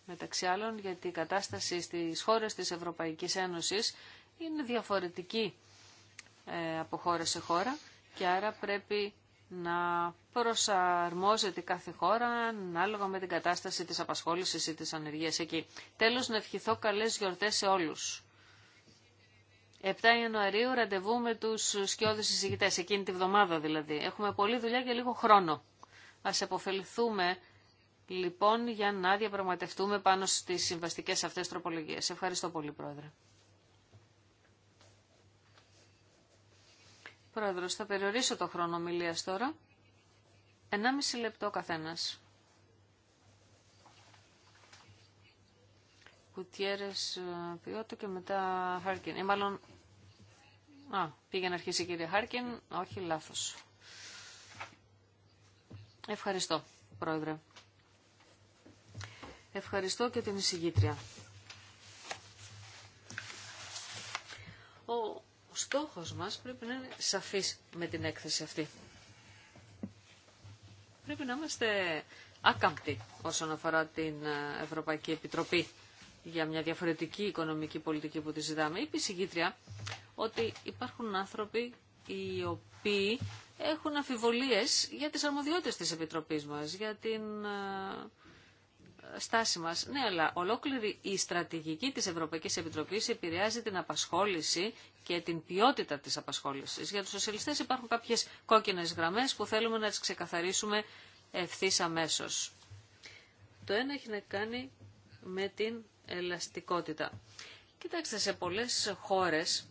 Μεταξύ άλλων γιατί η κατάσταση στι χώρες της Ευρωπαϊκή Ένωση είναι διαφορετική ε, από χώρα σε χώρα και άρα πρέπει να προσαρμόζεται κάθε χώρα ανάλογα με την κατάσταση της απασχόλησης ή της ανεργίας εκεί. Τέλος, να ευχηθώ καλές γιορτές σε όλους. 7 Ιανουαρίου ραντεβού με τους σκιώδεις συζητητές, εκείνη τη βδομάδα δηλαδή. Έχουμε πολλή δουλειά και λίγο χρόνο. Ας επωφεληθούμε λοιπόν για να διαπραγματευτούμε πάνω στις συμβαστικές αυτές τροπολογίες. Ευχαριστώ πολύ Πρόεδρε. Πρόεδρος, θα περιορίσω το χρόνο ομιλίας τώρα. 1,5 λεπτό καθένας. Κουτιέρες ε, Πιώτο και μετά Χάρκιν. Ή ε, μάλλον... Α, πήγε να αρχίσει η κυρία Χάρκιν. Όχι, λάθος. Ευχαριστώ, Πρόεδρε. Ευχαριστώ και την εισηγήτρια. Ο ο στόχος μας πρέπει να είναι σαφής με την έκθεση αυτή. Πρέπει να είμαστε άκαμπτοι όσον αφορά την ε, Ευρωπαϊκή Επιτροπή για μια διαφορετική οικονομική πολιτική που τη ζητάμε. Είπε η συγκήτρια ότι υπάρχουν άνθρωποι οι οποίοι έχουν αφιβολίες για τις αρμοδιότητες της Επιτροπής μας, για την ε, στάση μας. Ναι, αλλά ολόκληρη η στρατηγική της Ευρωπαϊκής Επιτροπής επηρεάζει την απασχόληση και την ποιότητα της απασχόλησης. Για τους σοσιαλιστές υπάρχουν κάποιες κόκκινες γραμμές που θέλουμε να τις ξεκαθαρίσουμε ευθύ αμέσω. Το ένα έχει να κάνει με την ελαστικότητα. Κοιτάξτε, σε πολλές χώρες,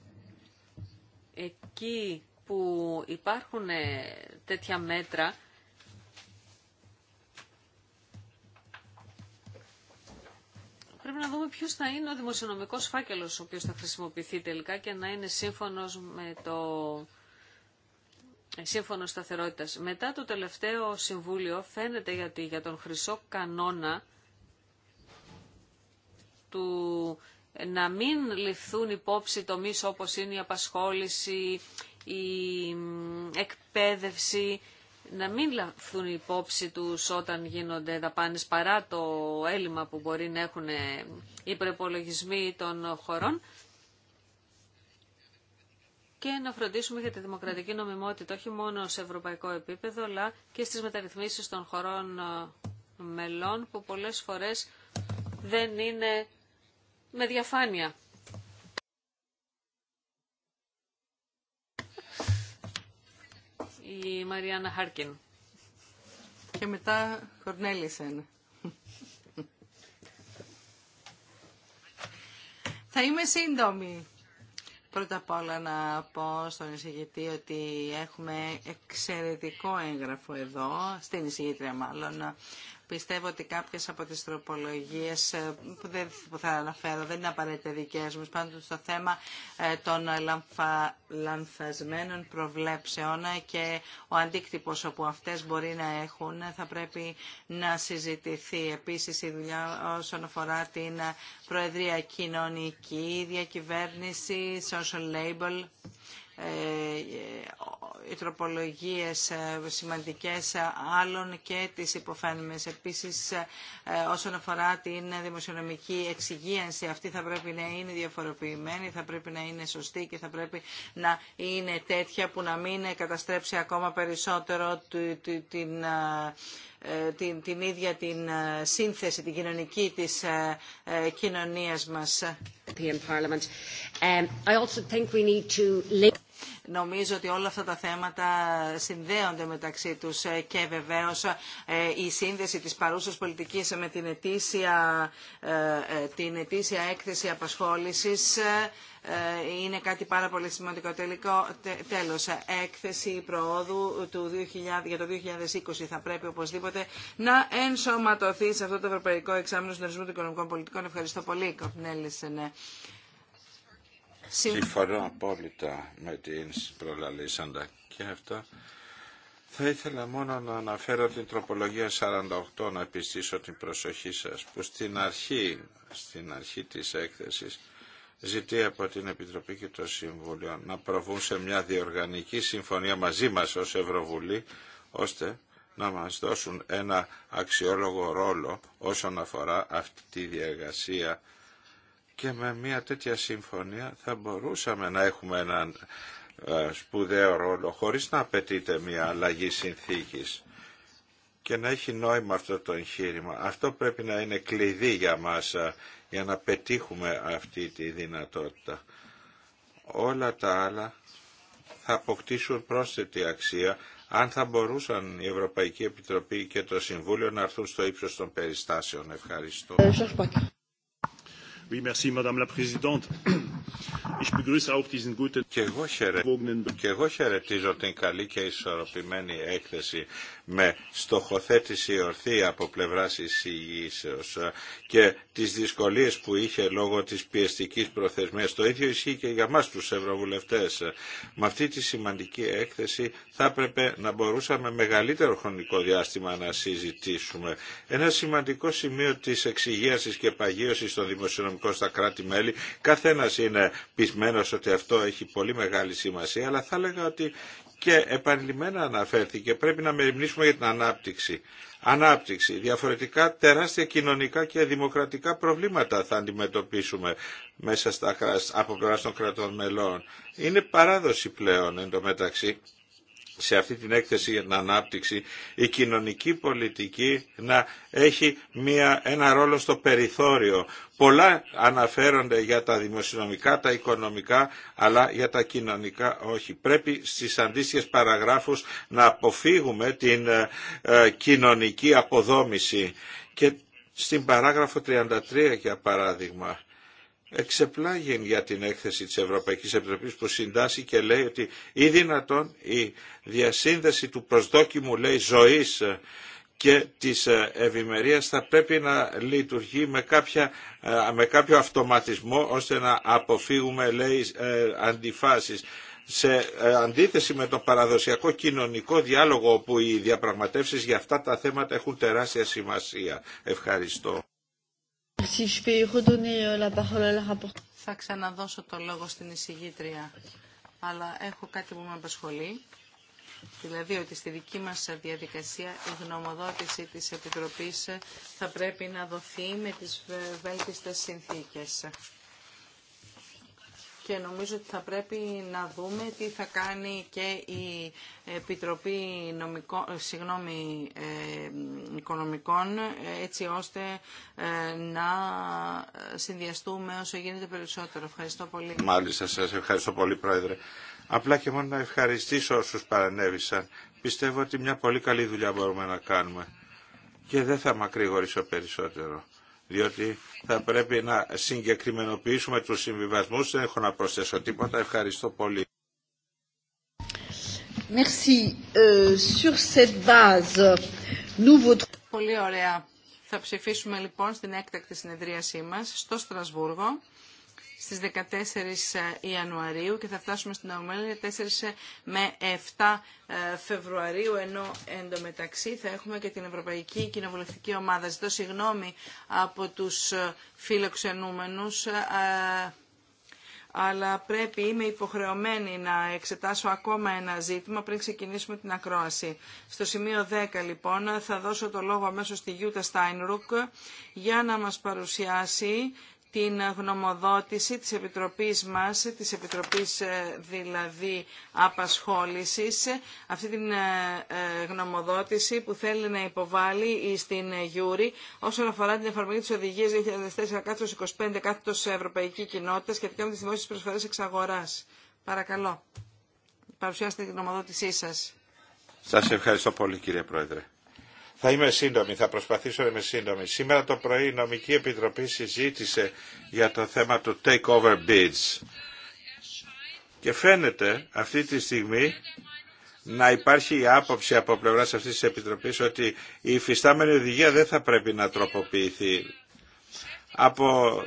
εκεί που υπάρχουν ε, τέτοια μέτρα, πρέπει να δούμε ποιος θα είναι ο δημοσιονομικός φάκελος ο οποίος θα χρησιμοποιηθεί τελικά και να είναι σύμφωνος με το σύμφωνο σταθερότητας. Μετά το τελευταίο συμβούλιο φαίνεται γιατί για τον χρυσό κανόνα του να μην ληφθούν υπόψη τομείς όπως είναι η απασχόληση, η εκπαίδευση, να μην λαφθούν οι υπόψη τους όταν γίνονται δαπάνες παρά το έλλειμμα που μπορεί να έχουν οι προπολογισμοί των χωρών και να φροντίσουμε για τη δημοκρατική νομιμότητα όχι μόνο σε ευρωπαϊκό επίπεδο αλλά και στις μεταρρυθμίσεις των χωρών ε, μελών που πολλές φορές δεν είναι με διαφάνεια η Μαριάννα Χάρκιν. Και μετά Κορνέλισεν. Θα είμαι σύντομη. Πρώτα απ' όλα να πω στον εισηγητή ότι έχουμε εξαιρετικό έγγραφο εδώ, στην εισηγήτρια μάλλον, Πιστεύω ότι κάποιες από τι τροπολογίε ε, που, θα αναφέρω δεν είναι απαραίτητα δικές μου, πάντως στο θέμα ε, των λαμφα, λανθασμένων προβλέψεων και ο αντίκτυπο όπου αυτές μπορεί να έχουν θα πρέπει να συζητηθεί. Επίσης η δουλειά όσον αφορά την Προεδρία Κοινωνική, Διακυβέρνηση, Social Label ε, οι τροπολογίες ε, σημαντικές ε, άλλων και τις υποφάνημες Επίσης, όσον αφορά την δημοσιονομική εξυγίανση, αυτή θα πρέπει να είναι διαφοροποιημένη, θα πρέπει να είναι σωστή και θα πρέπει να είναι τέτοια που να μην καταστρέψει ακόμα περισσότερο την ίδια την σύνθεση, την κοινωνική της κοινωνίας μας. Νομίζω ότι όλα αυτά τα θέματα συνδέονται μεταξύ τους ε, και βεβαίως ε, η σύνδεση της παρούσας πολιτικής με την ετήσια, ε, την ετήσια έκθεση απασχόλησης είναι κάτι πάρα πολύ σημαντικό. Τελικό, τέλος, έκθεση προόδου του 2000, για το 2020 θα πρέπει οπωσδήποτε να ενσωματωθεί σε αυτό το Ευρωπαϊκό Εξάμεινο Συνεργασμού των Οικονομικών Πολιτικών. Ευχαριστώ πολύ, ναι. Συμφωνώ απόλυτα με την προλαλήσαντα και αυτά. Θα ήθελα μόνο να αναφέρω την τροπολογία 48 να επιστήσω την προσοχή σας που στην αρχή, στην αρχή της έκθεσης ζητεί από την Επιτροπή και το Συμβούλιο να προβούν σε μια διοργανική συμφωνία μαζί μας ως Ευρωβουλή ώστε να μας δώσουν ένα αξιόλογο ρόλο όσον αφορά αυτή τη διαργασία και με μια τέτοια συμφωνία θα μπορούσαμε να έχουμε έναν ε, σπουδαίο ρόλο χωρίς να απαιτείται μια αλλαγή συνθήκης και να έχει νόημα αυτό το εγχείρημα. Αυτό πρέπει να είναι κλειδί για μας ε, για να πετύχουμε αυτή τη δυνατότητα. Όλα τα άλλα θα αποκτήσουν πρόσθετη αξία αν θα μπορούσαν η Ευρωπαϊκή Επιτροπή και το Συμβούλιο να έρθουν στο ύψος των περιστάσεων. Ευχαριστώ. Ε, και εγώ χαιρετίζω την καλή και ισορροπημένη έκθεση με στοχοθέτηση ορθή από πλευράς εισηγήσεως και τις δυσκολίες που είχε λόγω της πιεστικής προθεσμίας. Το ίδιο ισχύει και για μας τους Ευρωβουλευτές. Με αυτή τη σημαντική έκθεση θα έπρεπε να μπορούσαμε μεγαλύτερο χρονικό διάστημα να συζητήσουμε. Ένα σημαντικό σημείο της εξυγίασης και παγίωσης των δημοσιονομικών στα κράτη-μέλη, καθένας είναι πεισμένος ότι αυτό έχει πολύ μεγάλη σημασία, αλλά θα έλεγα ότι και επανειλημμένα αναφέρθηκε πρέπει να μεριμνήσουμε για την ανάπτυξη. Ανάπτυξη. Διαφορετικά τεράστια κοινωνικά και δημοκρατικά προβλήματα θα αντιμετωπίσουμε μέσα στα, από πλευρά των κρατών μελών. Είναι παράδοση πλέον εν τω μεταξύ σε αυτή την έκθεση για την ανάπτυξη η κοινωνική πολιτική να έχει μια, ένα ρόλο στο περιθώριο. Πολλά αναφέρονται για τα δημοσιονομικά, τα οικονομικά, αλλά για τα κοινωνικά όχι. Πρέπει στις αντίστοιχες παραγράφους να αποφύγουμε την ε, ε, κοινωνική αποδόμηση. Και στην παράγραφο 33 για παράδειγμα εξεπλάγει για την έκθεση της Ευρωπαϊκής Επιτροπής που συντάσσει και λέει ότι ή δυνατόν η διασύνδεση του προσδόκιμου λέει ζωής και της ευημερία θα πρέπει να λειτουργεί με, κάποια, με κάποιο αυτοματισμό ώστε να αποφύγουμε λέει ε, αντιφάσεις σε ε, αντίθεση με τον παραδοσιακό κοινωνικό διάλογο όπου οι διαπραγματεύσεις για αυτά τα θέματα έχουν τεράστια σημασία. Ευχαριστώ. Euh, θα ξαναδώσω το λόγο στην εισηγήτρια, αλλά έχω κάτι που με απασχολεί. Δηλαδή ότι στη δική μας διαδικασία η γνωμοδότηση της Επιτροπής θα πρέπει να δοθεί με τις βέλτιστες συνθήκες και νομίζω ότι θα πρέπει να δούμε τι θα κάνει και η Επιτροπή νομικό, συγγνώμη, ε, Οικονομικών έτσι ώστε ε, να συνδυαστούμε όσο γίνεται περισσότερο. Ευχαριστώ πολύ. Μάλιστα σας ευχαριστώ πολύ Πρόεδρε. Απλά και μόνο να ευχαριστήσω όσους παρανέβησαν. Πιστεύω ότι μια πολύ καλή δουλειά μπορούμε να κάνουμε και δεν θα μακρηγορήσω περισσότερο διότι θα πρέπει να συγκεκριμενοποιήσουμε τους συμβιβασμούς. Δεν έχω να προσθέσω τίποτα. Ευχαριστώ πολύ. Merci. Euh, sur cette base, nous... Πολύ ωραία. Θα ψηφίσουμε λοιπόν στην έκτακτη συνεδρίασή μας στο Στρασβούργο στις 14 ε, Ιανουαρίου και θα φτάσουμε στην Ομέλεια 4 ε, με 7 ε, Φεβρουαρίου, ενώ εντωμεταξύ θα έχουμε και την Ευρωπαϊκή Κοινοβουλευτική Ομάδα. Ζητώ συγγνώμη από τους φιλοξενούμενους, αλλά πρέπει, είμαι υποχρεωμένη να εξετάσω ακόμα ένα ζήτημα πριν ξεκινήσουμε την ακρόαση. Στο σημείο 10 λοιπόν θα δώσω το λόγο αμέσως στη Γιούτα Στάινρουκ για να μας παρουσιάσει την γνωμοδότηση της Επιτροπής μας, της Επιτροπής ε, δηλαδή Απασχόλησης, ε, αυτή την ε, γνωμοδότηση που θέλει να υποβάλει στην Γιούρη όσον αφορά την εφαρμογή της οδηγίας 2004-25 κάθετος Ευρωπαϊκή Κοινότητα σχετικά με τις δημόσιες προσφορές εξαγοράς. Παρακαλώ, παρουσιάστε την γνωμοδότησή σας. Σας ευχαριστώ πολύ κύριε Πρόεδρε. Θα είμαι σύντομη, θα προσπαθήσω να είμαι σύντομη. Σήμερα το πρωί η Νομική Επιτροπή συζήτησε για το θέμα του takeover bids. Και φαίνεται αυτή τη στιγμή να υπάρχει η άποψη από πλευράς αυτής της Επιτροπής ότι η υφιστάμενη οδηγία δεν θα πρέπει να τροποποιηθεί. Από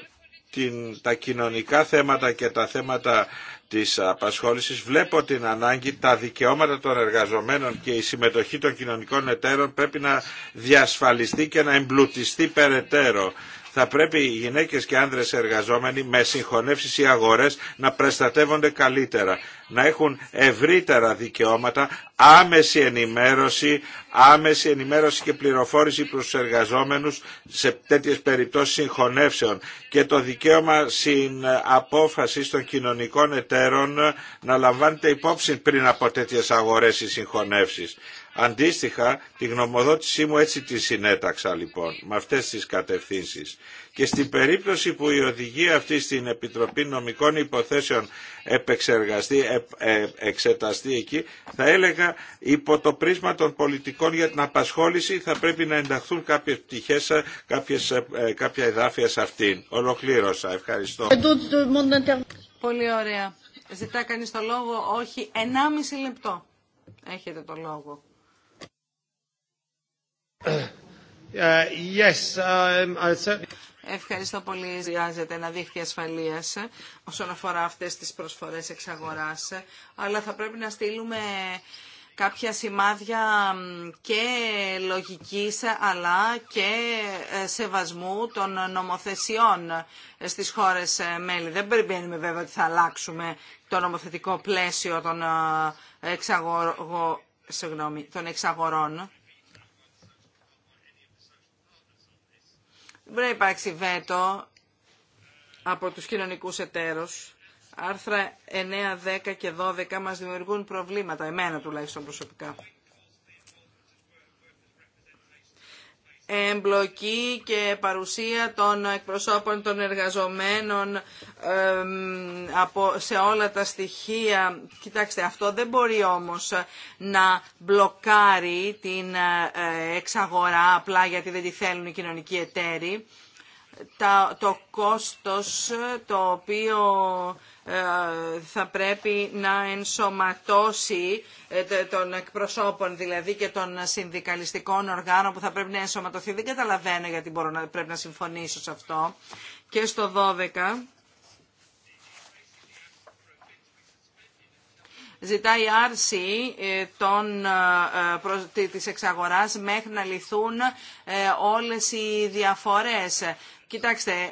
την, τα κοινωνικά θέματα και τα θέματα της απασχόλησης βλέπω την ανάγκη τα δικαιώματα των εργαζομένων και η συμμετοχή των κοινωνικών εταίρων πρέπει να διασφαλιστεί και να εμπλουτιστεί περαιτέρω θα πρέπει οι γυναίκες και άνδρες εργαζόμενοι με συγχωνεύσεις ή αγορές να προστατεύονται καλύτερα, να έχουν ευρύτερα δικαιώματα, άμεση ενημέρωση, άμεση ενημέρωση και πληροφόρηση προς τους εργαζόμενους σε τέτοιες περιπτώσεις συγχωνεύσεων και το δικαίωμα στην απόφαση των κοινωνικών εταίρων να λαμβάνεται υπόψη πριν από τέτοιες αγορές ή συγχωνεύσεις. Αντίστοιχα, τη γνωμοδότησή μου έτσι τη συνέταξα λοιπόν, με αυτές τις κατευθύνσεις. Και στην περίπτωση που η οδηγία αυτή στην Επιτροπή Νομικών Υποθέσεων επεξεργαστεί, ε, ε, εξεταστεί εκεί, θα έλεγα υπό το πρίσμα των πολιτικών για την απασχόληση θα πρέπει να ενταχθούν κάποιες πτυχές, ε, κάποια εδάφια σε αυτήν. Ολοκλήρωσα. Ευχαριστώ. Πολύ ωραία. Ζητά κανείς το λόγο, όχι, Ενάμιση λεπτό. Έχετε το λόγο. [clears throat] Um, Ευχαριστώ πολύ. Χρειάζεται ένα δίχτυ ασφαλεία όσον αφορά αυτέ τι προσφορέ εξ Αλλά θα πρέπει να στείλουμε κάποια σημάδια και λογικής αλλά και ε, σεβασμού των νομοθεσιών ε, στις χώρες ε, μέλη. Δεν περιμένουμε βέβαια ότι θα αλλάξουμε το νομοθετικό πλαίσιο των εξαγορών. Μπορεί να υπάρξει βέτο από τους κοινωνικούς εταίρους. Άρθρα 9, 10 και 12 μας δημιουργούν προβλήματα, εμένα τουλάχιστον προσωπικά. εμπλοκή και παρουσία των εκπροσώπων των εργαζομένων σε όλα τα στοιχεία. Κοιτάξτε, αυτό δεν μπορεί όμως να μπλοκάρει την ε, εξαγορά απλά γιατί δεν τη θέλουν οι κοινωνικοί εταίροι. Το κόστος το οποίο ε, θα πρέπει να ενσωματώσει ε, των εκπροσώπων δηλαδή και των συνδικαλιστικών οργάνων που θα πρέπει να ενσωματωθεί. Δεν καταλαβαίνω γιατί μπορώ να, πρέπει να συμφωνήσω σε αυτό. Και στο 12 ζητάει άρση ε, των, της εξαγοράς μέχρι να λυθούν όλες οι διαφορές. Κοιτάξτε, ε,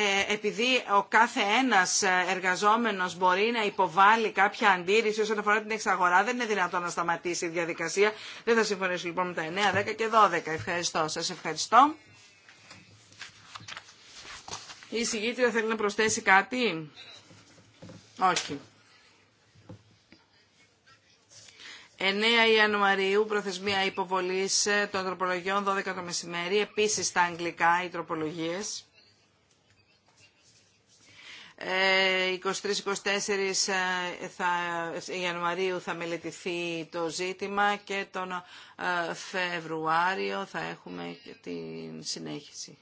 ε, επειδή ο κάθε ένας εργαζόμενος μπορεί να υποβάλει κάποια αντίρρηση όσον αφορά την εξαγορά, δεν είναι δυνατόν να σταματήσει η διαδικασία. Δεν θα συμφωνήσω λοιπόν με τα 9, 10 και 12. Ευχαριστώ. Σας ευχαριστώ. Η εισηγήτρια θέλει να προσθέσει κάτι. Όχι. 9 Ιανουαρίου, προθεσμία υποβολής ε, των τροπολογιών 12 το μεσημέρι, επίσης στα αγγλικά οι τροπολογίες. 23-24 ε, ε, Ιανουαρίου θα μελετηθεί το ζήτημα και τον Φεβρουάριο θα έχουμε την συνέχιση.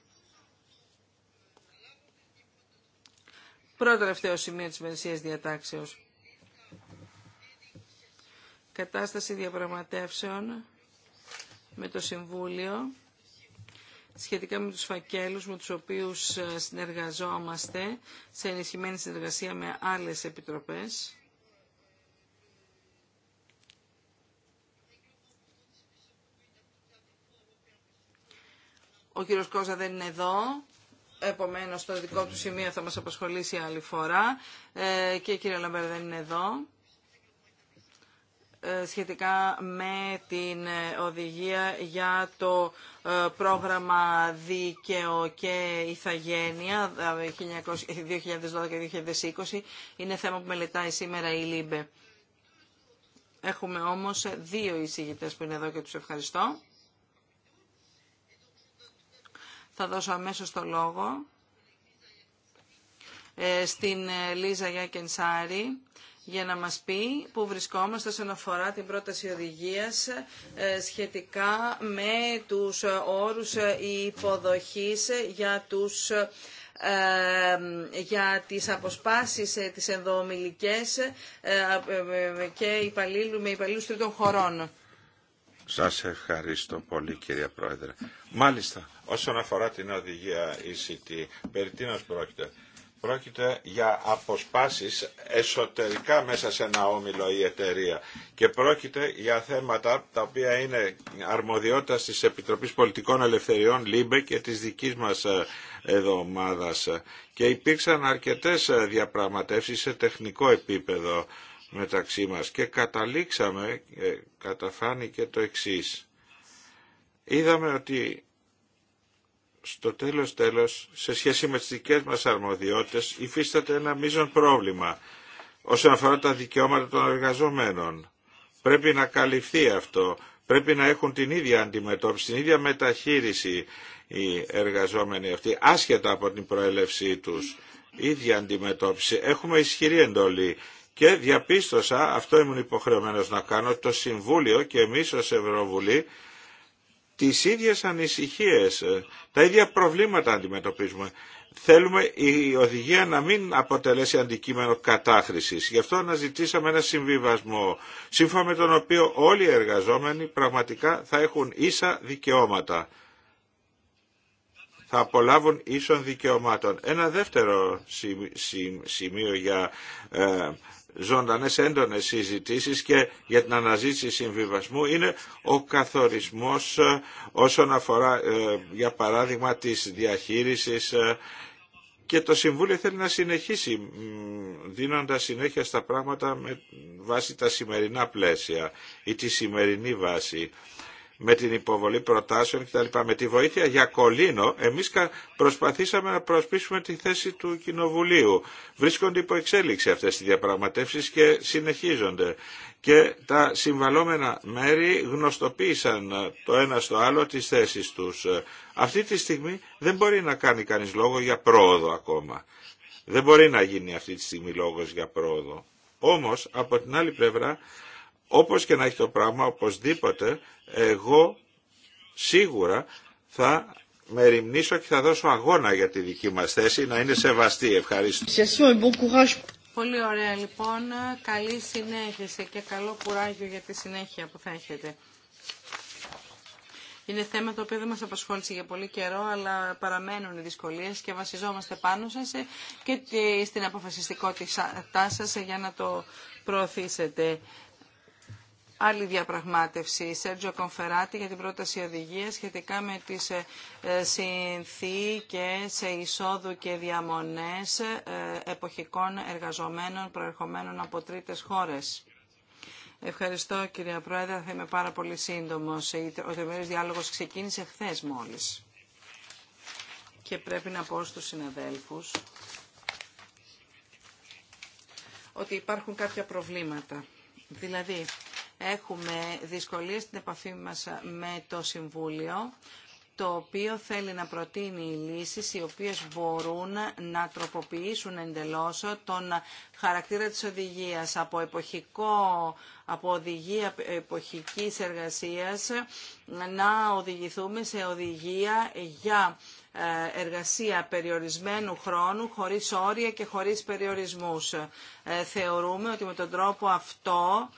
Πρώτο τελευταίο σημείο της μερισσίας διατάξεως κατάσταση διαπραγματεύσεων με το Συμβούλιο σχετικά με τους φακέλους με τους οποίους ε, συνεργαζόμαστε σε ενισχυμένη συνεργασία με άλλες επιτροπές. Ο κύριος Κόζα δεν είναι εδώ, επομένως το δικό του σημείο θα μας απασχολήσει άλλη φορά ε, και η κυρία Λαμπέρα δεν είναι εδώ. Ε, σχετικά με την ε, οδηγία για το ε, πρόγραμμα Δίκαιο και Ιθαγένεια 2012-2020. Δηλαδή είναι θέμα που μελετάει σήμερα η ΛΥΜΠΕ. Έχουμε όμως δύο εισηγητές που είναι εδώ και τους ευχαριστώ. Θα δώσω αμέσως το λόγο στην Λίζα Γιάκενσάρη για να μας πει που βρισκόμαστε όσον αφορά την πρόταση οδηγίας ε, σχετικά με τους ε, όρους ε, υποδοχής για τους για τις αποσπάσεις τις ενδομιλικές και υπαλλήλου, με υπαλλήλους τρίτων χωρών. Σας ευχαριστώ πολύ κυρία Πρόεδρε. Μάλιστα, όσον αφορά την οδηγία ECT, περί τίνος πρόκειται. Πρόκειται για αποσπάσεις εσωτερικά μέσα σε ένα όμιλο η εταιρεία και πρόκειται για θέματα τα οποία είναι αρμοδιότητα της Επιτροπής Πολιτικών Ελευθεριών ΛΥΜΠΕ και της δικής μας ε, εδώ ομάδας. Και υπήρξαν αρκετές ε, διαπραγματεύσεις σε τεχνικό επίπεδο μεταξύ μας και καταλήξαμε, ε, καταφάνηκε το εξής. Είδαμε ότι στο τέλος τέλος, σε σχέση με τις δικές μας αρμοδιότητες, υφίσταται ένα μείζον πρόβλημα όσον αφορά τα δικαιώματα των εργαζομένων. Πρέπει να καλυφθεί αυτό. Πρέπει να έχουν την ίδια αντιμετώπιση, την ίδια μεταχείριση οι εργαζόμενοι αυτοί, άσχετα από την προέλευσή τους. Ίδια αντιμετώπιση. Έχουμε ισχυρή εντολή. Και διαπίστωσα, αυτό ήμουν υποχρεωμένος να κάνω, το Συμβούλιο και εμείς ως Ευρωβουλή τις ίδιες ανησυχίες, ε, τα ίδια προβλήματα αντιμετωπίζουμε. Θέλουμε η οδηγία να μην αποτελέσει αντικείμενο κατάχρησης. Γι' αυτό αναζητήσαμε ένα συμβιβασμό, σύμφωνα με τον οποίο όλοι οι εργαζόμενοι πραγματικά θα έχουν ίσα δικαιώματα. Θα απολάβουν ίσων δικαιωμάτων. Ένα δεύτερο σημείο για ε, ζωντανές έντονες συζητήσεις και για την αναζήτηση συμβιβασμού είναι ο καθορισμός ε, όσον αφορά ε, για παράδειγμα της διαχείρισης ε, και το Συμβούλιο θέλει να συνεχίσει δίνοντας συνέχεια στα πράγματα με βάση τα σημερινά πλαίσια ή τη σημερινή βάση με την υποβολή προτάσεων κτλ. Με τη βοήθεια για κολίνο εμείς προσπαθήσαμε να προσπίσουμε τη θέση του Κοινοβουλίου. Βρίσκονται υπό εξέλιξη αυτές οι διαπραγματεύσεις και συνεχίζονται. Και τα συμβαλόμενα μέρη γνωστοποίησαν ε, το ένα στο άλλο τις θέσεις τους. Ε, αυτή τη στιγμή δεν μπορεί να κάνει κανείς λόγο για πρόοδο ακόμα. Δεν μπορεί να γίνει αυτή τη στιγμή λόγος για πρόοδο. Όμως, από την άλλη πλευρά, όπως και να έχει το πράγμα, οπωσδήποτε, εγώ σίγουρα θα με μεριμνήσω και θα δώσω αγώνα για τη δική μας θέση να είναι σεβαστή. Ευχαριστώ. Πολύ ωραία λοιπόν. Καλή συνέχιση και καλό κουράγιο για τη συνέχεια που θα έχετε. Είναι θέμα το οποίο δεν μας απασχόλησε για πολύ καιρό, αλλά παραμένουν οι δυσκολίες και βασιζόμαστε πάνω σας και στην αποφασιστικότητά σας για να το προωθήσετε άλλη διαπραγμάτευση. Σέρτζο Κομφεράτη για την πρόταση οδηγία σχετικά με τις σε εισόδου και διαμονέ ε, εποχικών εργαζομένων προερχομένων από τρίτε χώρε. Ευχαριστώ κυρία Πρόεδρε, θα είμαι πάρα πολύ σύντομο. Ο τριμερή διάλογο ξεκίνησε χθε μόλι. Και πρέπει να πω στου συναδέλφου ότι υπάρχουν κάποια προβλήματα. Δηλαδή, Έχουμε δυσκολίες στην επαφή μας με το Συμβούλιο, το οποίο θέλει να προτείνει λύσεις οι οποίες μπορούν να τροποποιήσουν εντελώς τον χαρακτήρα της οδηγίας από, εποχικό, από οδηγία εποχικής εργασίας να οδηγηθούμε σε οδηγία για ε, εργασία περιορισμένου χρόνου, χωρίς όρια και χωρίς περιορισμούς. Ε, θεωρούμε ότι με τον τρόπο αυτό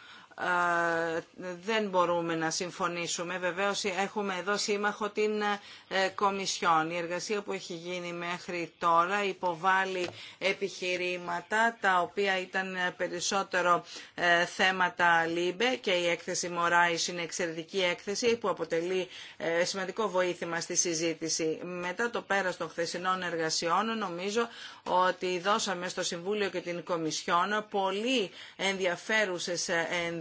δεν μπορούμε να συμφωνήσουμε. Βεβαίως έχουμε εδώ σύμμαχο την ε, Κομισιόν. Η εργασία που έχει γίνει μέχρι τώρα υποβάλλει επιχειρήματα τα οποία ήταν περισσότερο ε, θέματα ΛΥΜΠΕ και η έκθεση Μωράης είναι εξαιρετική έκθεση που αποτελεί ε, σημαντικό βοήθημα στη συζήτηση. Μετά το πέρας των χθεσινών εργασιών νομίζω ότι δώσαμε στο Συμβούλιο και την Κομισιόν πολύ ενδιαφέρουσες ενδιαφέρουσες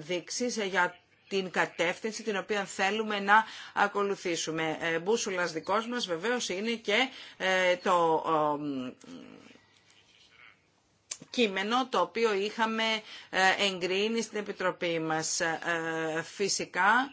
ε, για την κατεύθυνση την οποία θέλουμε να ακολουθήσουμε. Ε, μπούσουλας δικός μας βεβαίως είναι και ε, το κείμενο το οποίο είχαμε εγκρίνει στην Επιτροπή μας. Φυσικά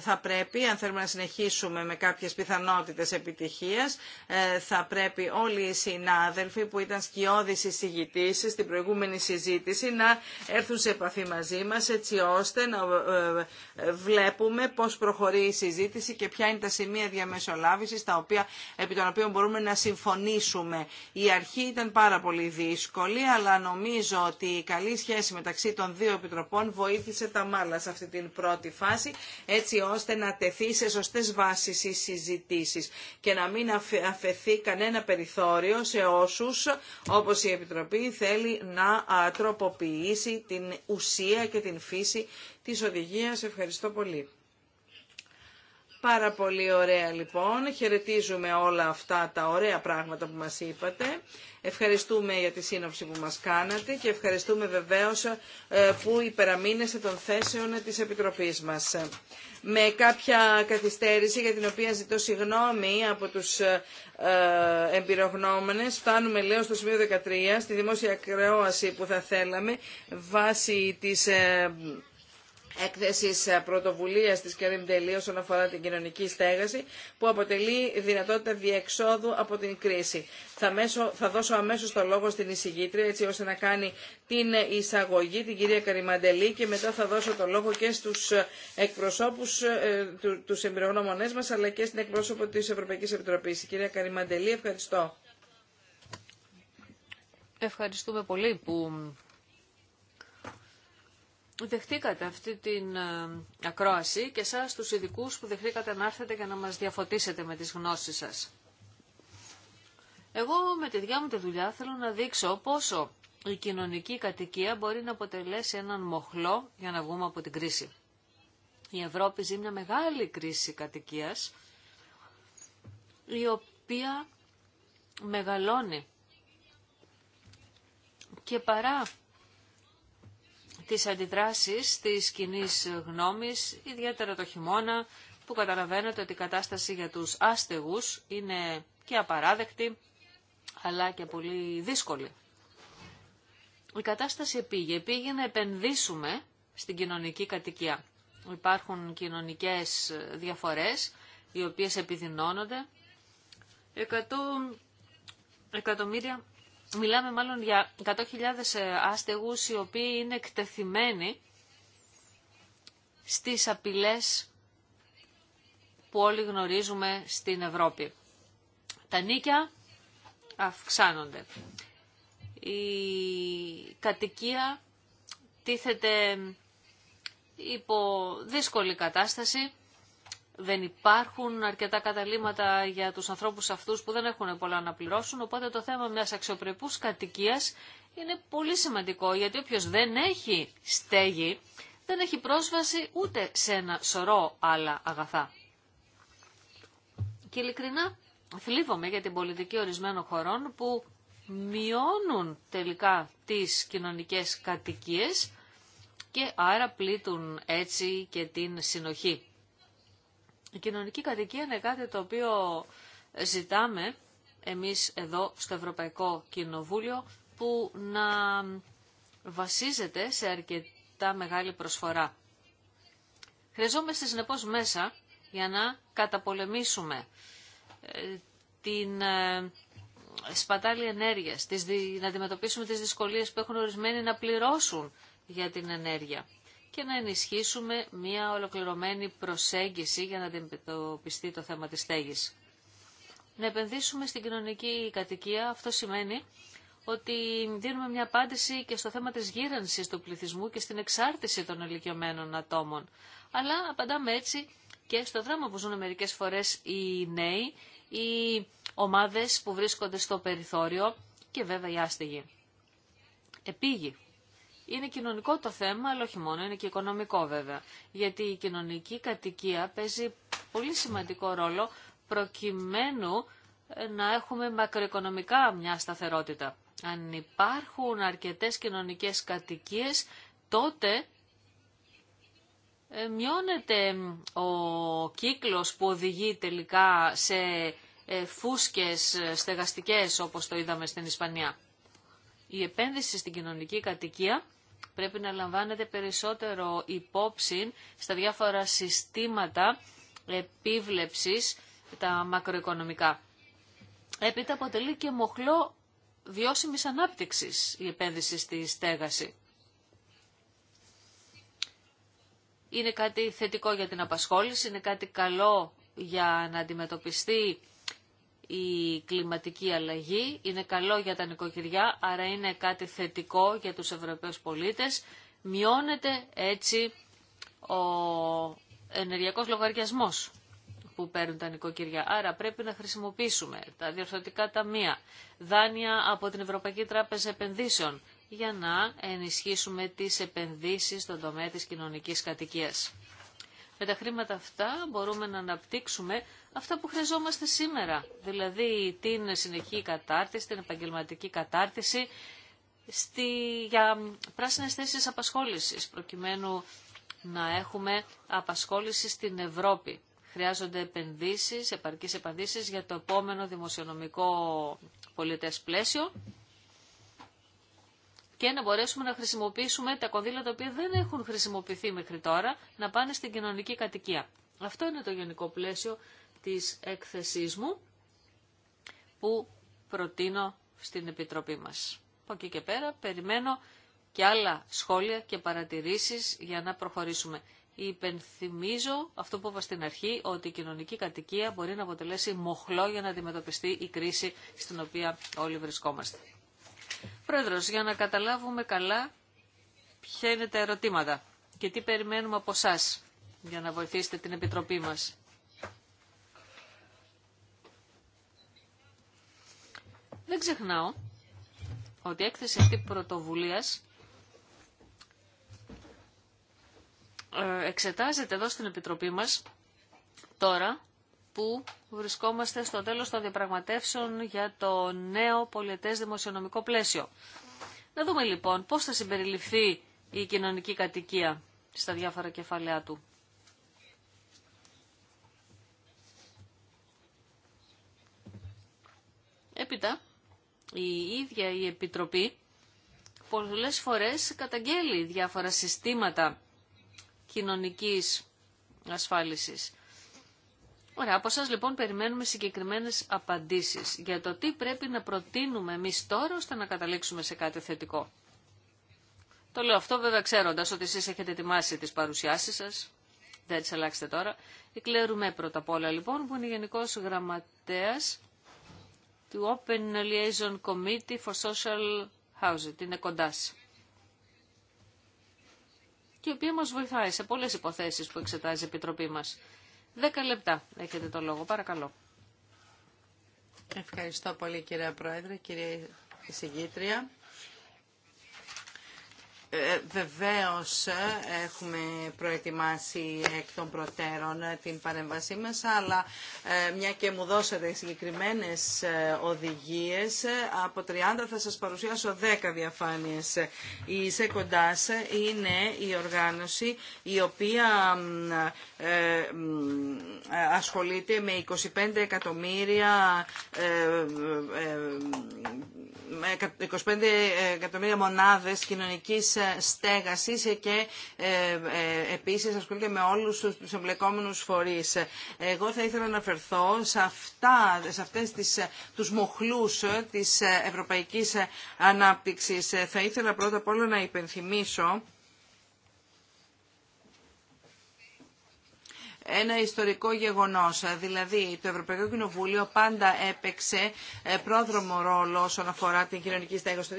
θα πρέπει, αν θέλουμε να συνεχίσουμε με κάποιες πιθανότητες επιτυχίας, ε, θα πρέπει όλοι οι συνάδελφοι που ήταν σκιώδεις εισηγητήσεις στην προηγούμενη συζήτηση να έρθουν σε επαφή μαζί μας έτσι ώστε να ε, ε, βλέπουμε πώς προχωρεί η συζήτηση και ποια είναι τα σημεία διαμεσολάβησης τα οποία, επί των οποίων μπορούμε να συμφωνήσουμε. Η αρχή ήταν πάρα πολύ δύσκολη, αλλά νομίζω ότι η καλή σχέση μεταξύ των δύο επιτροπών βοήθησε τα σε αυτή την πρώτη φάση, έτσι ώστε να τεθεί σε σωστές βάσεις οι συζητήσεις και να μην αφαιθεί κανένα περιθώριο σε όσους, όπως η Επιτροπή, θέλει να τροποποιήσει την ουσία και την φύση της οδηγίας. Ευχαριστώ πολύ. Πάρα πολύ ωραία λοιπόν. Χαιρετίζουμε όλα αυτά τα ωραία πράγματα που μας είπατε. Ευχαριστούμε για τη σύνοψη που μας κάνατε και ευχαριστούμε βεβαίως ε, που υπεραμείνεστε των θέσεων της Επιτροπής μας. Με κάποια καθυστέρηση για την οποία ζητώ συγγνώμη από τους ε, ε, εμπειρογνώμονες φτάνουμε λέω στο σημείο 13 στη δημόσια κρεώαση που θα θέλαμε βάσει της Εκθεση ε, πρωτοβουλίας της Κέριμ Τελή όσον αφορά την κοινωνική στέγαση που αποτελεί δυνατότητα διεξόδου από την κρίση. Θα, μέσω, θα δώσω αμέσως το λόγο στην εισηγήτρια έτσι ώστε να κάνει την εισαγωγή την κυρία Καρυμαντελή και μετά θα δώσω το λόγο και στους ε, εκπροσώπους, ε, του, τους εμπειρογνώμονές μας αλλά και στην εκπρόσωπο της Ευρωπαϊκής Επιτροπής. κυρία Καρυμαντελή, ευχαριστώ. Ευχαριστούμε πολύ που δεχτήκατε αυτή την ε, ακρόαση και σας τους ειδικού που δεχτήκατε να έρθετε για να μας διαφωτίσετε με τις γνώσεις σας. Εγώ με τη διά μου δουλειά θέλω να δείξω πόσο η κοινωνική κατοικία μπορεί να αποτελέσει έναν μοχλό για να βγούμε από την κρίση. Η Ευρώπη ζει μια μεγάλη κρίση κατοικίας, η οποία μεγαλώνει. Και παρά τις αντιδράσεις της κοινή γνώμης, ιδιαίτερα το χειμώνα, που καταλαβαίνετε ότι η κατάσταση για τους άστεγους είναι και απαράδεκτη, αλλά και πολύ δύσκολη. Η κατάσταση πήγε. Πήγε να επενδύσουμε στην κοινωνική κατοικία. Υπάρχουν κοινωνικές διαφορές, οι οποίες επιδεινώνονται. εκατομμύρια Μιλάμε μάλλον για 100.000 ε, άστεγους οι οποίοι είναι εκτεθειμένοι στις απειλές που όλοι γνωρίζουμε στην Ευρώπη. Τα νίκια αυξάνονται. Η κατοικία τίθεται υπό δύσκολη κατάσταση δεν υπάρχουν αρκετά καταλήμματα για τους ανθρώπους αυτούς που δεν έχουν πολλά να πληρώσουν, οπότε το θέμα μιας αξιοπρεπούς κατοικίας είναι πολύ σημαντικό, γιατί όποιος δεν έχει στέγη, δεν έχει πρόσβαση ούτε σε ένα σωρό άλλα αγαθά. Και ειλικρινά θλίβομαι για την πολιτική ορισμένων χωρών που μειώνουν τελικά τις κοινωνικές κατοικίες και άρα πλήττουν έτσι και την συνοχή. Η κοινωνική κατοικία είναι κάτι το οποίο ζητάμε εμείς εδώ στο Ευρωπαϊκό Κοινοβούλιο που να βασίζεται σε αρκετά μεγάλη προσφορά. Χρειαζόμαστε συνεπώς μέσα για να καταπολεμήσουμε ε, την ε, σπατάλη ενέργειας, να αντιμετωπίσουμε τις δυσκολίες που έχουν ορισμένοι να πληρώσουν για την ενέργεια και να ενισχύσουμε μια ολοκληρωμένη προσέγγιση για να αντιμετωπιστεί το θέμα της στέγης. Να επενδύσουμε στην κοινωνική κατοικία, αυτό σημαίνει ότι δίνουμε μια απάντηση και στο θέμα της γύρανσης του πληθυσμού και στην εξάρτηση των ηλικιωμένων ατόμων. Αλλά απαντάμε έτσι και στο δράμα που ζουν μερικές φορές οι νέοι, οι ομάδες που βρίσκονται στο περιθώριο και βέβαια οι άστεγοι. Επίγει είναι κοινωνικό το θέμα, αλλά όχι μόνο, είναι και οικονομικό βέβαια. Γιατί η κοινωνική κατοικία παίζει πολύ σημαντικό ρόλο προκειμένου ε, να έχουμε μακροοικονομικά μια σταθερότητα. Αν υπάρχουν αρκετές κοινωνικές κατοικίες, τότε ε, μειώνεται ο κύκλος που οδηγεί τελικά σε ε, φούσκες στεγαστικές όπως το είδαμε στην Ισπανία. Η επένδυση στην κοινωνική κατοικία πρέπει να λαμβάνετε περισσότερο υπόψη στα διάφορα συστήματα επίβλεψης τα μακροοικονομικά. Έπειτα αποτελεί και μοχλό βιώσιμης ανάπτυξης η επένδυση στη στέγαση. Είναι κάτι θετικό για την απασχόληση, είναι κάτι καλό για να αντιμετωπιστεί η κλιματική αλλαγή, είναι καλό για τα νοικοκυριά, άρα είναι κάτι θετικό για τους Ευρωπαίους πολίτες. Μειώνεται έτσι ο ενεργειακός λογαριασμός που παίρνουν τα νοικοκυριά. Άρα πρέπει να χρησιμοποιήσουμε τα διορθωτικά ταμεία, δάνεια από την Ευρωπαϊκή Τράπεζα Επενδύσεων για να ενισχύσουμε τις επενδύσεις στον τομέα της κοινωνικής κατοικίας. Με τα χρήματα αυτά μπορούμε να αναπτύξουμε αυτά που χρειαζόμαστε σήμερα, δηλαδή την συνεχή κατάρτιση, την επαγγελματική κατάρτιση, στη, για πράσινες θέσεις απασχόλησης, προκειμένου να έχουμε απασχόληση στην Ευρώπη. Χρειάζονται επενδύσεις, επαρκείς επενδύσεις για το επόμενο δημοσιονομικό πολιτές πλαίσιο και να μπορέσουμε να χρησιμοποιήσουμε τα κονδύλια τα οποία δεν έχουν χρησιμοποιηθεί μέχρι τώρα να πάνε στην κοινωνική κατοικία. Αυτό είναι το γενικό πλαίσιο της έκθεσής μου που προτείνω στην Επιτροπή μας. Από εκεί και πέρα περιμένω και άλλα σχόλια και παρατηρήσεις για να προχωρήσουμε. Υπενθυμίζω αυτό που είπα στην αρχή, ότι η κοινωνική κατοικία μπορεί να αποτελέσει μοχλό για να αντιμετωπιστεί η κρίση στην οποία όλοι βρισκόμαστε. Πρόεδρος, για να καταλάβουμε καλά ποια είναι τα ερωτήματα και τι περιμένουμε από εσά για να βοηθήσετε την Επιτροπή μας. Δεν ξεχνάω ότι η έκθεση αυτή πρωτοβουλίας ε, εξετάζεται εδώ στην Επιτροπή μας τώρα που βρισκόμαστε στο τέλος των διαπραγματεύσεων για το νέο πολιτές δημοσιονομικό πλαίσιο. Να δούμε λοιπόν πώς θα συμπεριληφθεί η κοινωνική κατοικία στα διάφορα κεφαλαία του. Έπειτα, η ίδια η Επιτροπή πολλές φορές καταγγέλει διάφορα συστήματα κοινωνικής ασφάλισης. Ωραία, από σας λοιπόν περιμένουμε συγκεκριμένες απαντήσεις για το τι πρέπει να προτείνουμε εμεί τώρα ώστε να καταλήξουμε σε κάτι θετικό. Το λέω αυτό βέβαια ξέροντας ότι εσείς έχετε ετοιμάσει τις παρουσιάσεις σας. Δεν τις αλλάξετε τώρα. Η Κλέρου πρώτα απ' όλα λοιπόν που είναι γενικό Γραμματέας του Open Liaison Committee for Social Housing. Είναι κοντά και η οποία μας βοηθάει σε πολλές υποθέσεις που εξετάζει η Επιτροπή μας. Δέκα λεπτά έχετε το λόγο, παρακαλώ. Ευχαριστώ πολύ κυρία Πρόεδρε, κυρία Εισηγήτρια. Ε, Βεβαίω ε, έχουμε προετοιμάσει εκ των προτέρων ε, την παρέμβασή μα, αλλά μια και μου δώσατε συγκεκριμένε οδηγίε από 30 θα σα παρουσιάσω 10 διαφάνειε. Η ΣΕΚΟΝΤΑΣ είναι η οργάνωση η οποία ασχολείται με 25 εκατομμύρια, 25 εκατομμύρια μονάδες κοινωνικής ε, στέγασης και ε, ε, επίσης ασχολείται με όλους τους εμπλεκόμενους φορείς. Εγώ θα ήθελα να αναφερθώ σε, αυτά, σε αυτές τις, τους μοχλούς της ευρωπαϊκής ανάπτυξης. Θα ήθελα πρώτα απ' όλα να υπενθυμίσω ένα ιστορικό γεγονός. Δηλαδή, το Ευρωπαϊκό Κοινοβούλιο πάντα έπαιξε ε, πρόδρομο ρόλο όσον αφορά την κοινωνική στέγαση. Το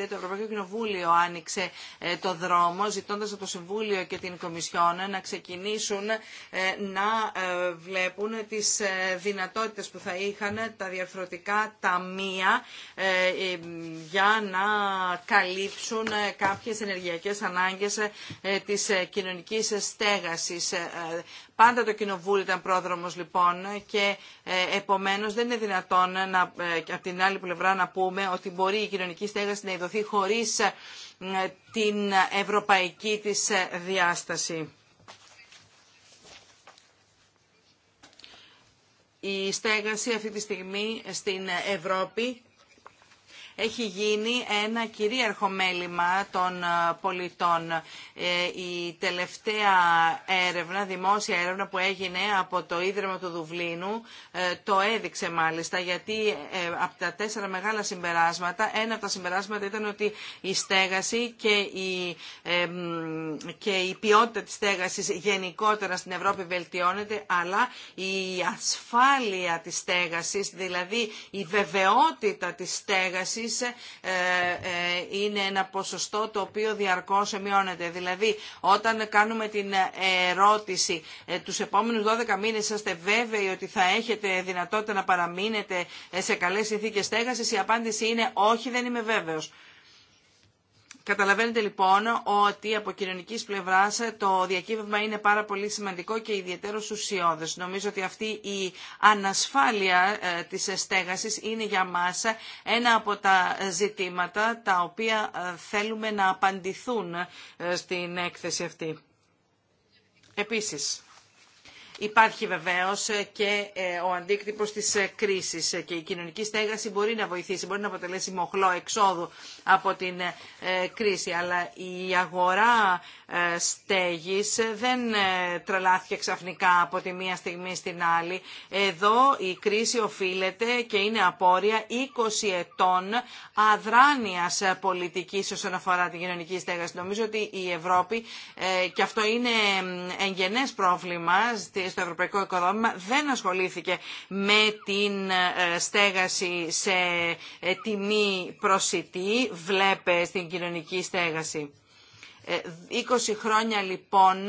2005 το Ευρωπαϊκό Κοινοβούλιο άνοιξε ε, το δρόμο, ζητώντας από το Συμβούλιο και την Κομισιόν να ξεκινήσουν ε, να βλέπουν τις δυνατότητες που θα είχαν τα διαφορετικά ταμεία για να καλύψουν κάποιες ενεργειακές ανάγκες της κοινωνικής στέγασης Πάντα το Κοινοβούλιο ήταν πρόδρομος λοιπόν και ε, επομένως δεν είναι δυνατόν να, ε, από την άλλη πλευρά να πούμε ότι μπορεί η κοινωνική στέγαση να ειδωθεί χωρίς ε, την ευρωπαϊκή της διάσταση. Η στέγαση αυτή τη στιγμή στην Ευρώπη έχει γίνει ένα κυρίαρχο μέλημα των ε, πολιτών. Ε, η τελευταία έρευνα, δημόσια έρευνα που έγινε από το Ίδρυμα του Δουβλίνου ε, το έδειξε μάλιστα γιατί από τα τέσσερα μεγάλα συμπεράσματα ένα από τα συμπεράσματα ήταν ότι η στέγαση και η, και η ποιότητα της στέγασης γενικότερα στην Ευρώπη βελτιώνεται αλλά η ασφάλεια της στέγασης δηλαδή η βεβαιότητα της στέγασης ε, ε, είναι ένα ποσοστό το οποίο διαρκώς μειώνεται. Δηλαδή όταν κάνουμε την ερώτηση ε, τους επόμενους 12 μήνες είστε βέβαιοι ότι θα έχετε δυνατότητα να παραμείνετε σε καλές συνθήκες στέγασης, η απάντηση είναι όχι δεν είμαι βέβαιος. Καταλαβαίνετε λοιπόν ότι από κοινωνική πλευρά ε, το διακύβευμα είναι πάρα πολύ σημαντικό και ιδιαίτερο ουσιώδε. Νομίζω ότι αυτή η ανασφάλεια ε, τη στέγαση είναι για μα ένα από τα ζητήματα τα οποία ε, θέλουμε να απαντηθούν στην έκθεση αυτή. Επίσης, Υπάρχει βεβαίως και ε, ο αντίκτυπος της ε, κρίσης και η κοινωνική στέγαση μπορεί να βοηθήσει, μπορεί να αποτελέσει μοχλό εξόδου από την ε, κρίση, αλλά η αγορά ε, στέγης δεν ε, τρελάθηκε ξαφνικά από τη μία στιγμή στην άλλη. Εδώ η κρίση οφείλεται και είναι απόρρια 20 ετών αδράνειας πολιτικής όσον αφορά την κοινωνική στέγαση. Νομίζω ότι η Ευρώπη, ε, και αυτό είναι εγγενές πρόβλημα στο ευρωπαϊκό οικοδόμημα, δεν ασχολήθηκε με την στέγαση σε τιμή προσιτή, βλέπε στην κοινωνική στέγαση. 20 ε, χρόνια λοιπόν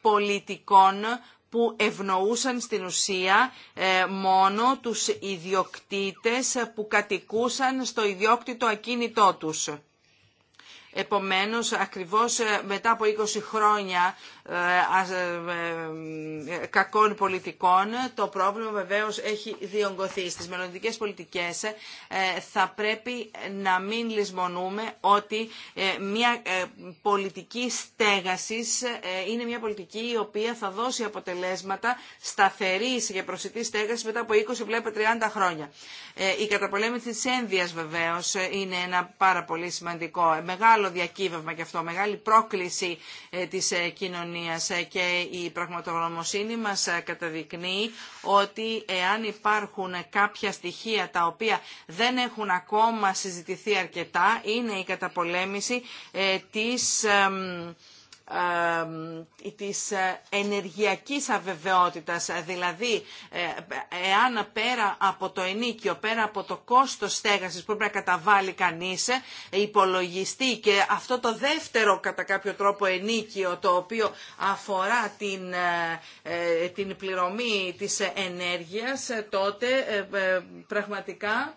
πολιτικών που ευνοούσαν στην ουσία ε, μόνο τους ιδιοκτήτες που κατοικούσαν στο ιδιόκτητο ακίνητό τους. Επομένως, ακριβώς ε, μετά από 20 χρόνια ε, ε, κακών πολιτικών, το πρόβλημα βεβαίως έχει διονγκωθεί. Στις μελλοντικέ πολιτικές θα πρέπει να μην λησμονούμε ότι μια πολιτική στέγασης είναι μια πολιτική η οποία θα δώσει αποτελέσματα σταθερής και προσιτή στέγασης μετά από 20 βλέπε 30 χρόνια. Η καταπολέμηση της ένδυας βεβαίως είναι ένα πάρα πολύ σημαντικό μεγάλο μεγάλο διακύβευμα και αυτό, μεγάλη πρόκληση ε, της ε, κοινωνίας ε, και η πραγματογνωμοσύνη μας καταδεικνύει ότι εάν υπάρχουν κάποια στοιχεία τα οποία δεν έχουν ακόμα συζητηθεί αρκετά, είναι η καταπολέμηση της της ε, ενεργειακής αβεβαιότητας. Ε, δηλαδή, ε, εάν πέρα από το ενίκιο, πέρα από το κόστος στέγασης που πρέπει να καταβάλει κανείς, υπολογιστεί και αυτό το δεύτερο κατά κάποιο τρόπο ενίκιο, το οποίο αφορά την, την πληρωμή της ενέργειας, τότε πραγματικά...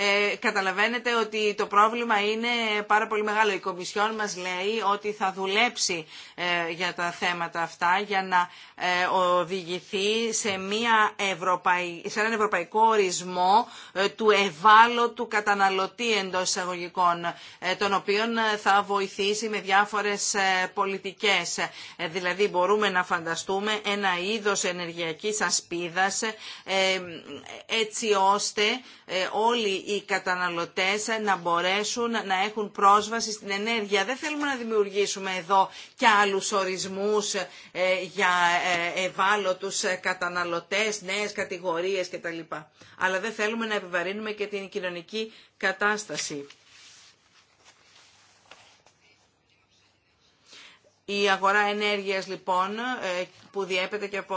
Ε, καταλαβαίνετε ότι το πρόβλημα είναι πάρα πολύ μεγάλο. Η Κομισιόν μας λέει ότι θα δουλέψει ε, για τα θέματα αυτά για να ε, οδηγηθεί σε, μια ευρωπαϊ... σε έναν ευρωπαϊκό ορισμό του ευάλωτου καταναλωτή εντός εισαγωγικών, τον οποίον θα βοηθήσει με διάφορες πολιτικές. Δηλαδή μπορούμε να φανταστούμε ένα είδος ενεργειακής ασπίδας έτσι ώστε ε, όλοι οι καταναλωτές να μπορέσουν να έχουν πρόσβαση στην ενέργεια. Δεν θέλουμε να δημιουργήσουμε εδώ και άλλους ορισμούς ε, για ε, ευάλωτους καταναλωτές, νέες κατηγορίες κτλ. Αλλά δεν θέλουμε να επιβαρύνουμε και την κοινωνική κατάσταση. Η αγορά ενέργειας λοιπόν ε, που διέπεται και από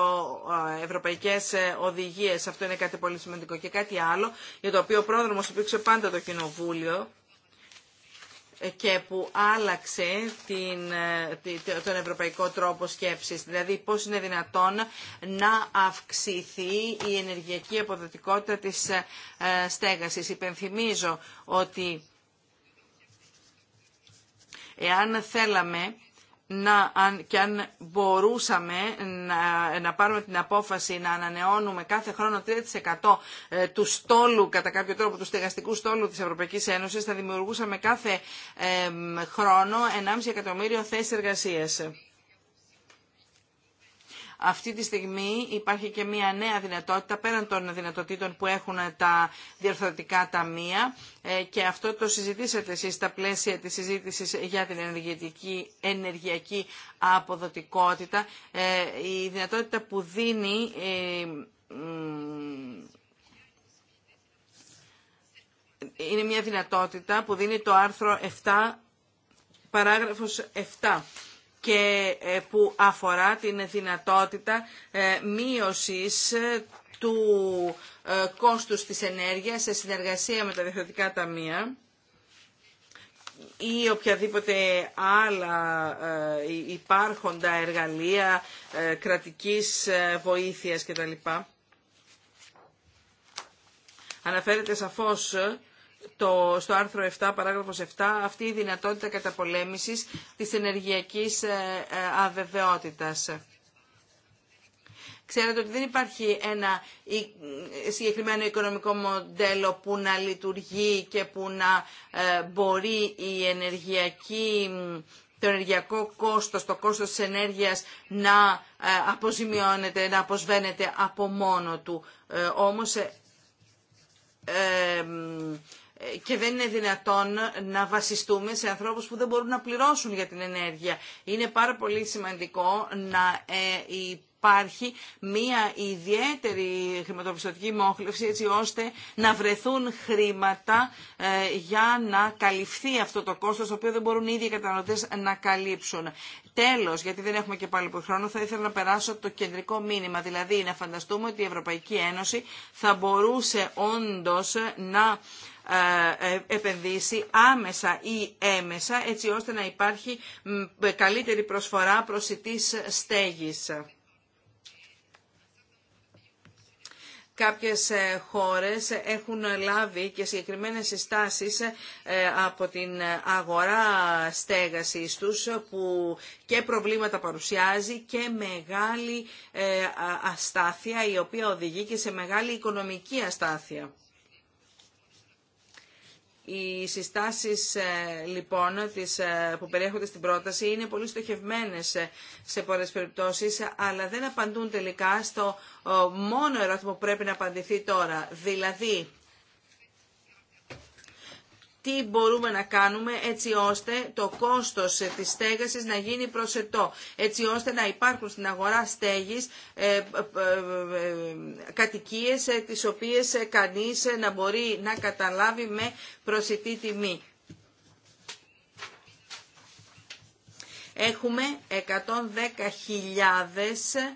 ε, ευρωπαϊκές ε, οδηγίες, αυτό είναι κάτι πολύ σημαντικό και κάτι άλλο, για το οποίο ο πρόδρομος υπήρξε πάντα το Κοινοβούλιο και που άλλαξε την, τον ευρωπαϊκό τρόπο σκέψης. Δηλαδή πώς είναι δυνατόν να αυξηθεί η ενεργειακή αποδοτικότητα της στέγασης. Υπενθυμίζω ότι εάν θέλαμε να, αν, και αν μπορούσαμε να, να πάρουμε την απόφαση να ανανεώνουμε κάθε χρόνο 3% ε, του στόλου, κατά κάποιο τρόπο του στεγαστικού στόλου της Ευρωπαϊκής Ένωσης, θα δημιουργούσαμε κάθε χρόνο 1,5 εκατομμύριο θέσεις εργασίας. Αυτή τη στιγμή υπάρχει και μια νέα δυνατότητα πέραν των δυνατοτήτων που έχουν τα διορθωτικά ταμεία ε, και αυτό το συζητήσατε εσείς στα πλαίσια της συζήτησης για την ενεργειακή, ενεργειακή αποδοτικότητα. Ε, η δυνατότητα που δίνει ε, είναι μια δυνατότητα που δίνει το άρθρο 7, παράγραφος 7 και ε, που αφορά την δυνατότητα ε, μείωσης ε, του κόστους της ενέργειας σε συνεργασία με τα διευθυντικά ταμεία ή οποιαδήποτε άλλα υπάρχοντα εργαλεία κρατικής βοήθειας κτλ. Αναφέρεται σαφώς το, στο άρθρο 7, παράγραφος 7, αυτή η δυνατότητα καταπολέμησης της ενεργειακής ε, ε, αβεβαιότητας. Ξέρετε ότι δεν υπάρχει ένα ε, συγκεκριμένο οικονομικό μοντέλο που να λειτουργεί και που να μπορεί η ενεργειακή το ενεργειακό κόστος, το κόστος της ενέργειας να αποζημιώνεται, να αποσβαίνεται από μόνο του. Όμως και δεν είναι δυνατόν να βασιστούμε σε ανθρώπους που δεν μπορούν να πληρώσουν για την ενέργεια. Είναι πάρα πολύ σημαντικό να ε, υπάρχει μία ιδιαίτερη χρηματοπιστωτική μόχλευση έτσι ώστε να βρεθούν χρήματα ε, για να καλυφθεί αυτό το κόστος το οποίο δεν μπορούν οι ίδιοι οι καταναλωτές να καλύψουν. Τέλος, γιατί δεν έχουμε και πάλι πολύ χρόνο, θα ήθελα να περάσω το κεντρικό μήνυμα, δηλαδή να φανταστούμε ότι η Ευρωπαϊκή Ένωση θα μπορούσε όντως να ε, επενδύσει άμεσα ή έμεσα έτσι ώστε να υπάρχει καλύτερη προσφορά προσιτής στέγης. Κάποιες ε, χώρες έχουν λάβει και συγκεκριμένες συστάσεις ε, από την αγορά στέγασης τους που και προβλήματα παρουσιάζει και μεγάλη αστάθεια η οποία οδηγεί και σε μεγάλη οικονομική αστάθεια. Οι συστάσεις ε, λοιπόν τις, ε, που περιέχονται στην πρόταση είναι πολύ στοχευμένες ε, σε πολλές περιπτώσεις αλλά δεν απαντούν τελικά στο μόνο ερώτημα που πρέπει να απαντηθεί τώρα. Δηλαδή τι μπορούμε να κάνουμε έτσι ώστε το κόστος ε, της στέγασης να γίνει προσετό, έτσι ώστε να υπάρχουν στην αγορά στέγης ε, ε, κατοικίες τις οποίες κανείς να μπορεί να καταλάβει με προσιτή τιμή. Έχουμε 110.000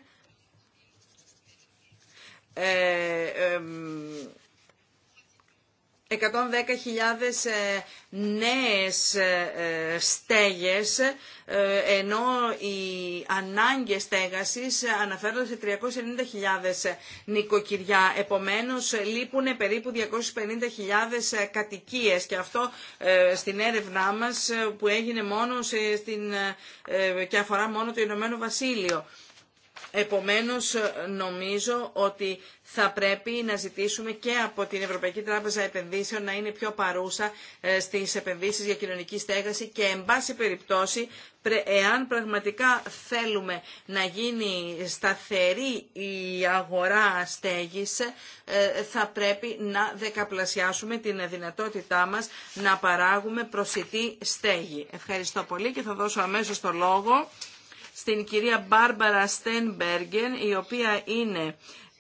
110.000 ε, νέες ε, ε, στέγες, ενώ οι ανάγκες στέγασης αναφέρονται σε 390.000 νοικοκυριά. Επομένως, λείπουν περίπου 250.000 κατοικίες και αυτό στην έρευνά μας που έγινε μόνο στην, και αφορά μόνο το Ηνωμένο Βασίλειο. Επομένως, νομίζω ότι θα πρέπει να ζητήσουμε και από την Ευρωπαϊκή Τράπεζα Επενδύσεων να είναι πιο παρούσα ε, στις επενδύσεις για κοινωνική στέγαση και, εν πάση περιπτώσει, εάν πραγματικά θέλουμε να γίνει σταθερή η αγορά στέγης, ε, θα πρέπει να δεκαπλασιάσουμε την δυνατότητά μας να παράγουμε προσιτή στέγη. Ευχαριστώ πολύ και θα δώσω αμέσως το λόγο στην κυρία Μπάρμπαρα Στένμπεργεν, η οποία είναι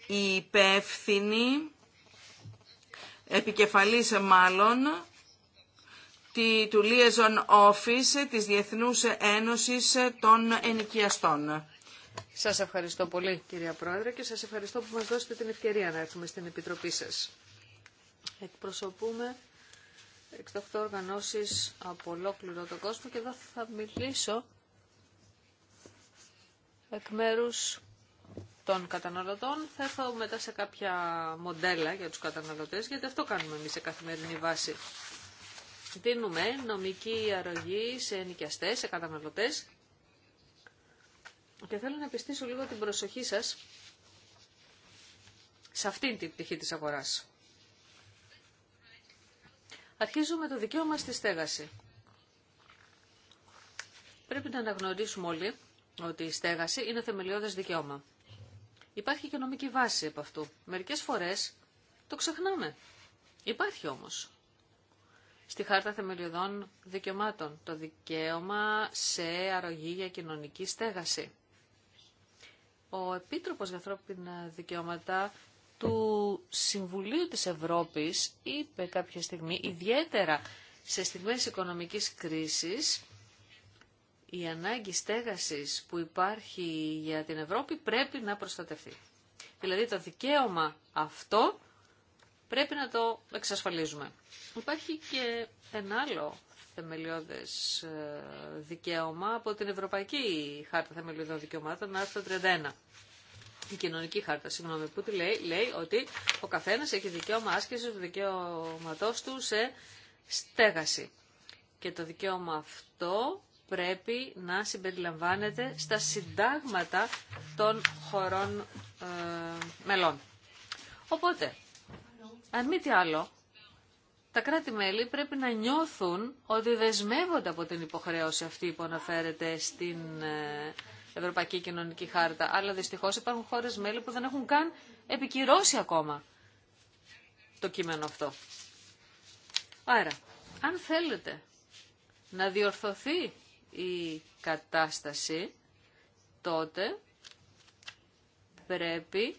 η υπεύθυνη, επικεφαλής μάλλον, του Liaison Office της Διεθνούς Ένωσης των Ενοικιαστών. Σας ευχαριστώ πολύ κυρία Πρόεδρε και σας ευχαριστώ που μας δώσετε την ευκαιρία να έρθουμε στην Επιτροπή σας. Εκπροσωπούμε 68 οργανώσεις από ολόκληρο τον κόσμο και εδώ θα μιλήσω εκ μέρου των καταναλωτών θα έρθω μετά σε κάποια μοντέλα για τους καταναλωτές, γιατί αυτό κάνουμε εμείς σε καθημερινή βάση. Δίνουμε νομική αρρωγή σε νοικιαστές, σε καταναλωτές και θέλω να πιστήσω λίγο την προσοχή σας σε αυτήν την πτυχή της αγοράς. Αρχίζουμε το δικαίωμα στη στέγαση. Πρέπει να αναγνωρίσουμε όλοι ότι η στέγαση είναι θεμελιώδες δικαιώμα. Υπάρχει και νομική βάση από αυτού. Μερικές φορές το ξεχνάμε. Υπάρχει όμως. Στη Χάρτα Θεμελιωδών Δικαιωμάτων το δικαίωμα σε αρρωγή για κοινωνική στέγαση. Ο Επίτροπος για Ανθρώπινα Δικαιώματα του Συμβουλίου της Ευρώπης είπε κάποια στιγμή, ιδιαίτερα σε στιγμές οικονομικής κρίσης, η ανάγκη στέγασης που υπάρχει για την Ευρώπη πρέπει να προστατευτεί. Δηλαδή το δικαίωμα αυτό πρέπει να το εξασφαλίζουμε. Υπάρχει και ένα άλλο θεμελιώδες ε, δικαίωμα από την Ευρωπαϊκή Χάρτα Θεμελιωδών Δικαιωμάτων, άρθρο 31. Η κοινωνική χάρτα, συγγνώμη, που τη λέει, λέει ότι ο καθένας έχει δικαίωμα άσκησης του δικαιώματός του σε στέγαση. Και το δικαίωμα αυτό πρέπει να συμπεριλαμβάνεται στα συντάγματα των χωρών ε, μελών. Οπότε, αν μη τι άλλο, τα κράτη-μέλη πρέπει να νιώθουν ότι δεσμεύονται από την υποχρέωση αυτή που αναφέρεται στην ε, Ευρωπαϊκή Κοινωνική Χάρτα. Αλλά δυστυχώς υπάρχουν χώρες-μέλη που δεν έχουν καν επικυρώσει ακόμα το κείμενο αυτό. Άρα, αν θέλετε να διορθωθεί η κατάσταση, τότε πρέπει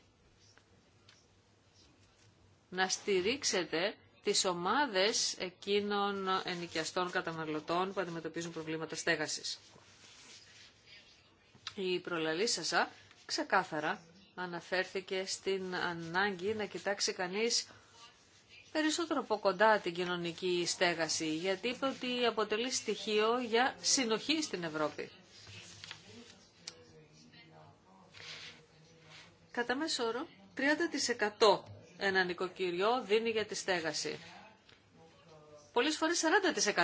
να στηρίξετε τις ομάδες εκείνων ενοικιαστών καταναλωτών που αντιμετωπίζουν προβλήματα στέγασης. Η προλαλήσασα ξεκάθαρα αναφέρθηκε στην ανάγκη να κοιτάξει κανείς περισσότερο από κοντά την κοινωνική στέγαση, γιατί είπε ότι αποτελεί στοιχείο για συνοχή στην Ευρώπη. Κατά μέσο όρο, 30% ένα νοικοκυριό δίνει για τη στέγαση. Πολλές φορές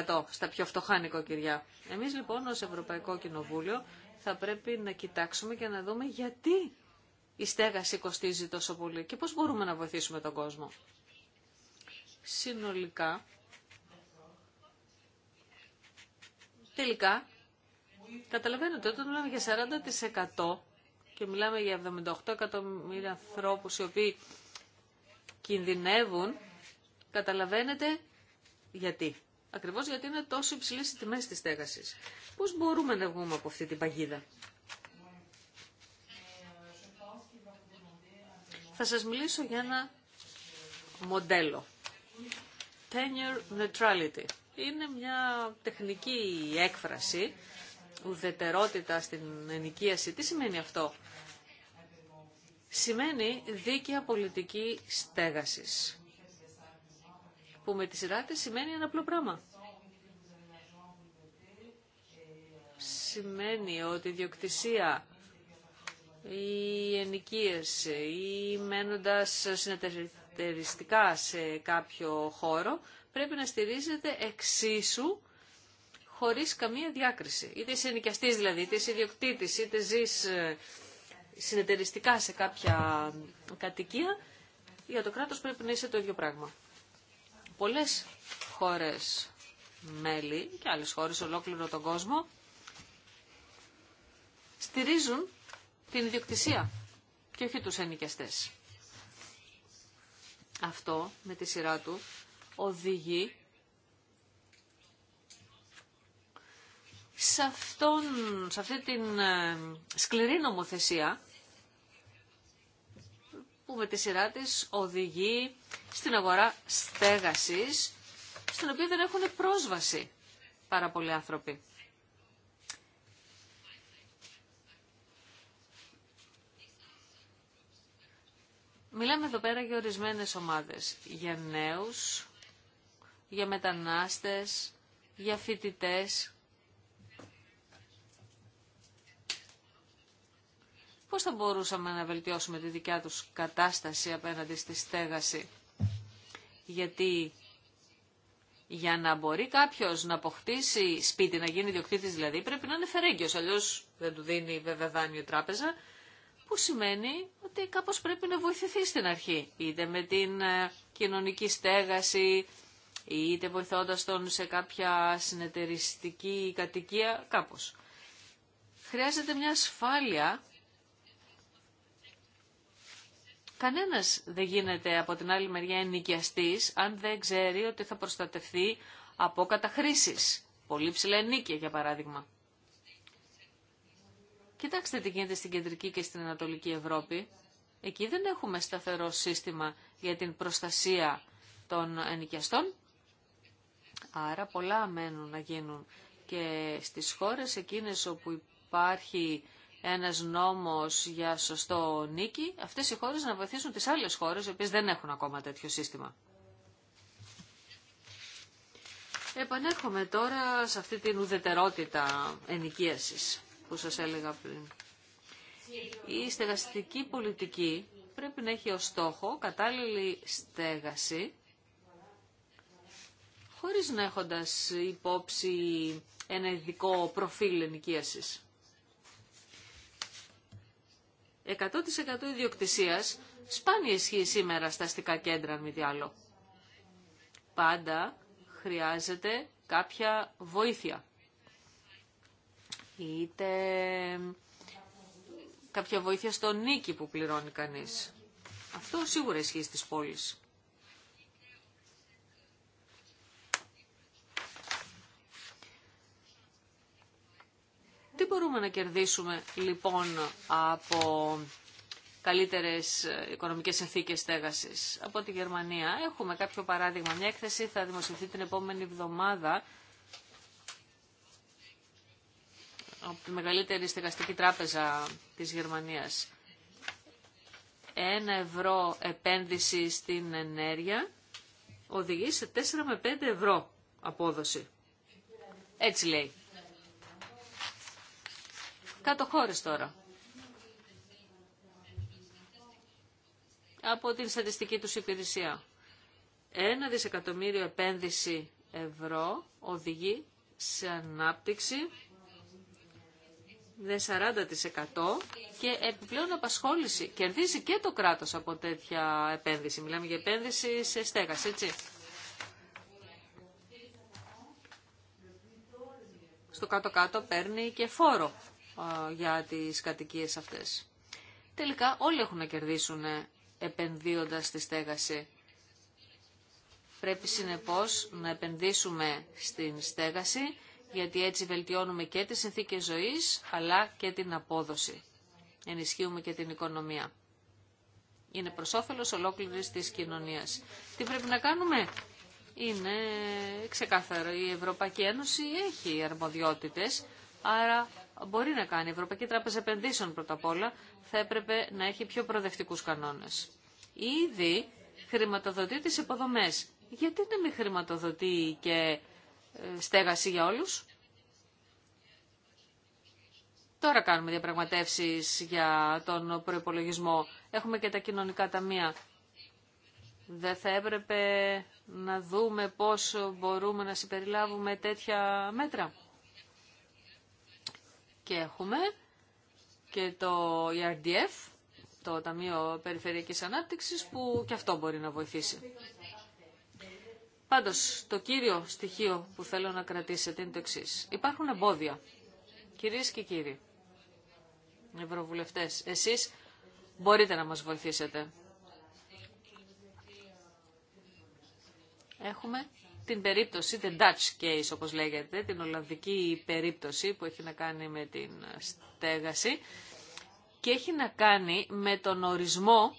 40% στα πιο φτωχά νοικοκυριά. Εμείς λοιπόν ως Ευρωπαϊκό Κοινοβούλιο θα πρέπει να κοιτάξουμε και να δούμε γιατί η στέγαση κοστίζει τόσο πολύ και πώ μπορούμε να βοηθήσουμε τον κόσμο συνολικά τελικά καταλαβαίνετε όταν μιλάμε για 40% και μιλάμε για 78 εκατομμύρια ανθρώπους οι οποίοι κινδυνεύουν καταλαβαίνετε γιατί. Ακριβώς γιατί είναι τόσο υψηλές οι τιμές της στέγασης. Πώς μπορούμε να βγούμε από αυτή την παγίδα. Θα σας μιλήσω για ένα μοντέλο Tenure neutrality. Είναι μια τεχνική έκφραση ουδετερότητα στην ενοικίαση. Τι σημαίνει αυτό. Σημαίνει δίκαια πολιτική στέγασης. Που με τη σειρά της σημαίνει ένα απλό πράγμα. Σημαίνει ότι η διοκτησία, η ενοικίαση, ή μένοντας χαρακτηριστικά σε κάποιο χώρο πρέπει να στηρίζεται εξίσου χωρίς καμία διάκριση. Είτε είσαι νοικιαστής δηλαδή, είτε είσαι ιδιοκτήτης, είτε ζεις ε, συνεταιριστικά σε κάποια κατοικία, για το κράτος πρέπει να είσαι το ίδιο πράγμα. Πολλές χώρες μέλη και άλλες χώρες ολόκληρο τον κόσμο στηρίζουν την ιδιοκτησία και όχι τους ενοικιαστές. Αυτό με τη σειρά του οδηγεί σε, αυτόν, σε αυτή την ε, σκληρή νομοθεσία που με τη σειρά της οδηγεί στην αγορά στέγασης στην οποία δεν έχουν πρόσβαση πάρα πολλοί άνθρωποι. Μιλάμε εδώ πέρα για ορισμένες ομάδες, για νέους, για μετανάστες, για φοιτητές. Πώς θα μπορούσαμε να βελτιώσουμε τη δικιά τους κατάσταση απέναντι στη στέγαση. Γιατί για να μπορεί κάποιος να αποκτήσει σπίτι, να γίνει διοκτήτης δηλαδή, πρέπει να είναι φερέγγιος, αλλιώς δεν του δίνει βέβαια δάνειο τράπεζα που σημαίνει ότι κάπως πρέπει να βοηθηθεί στην αρχή, είτε με την ε, κοινωνική στέγαση, είτε βοηθώντας τον σε κάποια συνεταιριστική κατοικία, κάπως. Χρειάζεται μια ασφάλεια. Κανένας δεν γίνεται από την άλλη μεριά ενοικιαστής αν δεν ξέρει ότι θα προστατευτεί από καταχρήσεις. Πολύ ψηλά ενίκια, για παράδειγμα. Κοιτάξτε τι γίνεται στην κεντρική και στην ανατολική Ευρώπη. Εκεί δεν έχουμε σταθερό σύστημα για την προστασία των ενοικιαστών. Άρα πολλά μένουν να γίνουν και στις χώρες εκείνες όπου υπάρχει ένας νόμος για σωστό νίκη, αυτές οι χώρες να βοηθήσουν τις άλλες χώρες, οι οποίες δεν έχουν ακόμα τέτοιο σύστημα. Επανέρχομαι τώρα σε αυτή την ουδετερότητα ενοικίασης που σας έλεγα πριν. Η στεγαστική πολιτική πρέπει να έχει ως στόχο κατάλληλη στέγαση, χωρίς να έχοντας υπόψη ένα ειδικό προφίλ ενοικίασης. 100% ιδιοκτησίας σπάνια ισχύει σήμερα στα αστικά κέντρα, αν μη Πάντα χρειάζεται κάποια βοήθεια είτε κάποια βοήθεια στο νίκη που πληρώνει κανείς. Αυτό σίγουρα ισχύει στις πόλεις. Τι μπορούμε να κερδίσουμε λοιπόν από καλύτερες οικονομικές συνθήκες στέγασης. Από τη Γερμανία έχουμε κάποιο παράδειγμα. Μια έκθεση θα δημοσιευθεί την επόμενη εβδομάδα από τη μεγαλύτερη στεγαστική τράπεζα της Γερμανίας. Ένα ευρώ επένδυση στην ενέργεια οδηγεί σε 4 με 5 ευρώ απόδοση. Έτσι λέει. Κάτω χώρες τώρα. Από την στατιστική τους υπηρεσία. Ένα δισεκατομμύριο επένδυση ευρώ οδηγεί σε ανάπτυξη 40% ναι, και επιπλέον απασχόληση. Κερδίζει και το κράτος από τέτοια επένδυση. Μιλάμε για επένδυση σε στέγαση, έτσι. Στο κάτω-κάτω παίρνει και φόρο για τις κατοικίες αυτές. Τελικά όλοι έχουν να κερδίσουν ε, επενδύοντας στη στέγαση. Πρέπει συνεπώς να επενδύσουμε στην στέγαση γιατί έτσι βελτιώνουμε και τις συνθήκες ζωής, αλλά και την απόδοση. Ενισχύουμε και την οικονομία. Είναι προς όφελος ολόκληρης της κοινωνίας. Τι πρέπει να κάνουμε? Είναι ξεκάθαρο. Η Ευρωπαϊκή Ένωση έχει αρμοδιότητες, άρα μπορεί να κάνει. Η Ευρωπαϊκή Τράπεζα Επενδύσεων πρώτα απ' όλα θα έπρεπε να έχει πιο προοδευτικούς κανόνες. Ήδη χρηματοδοτεί τις υποδομές. Γιατί να μην χρηματοδοτεί και στέγαση για όλους. Τώρα κάνουμε διαπραγματεύσεις για τον προϋπολογισμό. Έχουμε και τα κοινωνικά ταμεία. Δεν θα έπρεπε να δούμε πώς μπορούμε να συμπεριλάβουμε τέτοια μέτρα. Και έχουμε και το ERDF, το Ταμείο Περιφερειακής Ανάπτυξης, που και αυτό μπορεί να βοηθήσει. Πάντως, το κύριο στοιχείο που θέλω να κρατήσετε είναι το εξή. Υπάρχουν εμπόδια. Κυρίες και κύριοι, ευρωβουλευτές, εσείς μπορείτε να μας βοηθήσετε. Έχουμε την περίπτωση, την Dutch case όπως λέγεται, την Ολλανδική περίπτωση που έχει να κάνει με την στέγαση και έχει να κάνει με τον ορισμό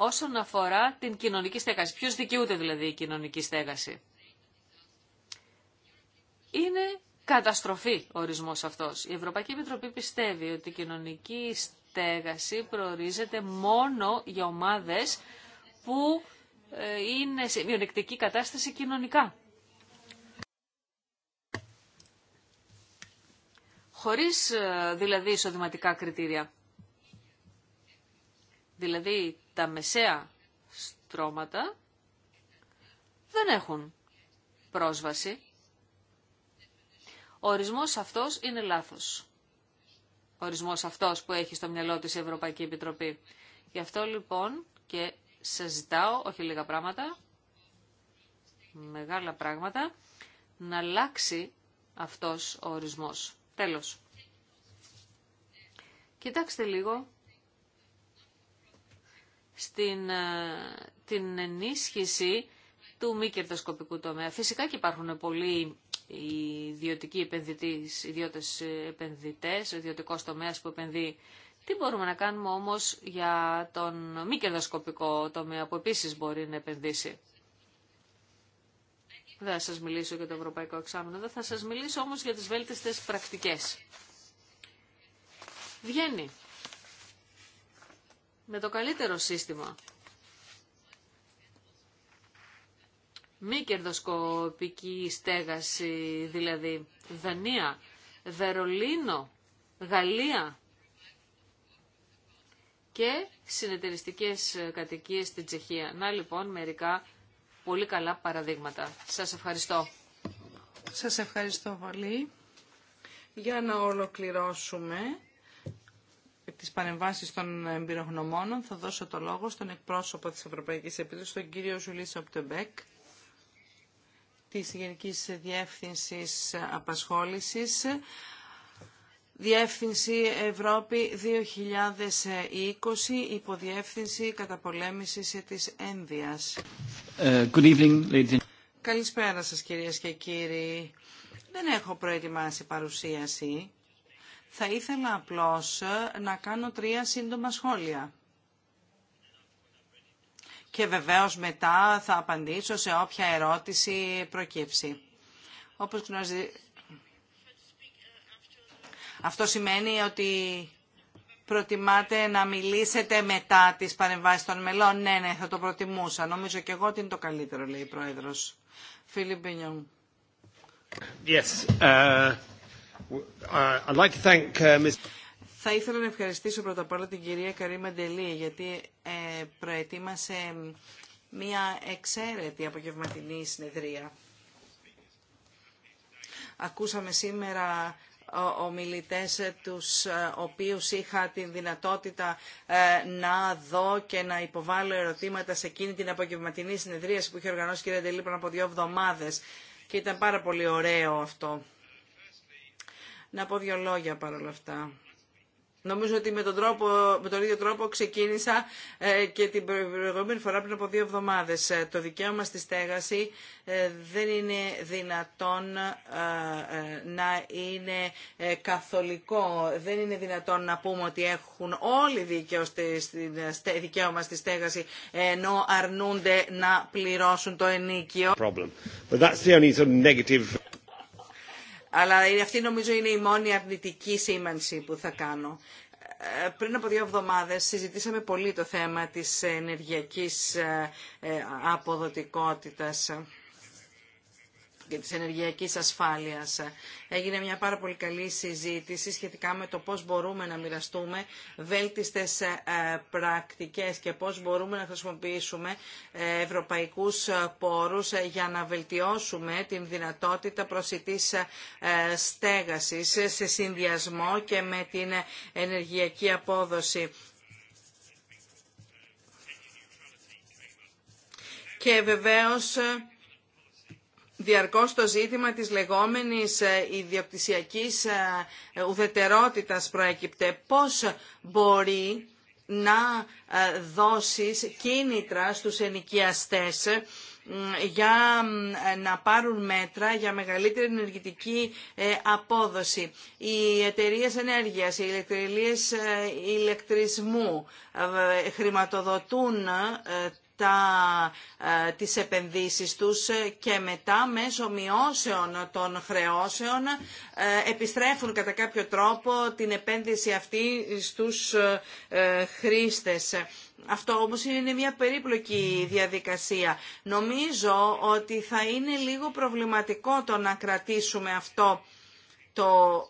όσον αφορά την κοινωνική στέγαση. Ποιος δικαιούται δηλαδή η κοινωνική στέγαση. Είναι καταστροφή ο ορισμός αυτός. Η Ευρωπαϊκή Επιτροπή πιστεύει ότι η κοινωνική στέγαση προορίζεται μόνο για ομάδες που ε, είναι σε μειονεκτική κατάσταση κοινωνικά. Χωρίς ε, δηλαδή εισοδηματικά κριτήρια. Δηλαδή τα μεσαία στρώματα δεν έχουν πρόσβαση. Ο ορισμός αυτός είναι λάθος. Ο ορισμός αυτός που έχει στο μυαλό της η Ευρωπαϊκή Επιτροπή. Γι' αυτό λοιπόν και σε ζητάω, όχι λίγα πράγματα, μεγάλα πράγματα, να αλλάξει αυτός ο ορισμός. Τέλος. Κοιτάξτε λίγο στην, ε, την ενίσχυση του μη κερδοσκοπικού τομέα. Φυσικά και υπάρχουν πολλοί ιδιωτικοί επενδυτές, ιδιώτες επενδυτές, ο ιδιωτικός τομέας που επενδύει. Τι μπορούμε να κάνουμε όμως για τον μη κερδοσκοπικό τομέα που επίσης μπορεί να επενδύσει. Δεν θα σας μιλήσω για το Ευρωπαϊκό Εξάμεινο, δεν θα σας μιλήσω όμως για τις βέλτιστες πρακτικές. Βγαίνει με το καλύτερο σύστημα. Μη κερδοσκοπική στέγαση, δηλαδή Δανία, Βερολίνο, Γαλλία και συνεταιριστικές κατοικίες στην Τσεχία. Να λοιπόν μερικά πολύ καλά παραδείγματα. Σας ευχαριστώ. Σας ευχαριστώ πολύ. Για να ολοκληρώσουμε τις παρεμβάσεις των εμπειρογνωμόνων θα δώσω το λόγο στον εκπρόσωπο της Ευρωπαϊκής Επιτροπής, τον κύριο Ζουλίς Οπτεμπέκ, της Γενικής Διεύθυνσης Απασχόλησης, Διεύθυνση Ευρώπη 2020, Υποδιεύθυνση Καταπολέμησης της Ένδυας. Ε, good evening, Καλησπέρα σας κυρίες και κύριοι. Δεν έχω προετοιμάσει παρουσίαση θα ήθελα απλώς ε, να κάνω τρία σύντομα σχόλια. Και βεβαίως μετά θα απαντήσω σε όποια ερώτηση προκύψει. Όπως Αυτό σημαίνει ότι προτιμάτε να μιλήσετε μετά τις παρεμβάσεις των μελών. Ναι, ναι, θα το προτιμούσα. Νομίζω και εγώ ότι είναι το καλύτερο, λέει η Πρόεδρος. Φίλιπ Μπινιόν. Yes. Ε, Uh, Θα ήθελα να ευχαριστήσω πρώτα απ' όλα την κυρία Καρίμα Ντελή γιατί ε, προετοίμασε μια εξαίρετη απογευματινή συνεδρία. Ακούσαμε σήμερα ομιλητές τους ε, οποίους είχα την δυνατότητα ε, να δω και να υποβάλω ερωτήματα σε εκείνη την απογευματινή συνεδρία που είχε οργανώσει η κυρία Ντελή πριν από δύο εβδομάδες και ήταν πάρα πολύ ωραίο αυτό να πω δύο λόγια παρόλα αυτά. Νομίζω ότι με τον, τρόπο, με τον ίδιο τρόπο ξεκίνησα ε, και την προηγούμενη φορά πριν από δύο εβδομάδες. Ε, το δικαίωμα στη στέγαση ε, δεν είναι δυνατόν να είναι καθολικό. Δεν είναι δυνατόν να πούμε ότι έχουν όλοι δίκαιο στη, δικαίωμα στη στέγαση ενώ αρνούνται να πληρώσουν το ενίκιο. Αλλά αυτή νομίζω είναι η μόνη αρνητική σήμανση που θα κάνω. Ε, πριν από δύο εβδομάδες συζητήσαμε πολύ το θέμα της ενεργειακής ε, ε, αποδοτικότητας και της ενεργειακής ασφάλειας. Έγινε μια πάρα πολύ καλή συζήτηση σχετικά με το πώς μπορούμε να μοιραστούμε βέλτιστες ε, πρακτικές και πώς μπορούμε να χρησιμοποιήσουμε ε, ευρωπαϊκούς ε, πόρους για να βελτιώσουμε την δυνατότητα προσιτής στέγασης σε συνδυασμό και με την ενεργειακή απόδοση. Και βεβαίως διαρκώς το ζήτημα της λεγόμενης ε, ιδιοκτησιακής ε, ουδετερότητας προέκυπτε. Πώς μπορεί να ε, δώσεις κίνητρα στους ενοικιαστές για να πάρουν μέτρα για μεγαλύτερη ενεργητική απόδοση. Οι εταιρείες ενέργειας, οι ηλεκτρισμού χρηματοδοτούν τα, ε, τις επενδύσεις τους και μετά μέσω μειώσεων των χρεώσεων ε, επιστρέφουν κατά κάποιο τρόπο την επένδυση αυτή στους ε, χρήστες. Αυτό όμως είναι μια περίπλοκη διαδικασία. Νομίζω ότι θα είναι λίγο προβληματικό το να κρατήσουμε αυτό το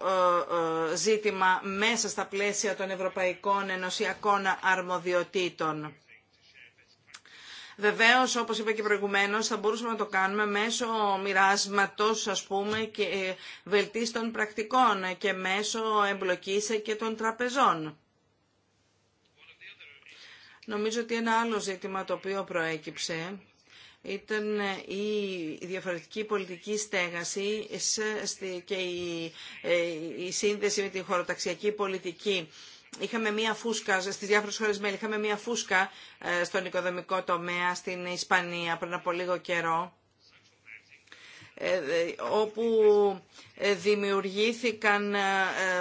ζήτημα μέσα στα πλαίσια των ευρωπαϊκών ενωσιακών αρμοδιοτήτων. Βεβαίω, όπως είπα και προηγουμένως, θα μπορούσαμε να το κάνουμε μέσω μοιράσματο, ας πούμε, και ε, βελτίστων πρακτικών και μέσω εμπλοκή και των τραπεζών. Νομίζω ότι ένα άλλο ζήτημα το οποίο προέκυψε ήταν η διαφορετική πολιτική στέγαση και ε, η σύνδεση με την χωροταξιακή πολιτική. Είχαμε μία φούσκα στις διάφορε χώρε μέλη, είχαμε μία φούσκα ε, στον οικοδομικό τομέα στην Ισπανία πριν από λίγο καιρό ε, όπου ε, δημιουργήθηκαν ε,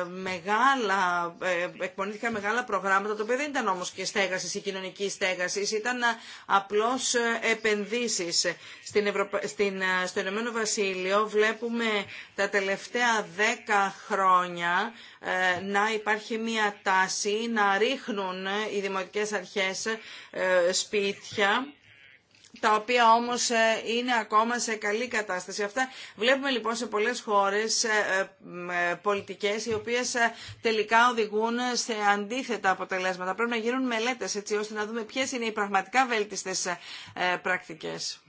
μεγάλα, εκπονήθηκαν μεγάλα προγράμματα, το οποίο δεν ήταν όμως και στέγασης ή κοινωνική στέγαση, ήταν απλώς επενδύσεις. Στην στην... Στο Ηνωμένο Βασίλειο βλέπουμε τα τελευταία δέκα χρόνια να υπάρχει μια τάση να ρίχνουν οι δημοτικές αρχές σπίτια τα οποία όμως ε, είναι ακόμα σε καλή κατάσταση. Αυτά βλέπουμε λοιπόν σε πολλές χώρες ε, ε, πολιτικές οι οποίες τελικά οδηγούν σε αντίθετα αποτελέσματα. Πρέπει να γίνουν μελέτες έτσι ώστε να δούμε ποιες είναι οι πραγματικά βέλτιστες πρακτικές.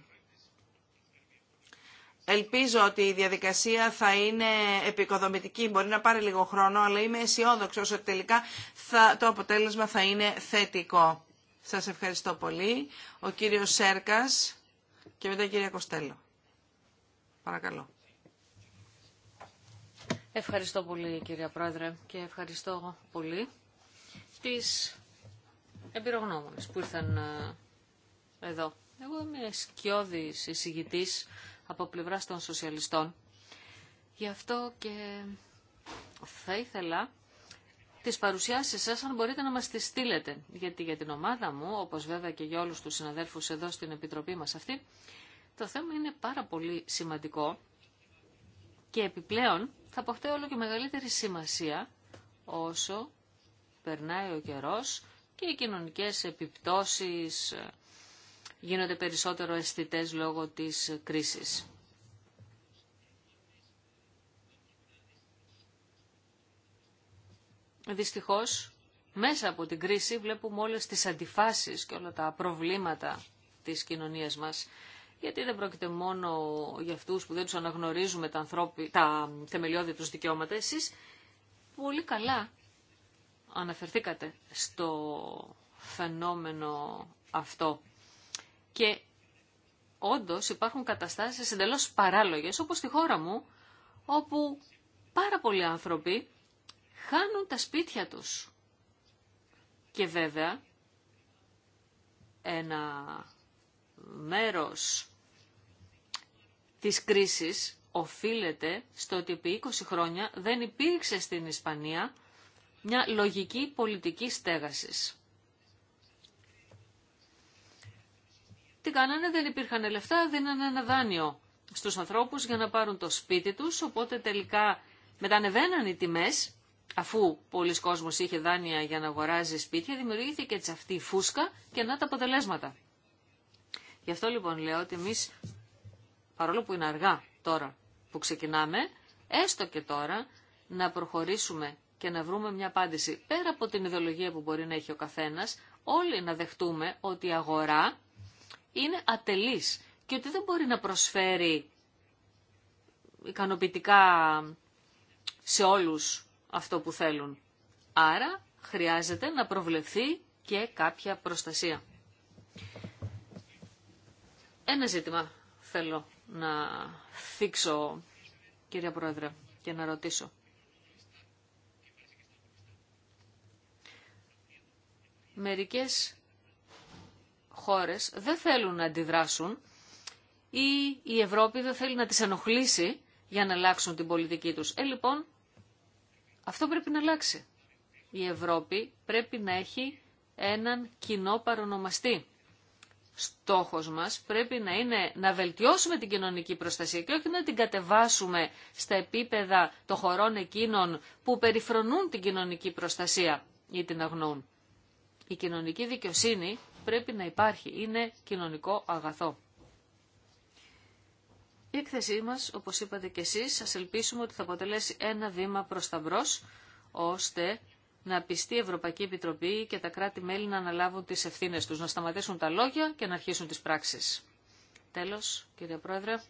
Ελπίζω ότι η διαδικασία θα είναι επικοδομητική. Μπορεί να πάρει λίγο χρόνο, αλλά είμαι αισιόδοξο ότι τελικά θα, το αποτέλεσμα θα είναι θετικό. Σας ευχαριστώ πολύ. Ο κύριος Σέρκας και μετά η κυρία Κοστέλο. Παρακαλώ. Ευχαριστώ πολύ κυρία Πρόεδρε και ευχαριστώ πολύ τις εμπειρογνώμονες που ήρθαν ε, εδώ. Εγώ είμαι σκιώδης εισηγητής από πλευράς των σοσιαλιστών. Γι' αυτό και θα ήθελα τις παρουσιάσεις σας αν μπορείτε να μας τις στείλετε. Γιατί για την ομάδα μου, όπως βέβαια και για όλους τους συναδέλφους εδώ στην Επιτροπή μας αυτή, το θέμα είναι πάρα πολύ σημαντικό και επιπλέον θα αποκτάει όλο και μεγαλύτερη σημασία όσο περνάει ο καιρός και οι κοινωνικές επιπτώσεις ε, γίνονται περισσότερο αισθητέ λόγω της κρίσης. δυστυχώς μέσα από την κρίση βλέπουμε όλες τις αντιφάσεις και όλα τα προβλήματα της κοινωνίας μας. Γιατί δεν πρόκειται μόνο για αυτούς που δεν τους αναγνωρίζουμε τα, ανθρώπι, τα θεμελιώδη τους δικαιώματα. Εσείς πολύ καλά αναφερθήκατε στο φαινόμενο αυτό. Και όντως υπάρχουν καταστάσεις εντελώς παράλογες, όπως στη χώρα μου, όπου πάρα πολλοί άνθρωποι χάνουν τα σπίτια τους. Και βέβαια, ένα μέρος της κρίσης οφείλεται στο ότι επί 20 χρόνια δεν υπήρξε στην Ισπανία μια λογική πολιτική στέγασης. Τι κάνανε, δεν υπήρχαν λεφτά, δίνανε ένα δάνειο στους ανθρώπους για να πάρουν το σπίτι τους, οπότε τελικά μετανεβαίναν οι τιμές αφού πολλοί κόσμος είχε δάνεια για να αγοράζει σπίτια, δημιουργήθηκε έτσι αυτή η φούσκα και να τα αποτελέσματα. Γι' αυτό λοιπόν λέω ότι εμείς, παρόλο που είναι αργά τώρα που ξεκινάμε, έστω και τώρα να προχωρήσουμε και να βρούμε μια απάντηση. Πέρα από την ιδεολογία που μπορεί να έχει ο καθένας, όλοι να δεχτούμε ότι η αγορά είναι ατελής και ότι δεν μπορεί να προσφέρει ικανοποιητικά σε όλους αυτό που θέλουν. Άρα χρειάζεται να προβλεφθεί και κάποια προστασία. Ένα ζήτημα θέλω να θίξω, κυρία Πρόεδρε, και να ρωτήσω. Μερικές χώρες δεν θέλουν να αντιδράσουν ή η Ευρώπη δεν θέλει να τις ενοχλήσει για να αλλάξουν την πολιτική τους. Ε, λοιπόν, αυτό πρέπει να αλλάξει. Η Ευρώπη πρέπει να έχει έναν κοινό παρονομαστή. Στόχος μας πρέπει να είναι να βελτιώσουμε την κοινωνική προστασία και όχι να την κατεβάσουμε στα επίπεδα των χωρών εκείνων που περιφρονούν την κοινωνική προστασία ή την αγνοούν. Η κοινωνική δικαιοσύνη πρέπει να υπάρχει, είναι κοινωνικό αγαθό. Η έκθεσή μας, όπως είπατε και εσείς, ας ελπίσουμε ότι θα αποτελέσει ένα βήμα προς τα μπρος, ώστε να πιστεί η Ευρωπαϊκή Επιτροπή και τα κράτη-μέλη να αναλάβουν τις ευθύνες τους, να σταματήσουν τα λόγια και να αρχίσουν τις πράξεις. Τέλος, κύριε Πρόεδρε.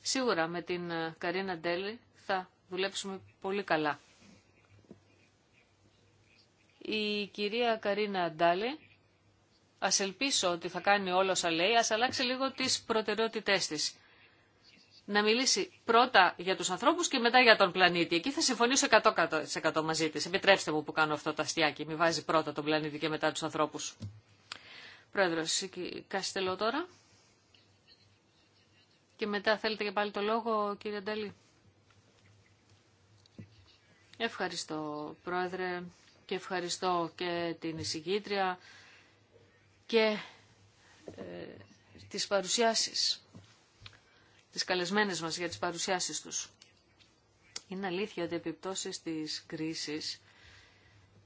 Σίγουρα με την ε, Καρίνα Ντέλη θα δουλέψουμε πολύ καλά. Η κυρία Καρίνα Ντάλη Α ελπίσω ότι θα κάνει όλα όσα λέει, α αλλάξει λίγο τις προτεραιότητέ της. Να μιλήσει πρώτα για τους ανθρώπους και μετά για τον πλανήτη. Εκεί θα συμφωνήσω 100%, μαζί της. Επιτρέψτε μου που κάνω αυτό το αστιάκι. Μη βάζει πρώτα τον πλανήτη και μετά τους ανθρώπους. Πρόεδρος, Καστελό τώρα. Και μετά θέλετε και πάλι το λόγο, κύριε Νταλή. Ευχαριστώ, Πρόεδρε, και ευχαριστώ και την εισηγήτρια και ε, τις παρουσιάσεις, τις καλεσμένες μας για τις παρουσιάσεις τους. Είναι αλήθεια ότι οι επιπτώσεις της κρίσης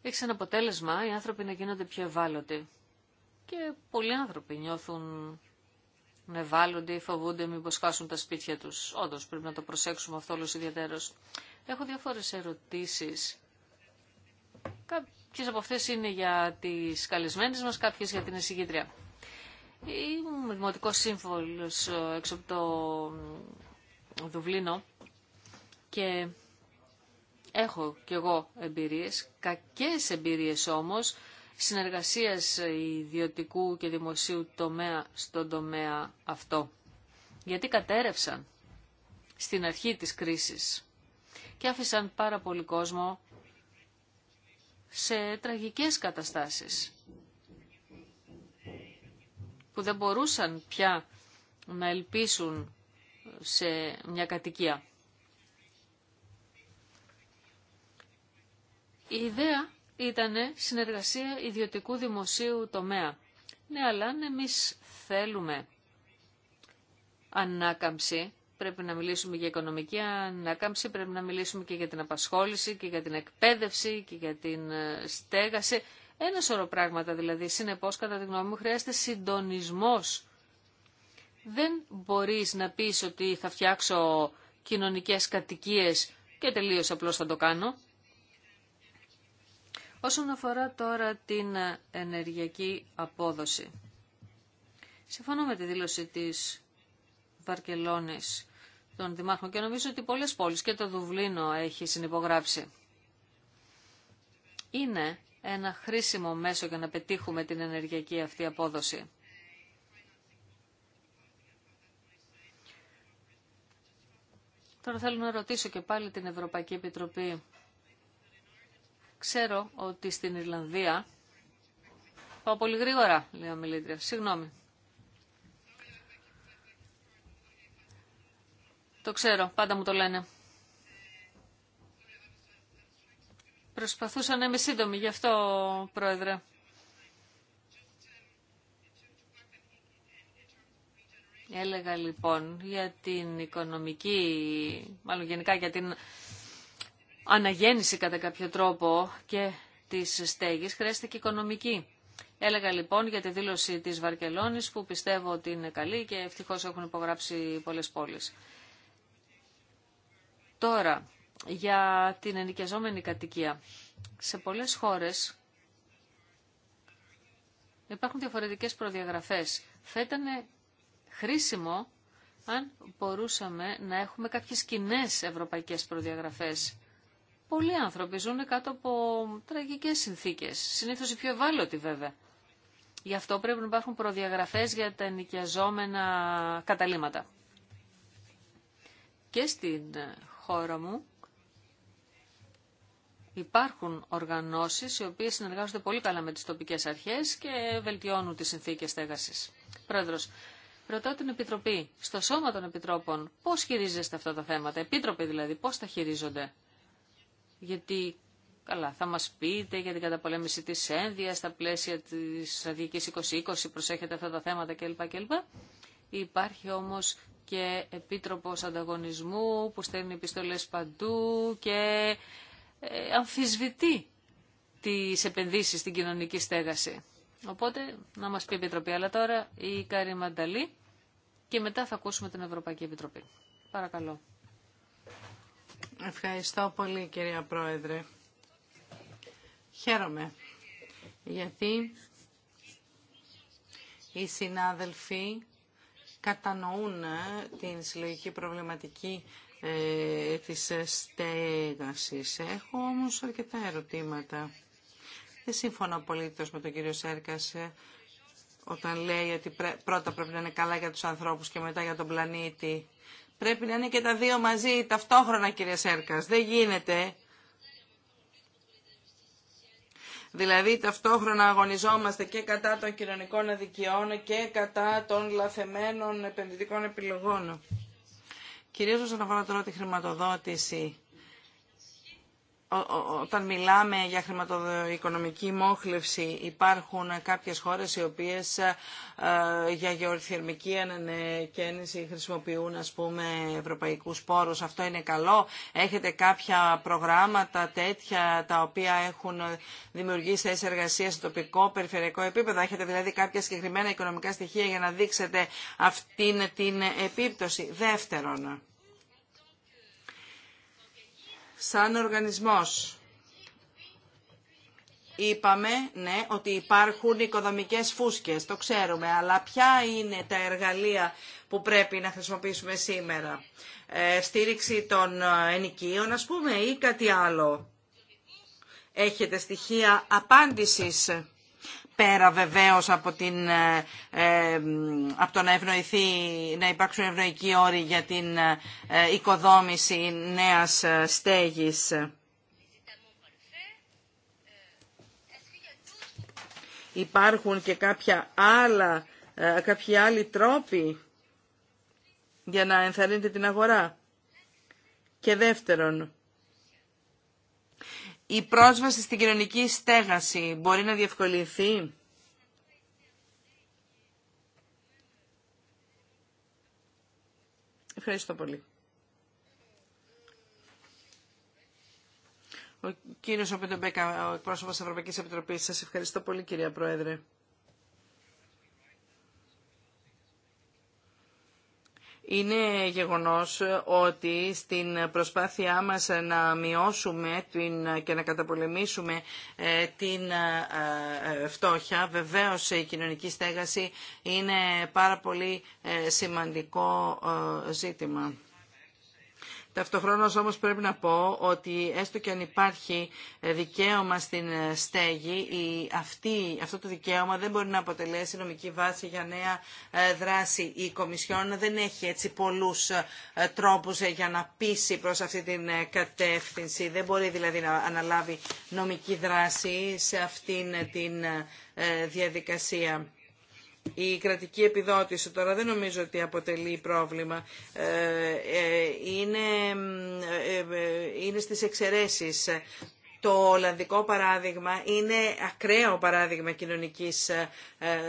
έχει σαν αποτέλεσμα οι άνθρωποι να γίνονται πιο ευάλωτοι. Και πολλοί άνθρωποι νιώθουν να φοβούνται μήπως χάσουν τα σπίτια τους. Όντως πρέπει να το προσέξουμε αυτό όλος ιδιαίτερος. Έχω διάφορες ερωτήσεις. Ποιε από αυτέ είναι για τις καλεσμένε μας, κάποιε για την εισηγήτρια. Είμαι δημοτικό σύμβολο ε, έξω από το Δουβλίνο και έχω κι εγώ εμπειρίες, κακές εμπειρίες όμως, συνεργασίας ιδιωτικού και δημοσίου τομέα στον τομέα αυτό. Γιατί κατέρευσαν στην αρχή της κρίσης και άφησαν πάρα πολύ κόσμο σε τραγικές καταστάσεις που δεν μπορούσαν πια να ελπίσουν σε μια κατοικία. Η ιδέα ήταν συνεργασία ιδιωτικού δημοσίου τομέα. Ναι, αλλά αν εμείς θέλουμε ανάκαμψη, πρέπει να μιλήσουμε για οικονομική ανακάμψη, πρέπει να μιλήσουμε και για την απασχόληση και για την εκπαίδευση και για την ε, στέγαση. Ένα σωρό πράγματα δηλαδή. Συνέπώ κατά τη γνώμη μου, χρειάζεται συντονισμός. Δεν μπορείς να πεις ότι θα φτιάξω κοινωνικές κατοικίε και τελείω απλώ θα το κάνω. Όσον αφορά τώρα την ενεργειακή απόδοση. Συμφωνώ με τη δήλωση της Βαρκελόνης των Δημάρχων και νομίζω ότι πολλές πόλεις και το Δουβλίνο έχει συνυπογράψει. Είναι ένα χρήσιμο μέσο για να πετύχουμε την ενεργειακή αυτή απόδοση. Τώρα θέλω να ρωτήσω και πάλι την Ευρωπαϊκή Επιτροπή. Ξέρω ότι στην Ιρλανδία... Πάω πολύ γρήγορα, λέει ο Μιλήτρια. Συγγνώμη. Το ξέρω, πάντα μου το λένε. Προσπαθούσα να είμαι σύντομη, γι' αυτό, Πρόεδρε. Έλεγα λοιπόν για την οικονομική, μάλλον γενικά για την αναγέννηση κατά κάποιο τρόπο και της στέγης χρειάστηκε οικονομική. Έλεγα λοιπόν για τη δήλωση της Βαρκελόνης που πιστεύω ότι είναι καλή και ευτυχώς έχουν υπογράψει πολλές πόλεις. Τώρα, για την ενοικιαζόμενη κατοικία. Σε πολλές χώρες υπάρχουν διαφορετικές προδιαγραφές. Θα ήταν χρήσιμο αν μπορούσαμε να έχουμε κάποιες κοινέ ευρωπαϊκές προδιαγραφές. Πολλοί άνθρωποι ζουν κάτω από τραγικές συνθήκες, συνήθως οι πιο ευάλωτοι βέβαια. Γι' αυτό πρέπει να υπάρχουν προδιαγραφές για τα ενοικιαζόμενα καταλήματα. Και στην χώρα μου υπάρχουν οργανώσεις οι οποίες συνεργάζονται πολύ καλά με τις τοπικές αρχές και βελτιώνουν τις συνθήκες στέγασης. Πρόεδρος, ρωτώ την Επιτροπή, στο Σώμα των Επιτρόπων, πώς χειρίζεστε αυτά τα θέματα, επίτροποι δηλαδή, πώς τα χειρίζονται. Γιατί, καλά, θα μας πείτε για την καταπολέμηση της ένδυας, στα πλαίσια της στρατηγικής 2020, προσέχετε αυτά τα θέματα κλπ. κλπ. Υπάρχει όμως και επίτροπος ανταγωνισμού που στέλνει επιστολές παντού και ε, αμφισβητεί τις επενδύσεις στην κοινωνική στέγαση. Οπότε να μας πει η Επιτροπή. Αλλά τώρα η Κάρη Μανταλή και μετά θα ακούσουμε την Ευρωπαϊκή Επιτροπή. Παρακαλώ. Ευχαριστώ πολύ κυρία Πρόεδρε. Χαίρομαι γιατί οι συνάδελφοι κατανοούν ε, την συλλογική προβληματική ε, της στέγασης. Έχω όμως αρκετά ερωτήματα. Δεν συμφωνώ πολύ με τον κύριο Σέρκας ε, όταν λέει ότι πρώτα πρέπει να είναι καλά για τους ανθρώπους και μετά για τον πλανήτη. Πρέπει να είναι και τα δύο μαζί ταυτόχρονα κύριε Σέρκας. Δεν γίνεται Δηλαδή ταυτόχρονα αγωνιζόμαστε και κατά των κοινωνικών αδικιών και κατά των λαθεμένων επενδυτικών επιλογών. Κυρίως όσον αφορά τώρα τη χρηματοδότηση όταν μιλάμε για χρηματοοικονομική μόχλευση υπάρχουν κάποιες χώρες οι οποίες ε, για γεωθερμική ανακαίνιση χρησιμοποιούν ας πούμε ευρωπαϊκούς πόρους. Αυτό είναι καλό. Έχετε κάποια προγράμματα τέτοια τα οποία έχουν δημιουργήσει θέσει εργασία σε τοπικό περιφερειακό επίπεδο. Έχετε δηλαδή κάποια συγκεκριμένα οικονομικά στοιχεία για να δείξετε αυτή την επίπτωση. Δεύτερον, σαν οργανισμός. Είπαμε, ναι, ότι υπάρχουν οικοδομικές φούσκες, το ξέρουμε, αλλά ποια είναι τα εργαλεία που πρέπει να χρησιμοποιήσουμε σήμερα. Ε, στήριξη των ε, ενοικίων, ας πούμε, ή κάτι άλλο. Έχετε στοιχεία απάντησης πέρα βεβαίως από, την, ε, ε, από το να, ευνοηθεί, να υπάρξουν ευνοϊκοί όροι για την ε, οικοδόμηση νέας στέγης. Υπάρχουν και κάποια άλλα, κάποιοι άλλοι τρόποι για να ενθαρρύνετε την αγορά. Και δεύτερον, η πρόσβαση στην κοινωνική στέγαση μπορεί να διευκολυνθεί. Ευχαριστώ πολύ. Ο κύριος Οπεντομπέκα, ο εκπρόσωπος της Ευρωπαϊκής Επιτροπής. Σας ευχαριστώ πολύ κυρία Πρόεδρε. Είναι γεγονός ότι στην προσπάθειά μας να μειώσουμε και να καταπολεμήσουμε ε, την ε, ε, φτώχεια, βεβαίως η κοινωνική στέγαση είναι πάρα πολύ σημαντικό ζήτημα. Ταυτοχρόνως όμως πρέπει να πω ότι έστω και αν υπάρχει ε, δικαίωμα στην ε, στέγη, η, αυτή, αυτό το δικαίωμα δεν μπορεί να αποτελέσει νομική βάση για νέα ε, δράση. Η Κομισιόν δεν έχει έτσι πολλούς τρόπους για να πείσει προς αυτή την κατεύθυνση. Δεν μπορεί δηλαδή να αναλάβει νομική δράση σε αυτήν την διαδικασία η κρατική επιδότηση τώρα δεν νομίζω ότι αποτελεί πρόβλημα. Ε, ε, είναι, ε, είναι στις εξαιρέσεις. Το Ολλανδικό παράδειγμα είναι ακραίο παράδειγμα κοινωνικής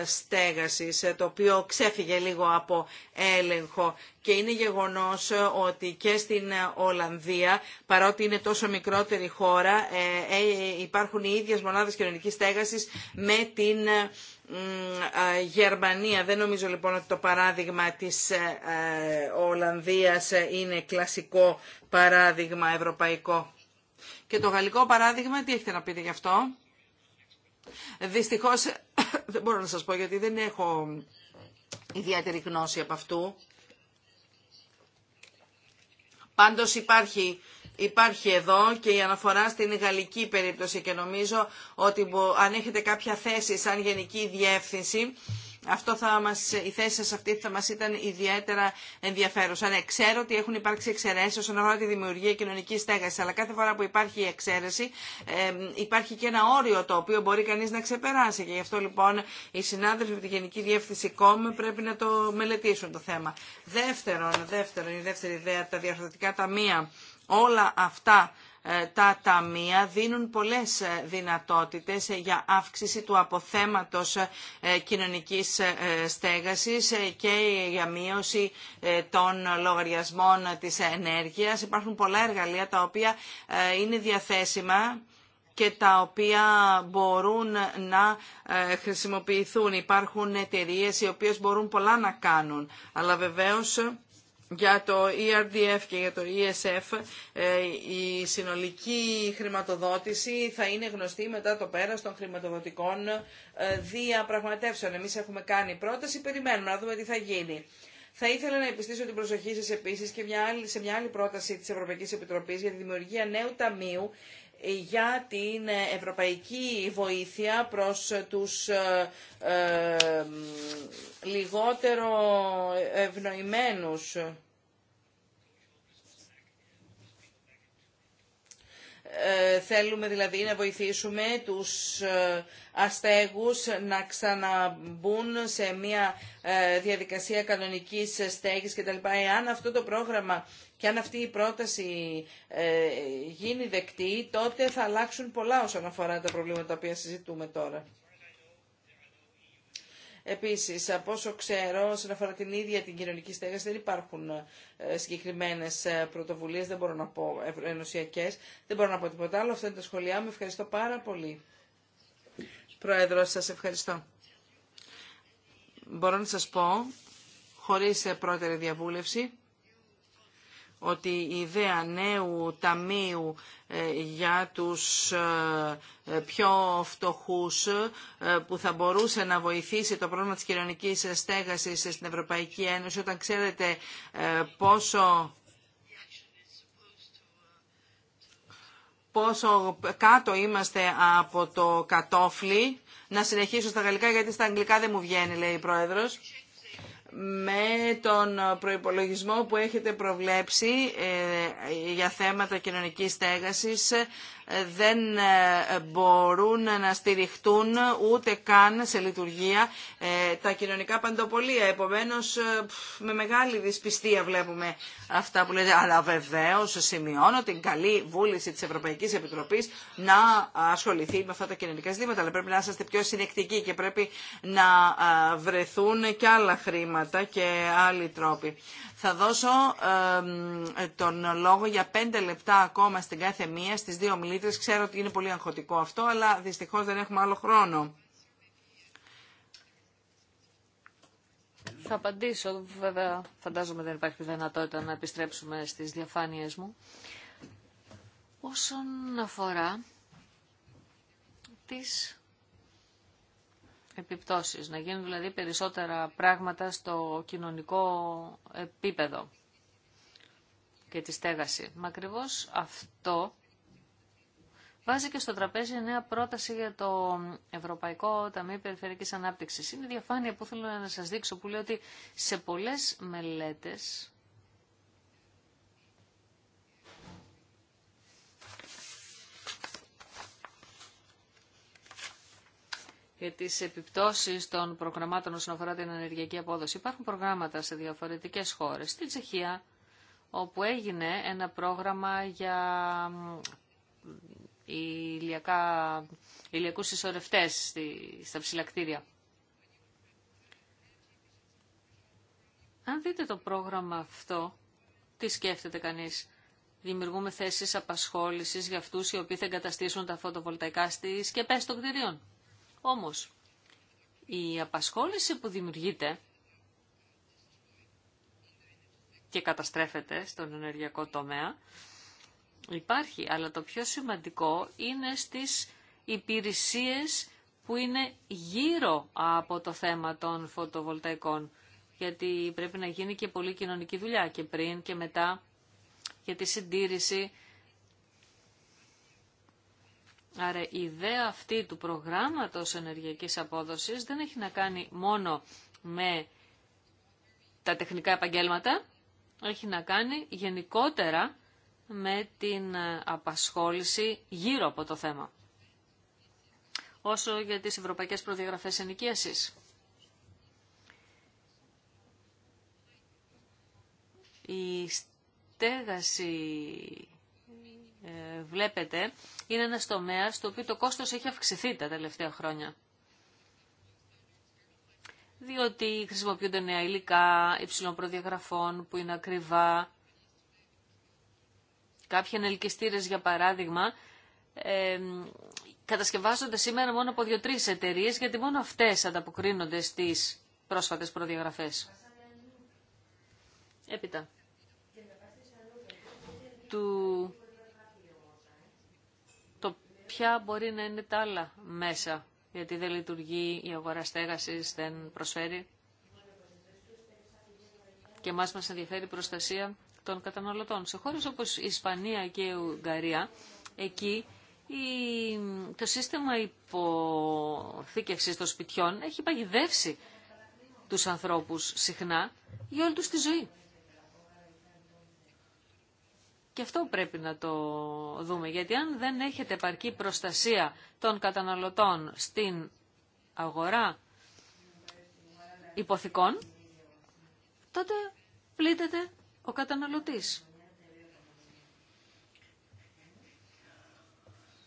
στέγασης, το οποίο ξέφυγε λίγο από έλεγχο και είναι γεγονός ότι και στην Ολλανδία, παρότι είναι τόσο μικρότερη χώρα, υπάρχουν οι ίδιες μονάδες κοινωνικής στέγασης με την Γερμανία. Δεν νομίζω λοιπόν ότι το παράδειγμα της ε, ε, Ολλανδίας ε, είναι κλασικό παράδειγμα ευρωπαϊκό. Και το γαλλικό παράδειγμα, τι έχετε να πείτε γι' αυτό. Δυστυχώς [coughs] δεν μπορώ να σας πω γιατί δεν έχω ιδιαίτερη γνώση από αυτού. Πάντως υπάρχει Υπάρχει εδώ και η αναφορά στην γαλλική περίπτωση και νομίζω ότι αν έχετε κάποια θέση σαν γενική διεύθυνση, αυτό θα μας, η θέση σας αυτή θα μας ήταν ιδιαίτερα ενδιαφέρουσα. Ναι, ξέρω ότι έχουν υπάρξει εξαιρέσεις όσον αφορά τη δημιουργία κοινωνική στέγασης, αλλά κάθε φορά που υπάρχει εξαίρεση ε, υπάρχει και ένα όριο το οποίο μπορεί κανείς να ξεπεράσει. Και γι' αυτό λοιπόν οι συνάδελφοι από τη Γενική Διεύθυνση ΚΟΜ πρέπει να το μελετήσουν το θέμα. Δεύτερον, δεύτερον η δεύτερη ιδέα, τα διαρθρωτικά ταμεία όλα αυτά ε, τα ταμεία δίνουν πολλές ε, δυνατότητες ε, για αύξηση του αποθέματος κοινωνικής στέγασης και για μείωση των λογαριασμών της ενέργειας. Υπάρχουν πολλά εργαλεία τα οποία είναι διαθέσιμα και τα οποία μπορούν να χρησιμοποιηθούν. Υπάρχουν εταιρείες οι οποίες μπορούν πολλά να κάνουν, αλλά βεβαίως για το ERDF και για το ESF ε, η συνολική χρηματοδότηση θα είναι γνωστή μετά το πέρας των χρηματοδοτικών ε, διαπραγματεύσεων. Εμείς έχουμε κάνει πρόταση, περιμένουμε να δούμε τι θα γίνει. Θα ήθελα να επιστήσω την προσοχή σας επίσης και μια άλλη, σε μια άλλη πρόταση της Ευρωπαϊκής Επιτροπής για τη δημιουργία νέου ταμείου για την ευρωπαϊκή βοήθεια προς τους ε, ε, λιγότερο ευνοημένους. Ε, θέλουμε δηλαδή να βοηθήσουμε τους αστέγους να ξαναμπούν σε μια διαδικασία κανονικής στέγης κτλ. Εάν αυτό το πρόγραμμα και αν αυτή η πρόταση ε, γίνει δεκτή, τότε θα αλλάξουν πολλά όσον αφορά τα προβλήματα τα οποία συζητούμε τώρα. Επίσης, από όσο ξέρω, όσον αφορά την ίδια την κοινωνική στέγαση, δεν υπάρχουν ε, συγκεκριμένες ε, πρωτοβουλίες, δεν μπορώ να πω ενωσιακές, δεν μπορώ να πω τίποτα άλλο. Αυτά είναι τα σχολιά μου. Ευχαριστώ πάρα πολύ. Πρόεδρο, σας ευχαριστώ. Μπορώ να σας πω, χωρίς πρώτερη διαβούλευση, ότι η ιδέα νέου ταμείου ε, για τους ε, ε, πιο φτωχούς που θα μπορούσε να βοηθήσει το πρόβλημα της κοινωνικής στέγασης στην Ευρωπαϊκή Ένωση όταν ξέρετε πόσο πόσο κάτω είμαστε από το κατόφλι. Να συνεχίσω στα γαλλικά γιατί στα αγγλικά δεν μου βγαίνει, λέει η Πρόεδρος με τον προϋπολογισμό που έχετε προβλέψει ε, για θέματα κοινωνικής στέγασης ε, δεν ε, μπορούν να στηριχτούν ούτε καν σε λειτουργία τα κοινωνικά παντοπολία. Επομένως, με μεγάλη δυσπιστία βλέπουμε αυτά που λέτε. Αλλά βεβαίως σημειώνω την καλή βούληση της Ευρωπαϊκής Επιτροπής να ασχοληθεί με αυτά τα κοινωνικά ζητήματα. Αλλά πρέπει να είστε πιο συνεκτικοί και πρέπει να βρεθούν και άλλα χρήματα και άλλοι τρόποι. Θα δώσω τον λόγο για πέντε λεπτά ακόμα στην κάθε μία, στις δύο μιλήτρες. Ξέρω ότι είναι πολύ αγχωτικό αυτό, αλλά δυστυχώς δεν έχουμε άλλο χρόνο. Θα απαντήσω. Βέβαια, φαντάζομαι δεν υπάρχει δυνατότητα να επιστρέψουμε στις διαφάνειες μου. Όσον αφορά τις επιπτώσεις, να γίνουν δηλαδή περισσότερα πράγματα στο κοινωνικό επίπεδο και τη στέγαση. Μα ακριβώ αυτό βάζει και στο τραπέζι νέα πρόταση για το Ευρωπαϊκό Ταμείο Περιφερειακής Ανάπτυξης. Είναι διαφάνεια που θέλω να σας δείξω που λέει ότι σε πολλές μελέτες για τι επιπτώσει των προγραμμάτων όσον αφορά την ενεργειακή απόδοση. Υπάρχουν προγράμματα σε διαφορετικές χώρες. Στην Τσεχία, όπου έγινε ένα πρόγραμμα για ηλιακού ηλιακούς στα ψηλακτήρια. Αν δείτε το πρόγραμμα αυτό, τι σκέφτεται κανείς. Δημιουργούμε θέσεις απασχόλησης για αυτούς οι οποίοι θα εγκαταστήσουν τα φωτοβολταϊκά στις σκεπές των κτηρίων. Όμως, η απασχόληση που δημιουργείται και καταστρέφεται στον ενεργειακό τομέα υπάρχει, αλλά το πιο σημαντικό είναι στις υπηρεσίες που είναι γύρω από το θέμα των φωτοβολταϊκών, γιατί πρέπει να γίνει και πολύ κοινωνική δουλειά και πριν και μετά για τη συντήρηση Άρα η ιδέα αυτή του προγράμματος ενεργειακής απόδοσης δεν έχει να κάνει μόνο με τα τεχνικά επαγγέλματα, έχει να κάνει γενικότερα με την απασχόληση γύρω από το θέμα. Όσο για τις ευρωπαϊκές προδιαγραφές ενοικίασης. Η στέγαση ε, βλέπετε είναι ένας τομέας στο οποίο το κόστος έχει αυξηθεί τα τελευταία χρόνια. Διότι χρησιμοποιούνται νέα υλικά υψηλών προδιαγραφών που είναι ακριβά. Κάποιοι ανελκυστήρες για παράδειγμα ε, κατασκευάζονται σήμερα μόνο από δύο-τρεις εταιρείε γιατί μόνο αυτές ανταποκρίνονται στις πρόσφατες προδιαγραφές. Έπειτα. Του ποια μπορεί να είναι τα άλλα μέσα, γιατί δεν λειτουργεί η αγορά στέγασης, δεν προσφέρει. Και μας μας ενδιαφέρει προστασία των καταναλωτών. Σε χώρες όπως η Ισπανία και η Ουγγαρία, εκεί η... το σύστημα υποθήκευσης των σπιτιών έχει παγιδεύσει τους ανθρώπους συχνά για όλη τους τη ζωή. Και αυτό πρέπει να το δούμε, γιατί αν δεν έχετε επαρκή προστασία των καταναλωτών στην αγορά υποθηκών, τότε πλήττεται ο καταναλωτής.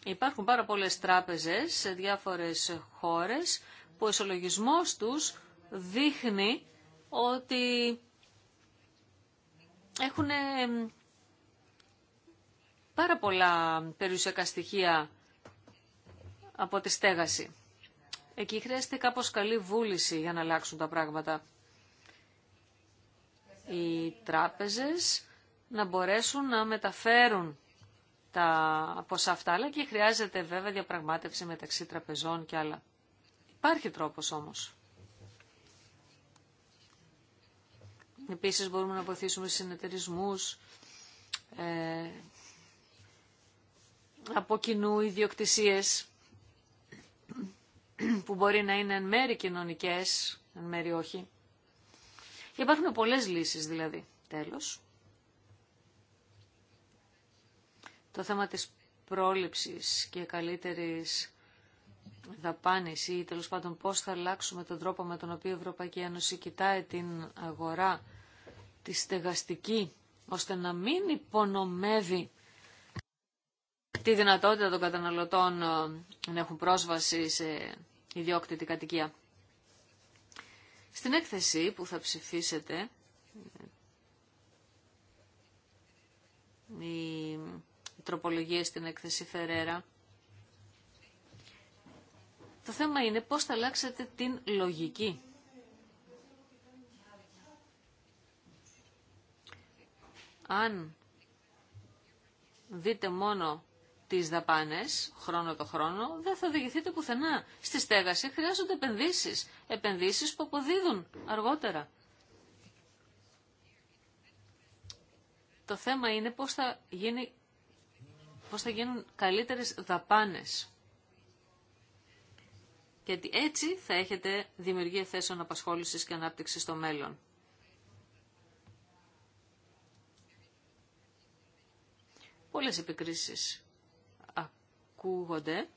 Υπάρχουν πάρα πολλές τράπεζες σε διάφορες χώρες που ο ισολογισμός τους δείχνει ότι έχουν πάρα πολλά περιουσιακά στοιχεία από τη στέγαση. Εκεί χρειάζεται κάπως καλή βούληση για να αλλάξουν τα πράγματα. Οι τράπεζες να μπορέσουν να μεταφέρουν τα ποσά αυτά, αλλά και χρειάζεται βέβαια διαπραγμάτευση μεταξύ τραπεζών και άλλα. Υπάρχει τρόπος όμως. Επίσης μπορούμε να βοηθήσουμε συνεταιρισμούς, ε, από κοινού ιδιοκτησίες που μπορεί να είναι εν μέρη κοινωνικές, εν μέρη όχι. Υπάρχουν πολλές λύσεις δηλαδή. Τέλος. Το θέμα της πρόληψης και καλύτερης δαπάνης ή τέλος πάντων πώς θα αλλάξουμε τον τρόπο με τον οποίο η Ευρωπαϊκή Ένωση κοιτάει την αγορά τη στεγαστική ώστε να μην υπονομεύει τη δυνατότητα των καταναλωτών ε, να έχουν πρόσβαση σε ιδιόκτητη κατοικία. Στην έκθεση που θα ψηφίσετε, οι τροπολογία στην έκθεση Φερέρα, το θέμα είναι πώς θα αλλάξετε την λογική. Αν δείτε μόνο τις δαπάνες χρόνο το χρόνο, δεν θα οδηγηθείτε πουθενά. Στη στέγαση χρειάζονται επενδύσεις, επενδύσεις που αποδίδουν αργότερα. Το θέμα είναι πώς θα, γίνει, πώς θα γίνουν καλύτερες δαπάνες. Γιατί έτσι θα έχετε δημιουργία θέσεων απασχόλησης και ανάπτυξης στο μέλλον. Πολλές επικρίσεις ακούγονται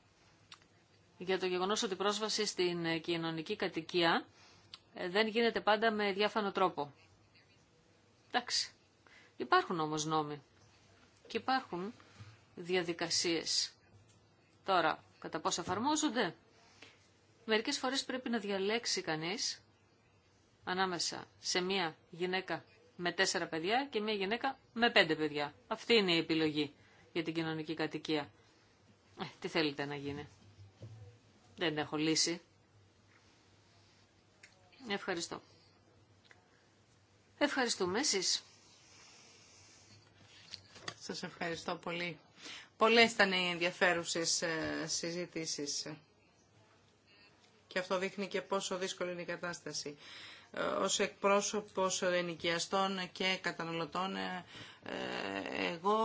για το γεγονός ότι η πρόσβαση στην κοινωνική κατοικία ε, δεν γίνεται πάντα με διάφανο τρόπο. Εντάξει. Υπάρχουν όμως νόμοι και υπάρχουν διαδικασίες. Τώρα, κατά πώς εφαρμόζονται, μερικές φορές πρέπει να διαλέξει κανείς ανάμεσα σε μία γυναίκα με τέσσερα παιδιά και μία γυναίκα με πέντε παιδιά. Αυτή είναι η επιλογή για την κοινωνική κατοικία. Ε, τι θέλετε να γίνει. Δεν έχω λύση. Ευχαριστώ. Ευχαριστούμε εσείς. Σας ευχαριστώ πολύ. Πολλές ήταν οι ενδιαφέρουσες ε, συζητήσεις. Και αυτό δείχνει και πόσο δύσκολη είναι η κατάσταση. Ε, ως εκπρόσωπος ενοικιαστών και καταναλωτών, εγώ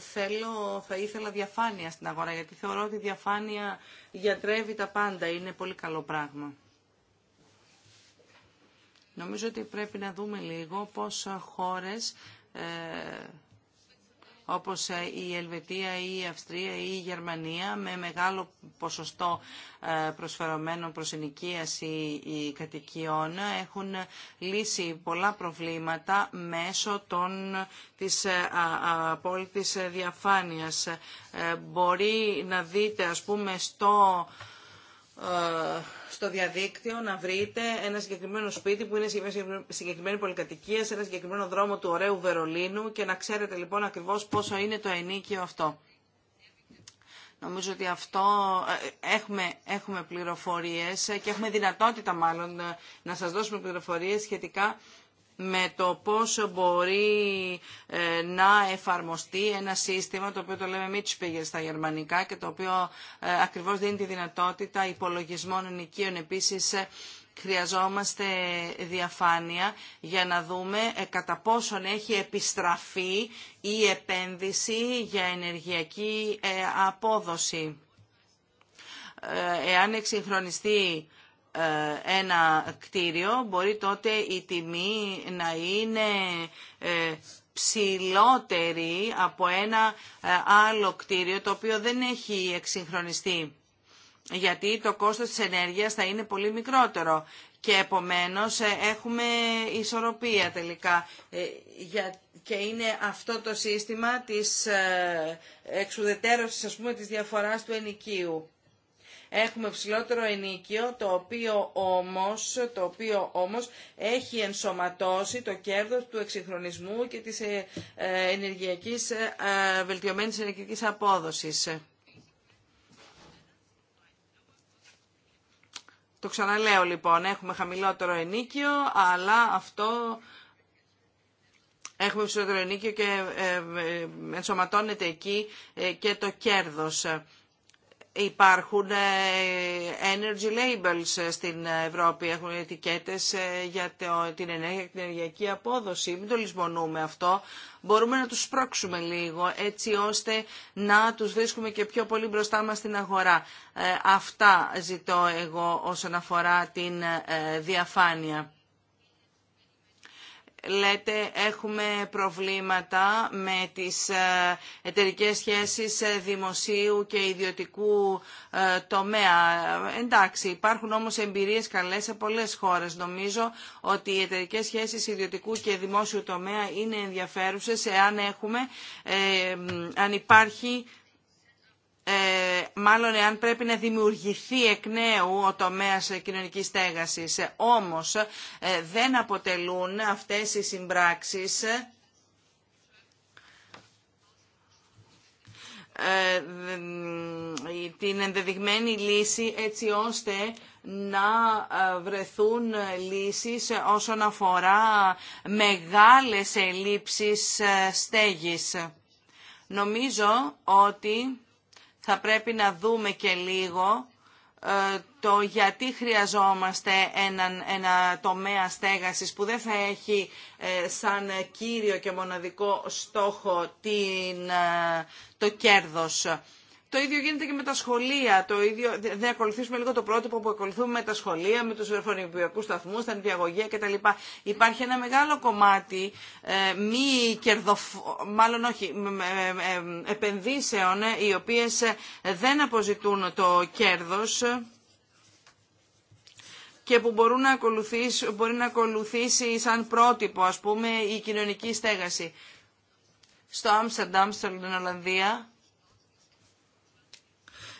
θέλω, θα ήθελα διαφάνεια στην αγορά, γιατί θεωρώ ότι η διαφάνεια γιατρεύει τα πάντα, είναι πολύ καλό πράγμα. Νομίζω ότι πρέπει να δούμε λίγο πώς χώρες ε, όπως ε, η Ελβετία ή η Αυστρία ή η Γερμανία με μεγάλο ποσοστό ε, προσφερωμένων προς ενοικίαση κατοικιών έχουν λύσει πολλά προβλήματα μέσω των, της ε, απόλυτης διαφάνειας. Μπορεί να δείτε ας πούμε στο στο διαδίκτυο να βρείτε ένα συγκεκριμένο σπίτι που είναι σε συγκεκριμένη πολυκατοικία, σε ένα συγκεκριμένο δρόμο του ωραίου Βερολίνου και να ξέρετε λοιπόν ακριβώς πόσο είναι το ενίκιο αυτό. Νομίζω ότι αυτό ε, έχουμε, έχουμε πληροφορίες και έχουμε δυνατότητα μάλλον να σας δώσουμε πληροφορίες σχετικά με το πόσο μπορεί ε, να εφαρμοστεί ένα σύστημα το οποίο το λέμε Μίτσπιγερ στα γερμανικά και το οποίο ε, ακριβώς δίνει τη δυνατότητα υπολογισμών ενοικίων επίσης ε, χρειαζόμαστε διαφάνεια για να δούμε κατά πόσον έχει επιστραφεί η επένδυση για ενεργειακή απόδοση. Εάν εξυγχρονιστεί ε, ένα κτίριο, μπορεί τότε η τιμή να είναι ε, ψηλότερη από ένα ε, άλλο κτίριο το οποίο δεν έχει εξυγχρονιστεί. Γιατί το κόστος της ενέργειας θα είναι πολύ μικρότερο και επομένως έχουμε ισορροπία τελικά. Και είναι αυτό το σύστημα της εξουδετέρωσης ας πούμε της διαφοράς του ενοικίου. Έχουμε ψηλότερο ενίκιο, το οποίο όμως, το οποίο όμως έχει ενσωματώσει το κέρδος του εξυγχρονισμού και της ε, ε, ενεργειακής, ε, βελτιωμένης ενεργειακής απόδοσης. Το ξαναλέω λοιπόν, έχουμε χαμηλότερο ενίκιο, αλλά αυτό έχουμε ψηλότερο ενίκιο και ενσωματώνεται εκεί και το κέρδος. Υπάρχουν ε, energy labels ε, στην Ευρώπη, έχουν ετικέτες ε, για την ενέργεια ενεργειακή απόδοση. Μην το λησμονούμε αυτό. Μπορούμε να τους σπρώξουμε λίγο έτσι ώστε να τους βρίσκουμε και πιο πολύ μπροστά μας στην αγορά. Αυτά ζητώ εγώ όσον αφορά την διαφάνεια λέτε έχουμε προβλήματα με τις ε, εταιρικές σχέσεις ε, δημοσίου και ιδιωτικού ε, τομέα. Εντάξει, υπάρχουν όμως εμπειρίες καλές σε πολλές χώρες. Νομίζω ότι οι εταιρικές σχέσεις ιδιωτικού και δημόσιου τομέα είναι ενδιαφέρουσες εάν έχουμε, αν υπάρχει ε, μάλλον εάν πρέπει να δημιουργηθεί εκ νέου ο τομέας κοινωνικής στέγασης. Ε, όμως ε, δεν αποτελούν αυτές οι συμπράξεις την ενδεδειγμένη λύση έτσι ώστε να βρεθούν λύσεις όσον αφορά μεγάλες ελλείψεις στέγης. Νομίζω ότι θα πρέπει να δούμε και λίγο ε, το γιατί χρειαζόμαστε έναν, ένα τομέα στέγασης που δεν θα έχει ε, σαν κύριο και μοναδικό στόχο την, ε, το κέρδος. Το ίδιο γίνεται και με τα σχολεία. Το ίδιο, δεν ακολουθήσουμε λίγο το πρότυπο που ακολουθούμε με τα σχολεία, με τους ερφονιπιακούς σταθμούς, τα νηπιαγωγεία κτλ. Υπάρχει ένα μεγάλο κομμάτι ε, μη κερδοφο... μάλλον όχι, ε, ε, επενδύσεων οι οποίες δεν αποζητούν το κέρδος και που μπορούν να μπορεί να ακολουθήσει σαν πρότυπο, ας πούμε, η κοινωνική στέγαση. Στο Άμστερνταμ, στην Ολλανδία,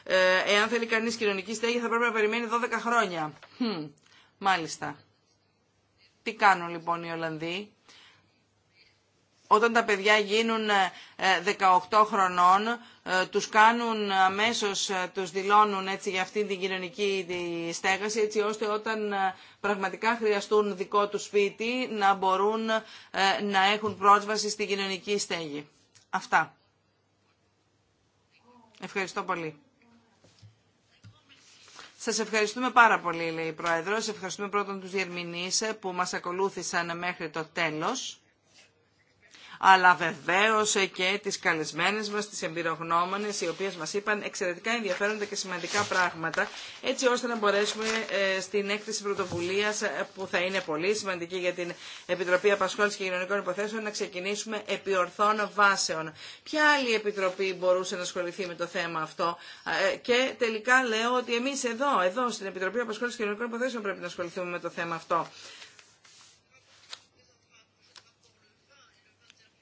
ε, εάν θέλει κανεί κοινωνική στέγη θα πρέπει να περιμένει 12 χρόνια. μάλιστα. Τι κάνουν λοιπόν οι Ολλανδοί. Όταν τα παιδιά γίνουν 18 ε, ε, χρονών, τους κάνουν αμέσως, τους δηλώνουν έτσι για αυτήν την κοινωνική στέγαση, έτσι ώστε όταν πραγματικά χρειαστούν δικό τους σπίτι να μπορούν να έχουν πρόσβαση στην κοινωνική στέγη. Αυτά. Ευχαριστώ πολύ. Σα ευχαριστούμε πάρα πολύ, λέει η Σα Ευχαριστούμε πρώτον τους διερμηνείς που μας ακολούθησαν μέχρι το τέλος αλλά βεβαίως και τις καλεσμένες μας, τις εμπειρογνώμονες, οι οποίες μας είπαν εξαιρετικά ενδιαφέροντα και σημαντικά πράγματα, έτσι ώστε να μπορέσουμε ε, στην έκθεση πρωτοβουλία ε, που θα είναι πολύ σημαντική για την Επιτροπή Απασχόληση και Κοινωνικών Υποθέσεων, να ξεκινήσουμε επιορθών βάσεων. Ποια άλλη επιτροπή μπορούσε να ασχοληθεί με το θέμα αυτό ε, και τελικά λέω ότι εμείς εδώ, εδώ στην Επιτροπή Απασχόληση και Κοινωνικών Υποθέσεων πρέπει να ασχοληθούμε με το θέμα αυτό.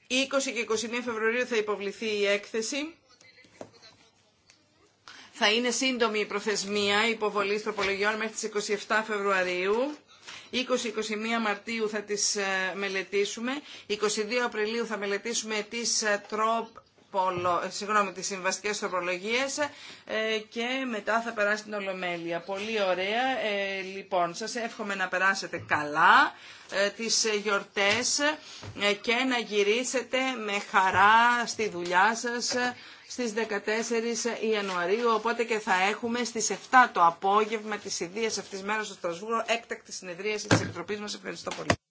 20 και 21 Φεβρουαρίου θα υποβληθεί η έκθεση. Θα είναι σύντομη η προθεσμία υποβολής τροπολογιών μέχρι τις 27 Φεβρουαρίου. 20-21 Μαρτίου θα τις ε, μελετήσουμε. 22 Απριλίου θα μελετήσουμε τις, ε, τροπ, πόλο, ε, συγγνώμη, τις συμβαστικές τροπολογίες ε, και μετά θα περάσει την Ολομέλεια. Πολύ ωραία. Ε, λοιπόν, σας εύχομαι να περάσετε καλά ε, τις γιορτές και να γυρίσετε με χαρά στη δουλειά σας στις 14 Ιανουαρίου, οπότε και θα έχουμε στις 7 το απόγευμα της ιδίας αυτής μέρας στο Στρασβούργο έκτακτη συνεδρίαση της Επιτροπής μας. Ευχαριστώ πολύ.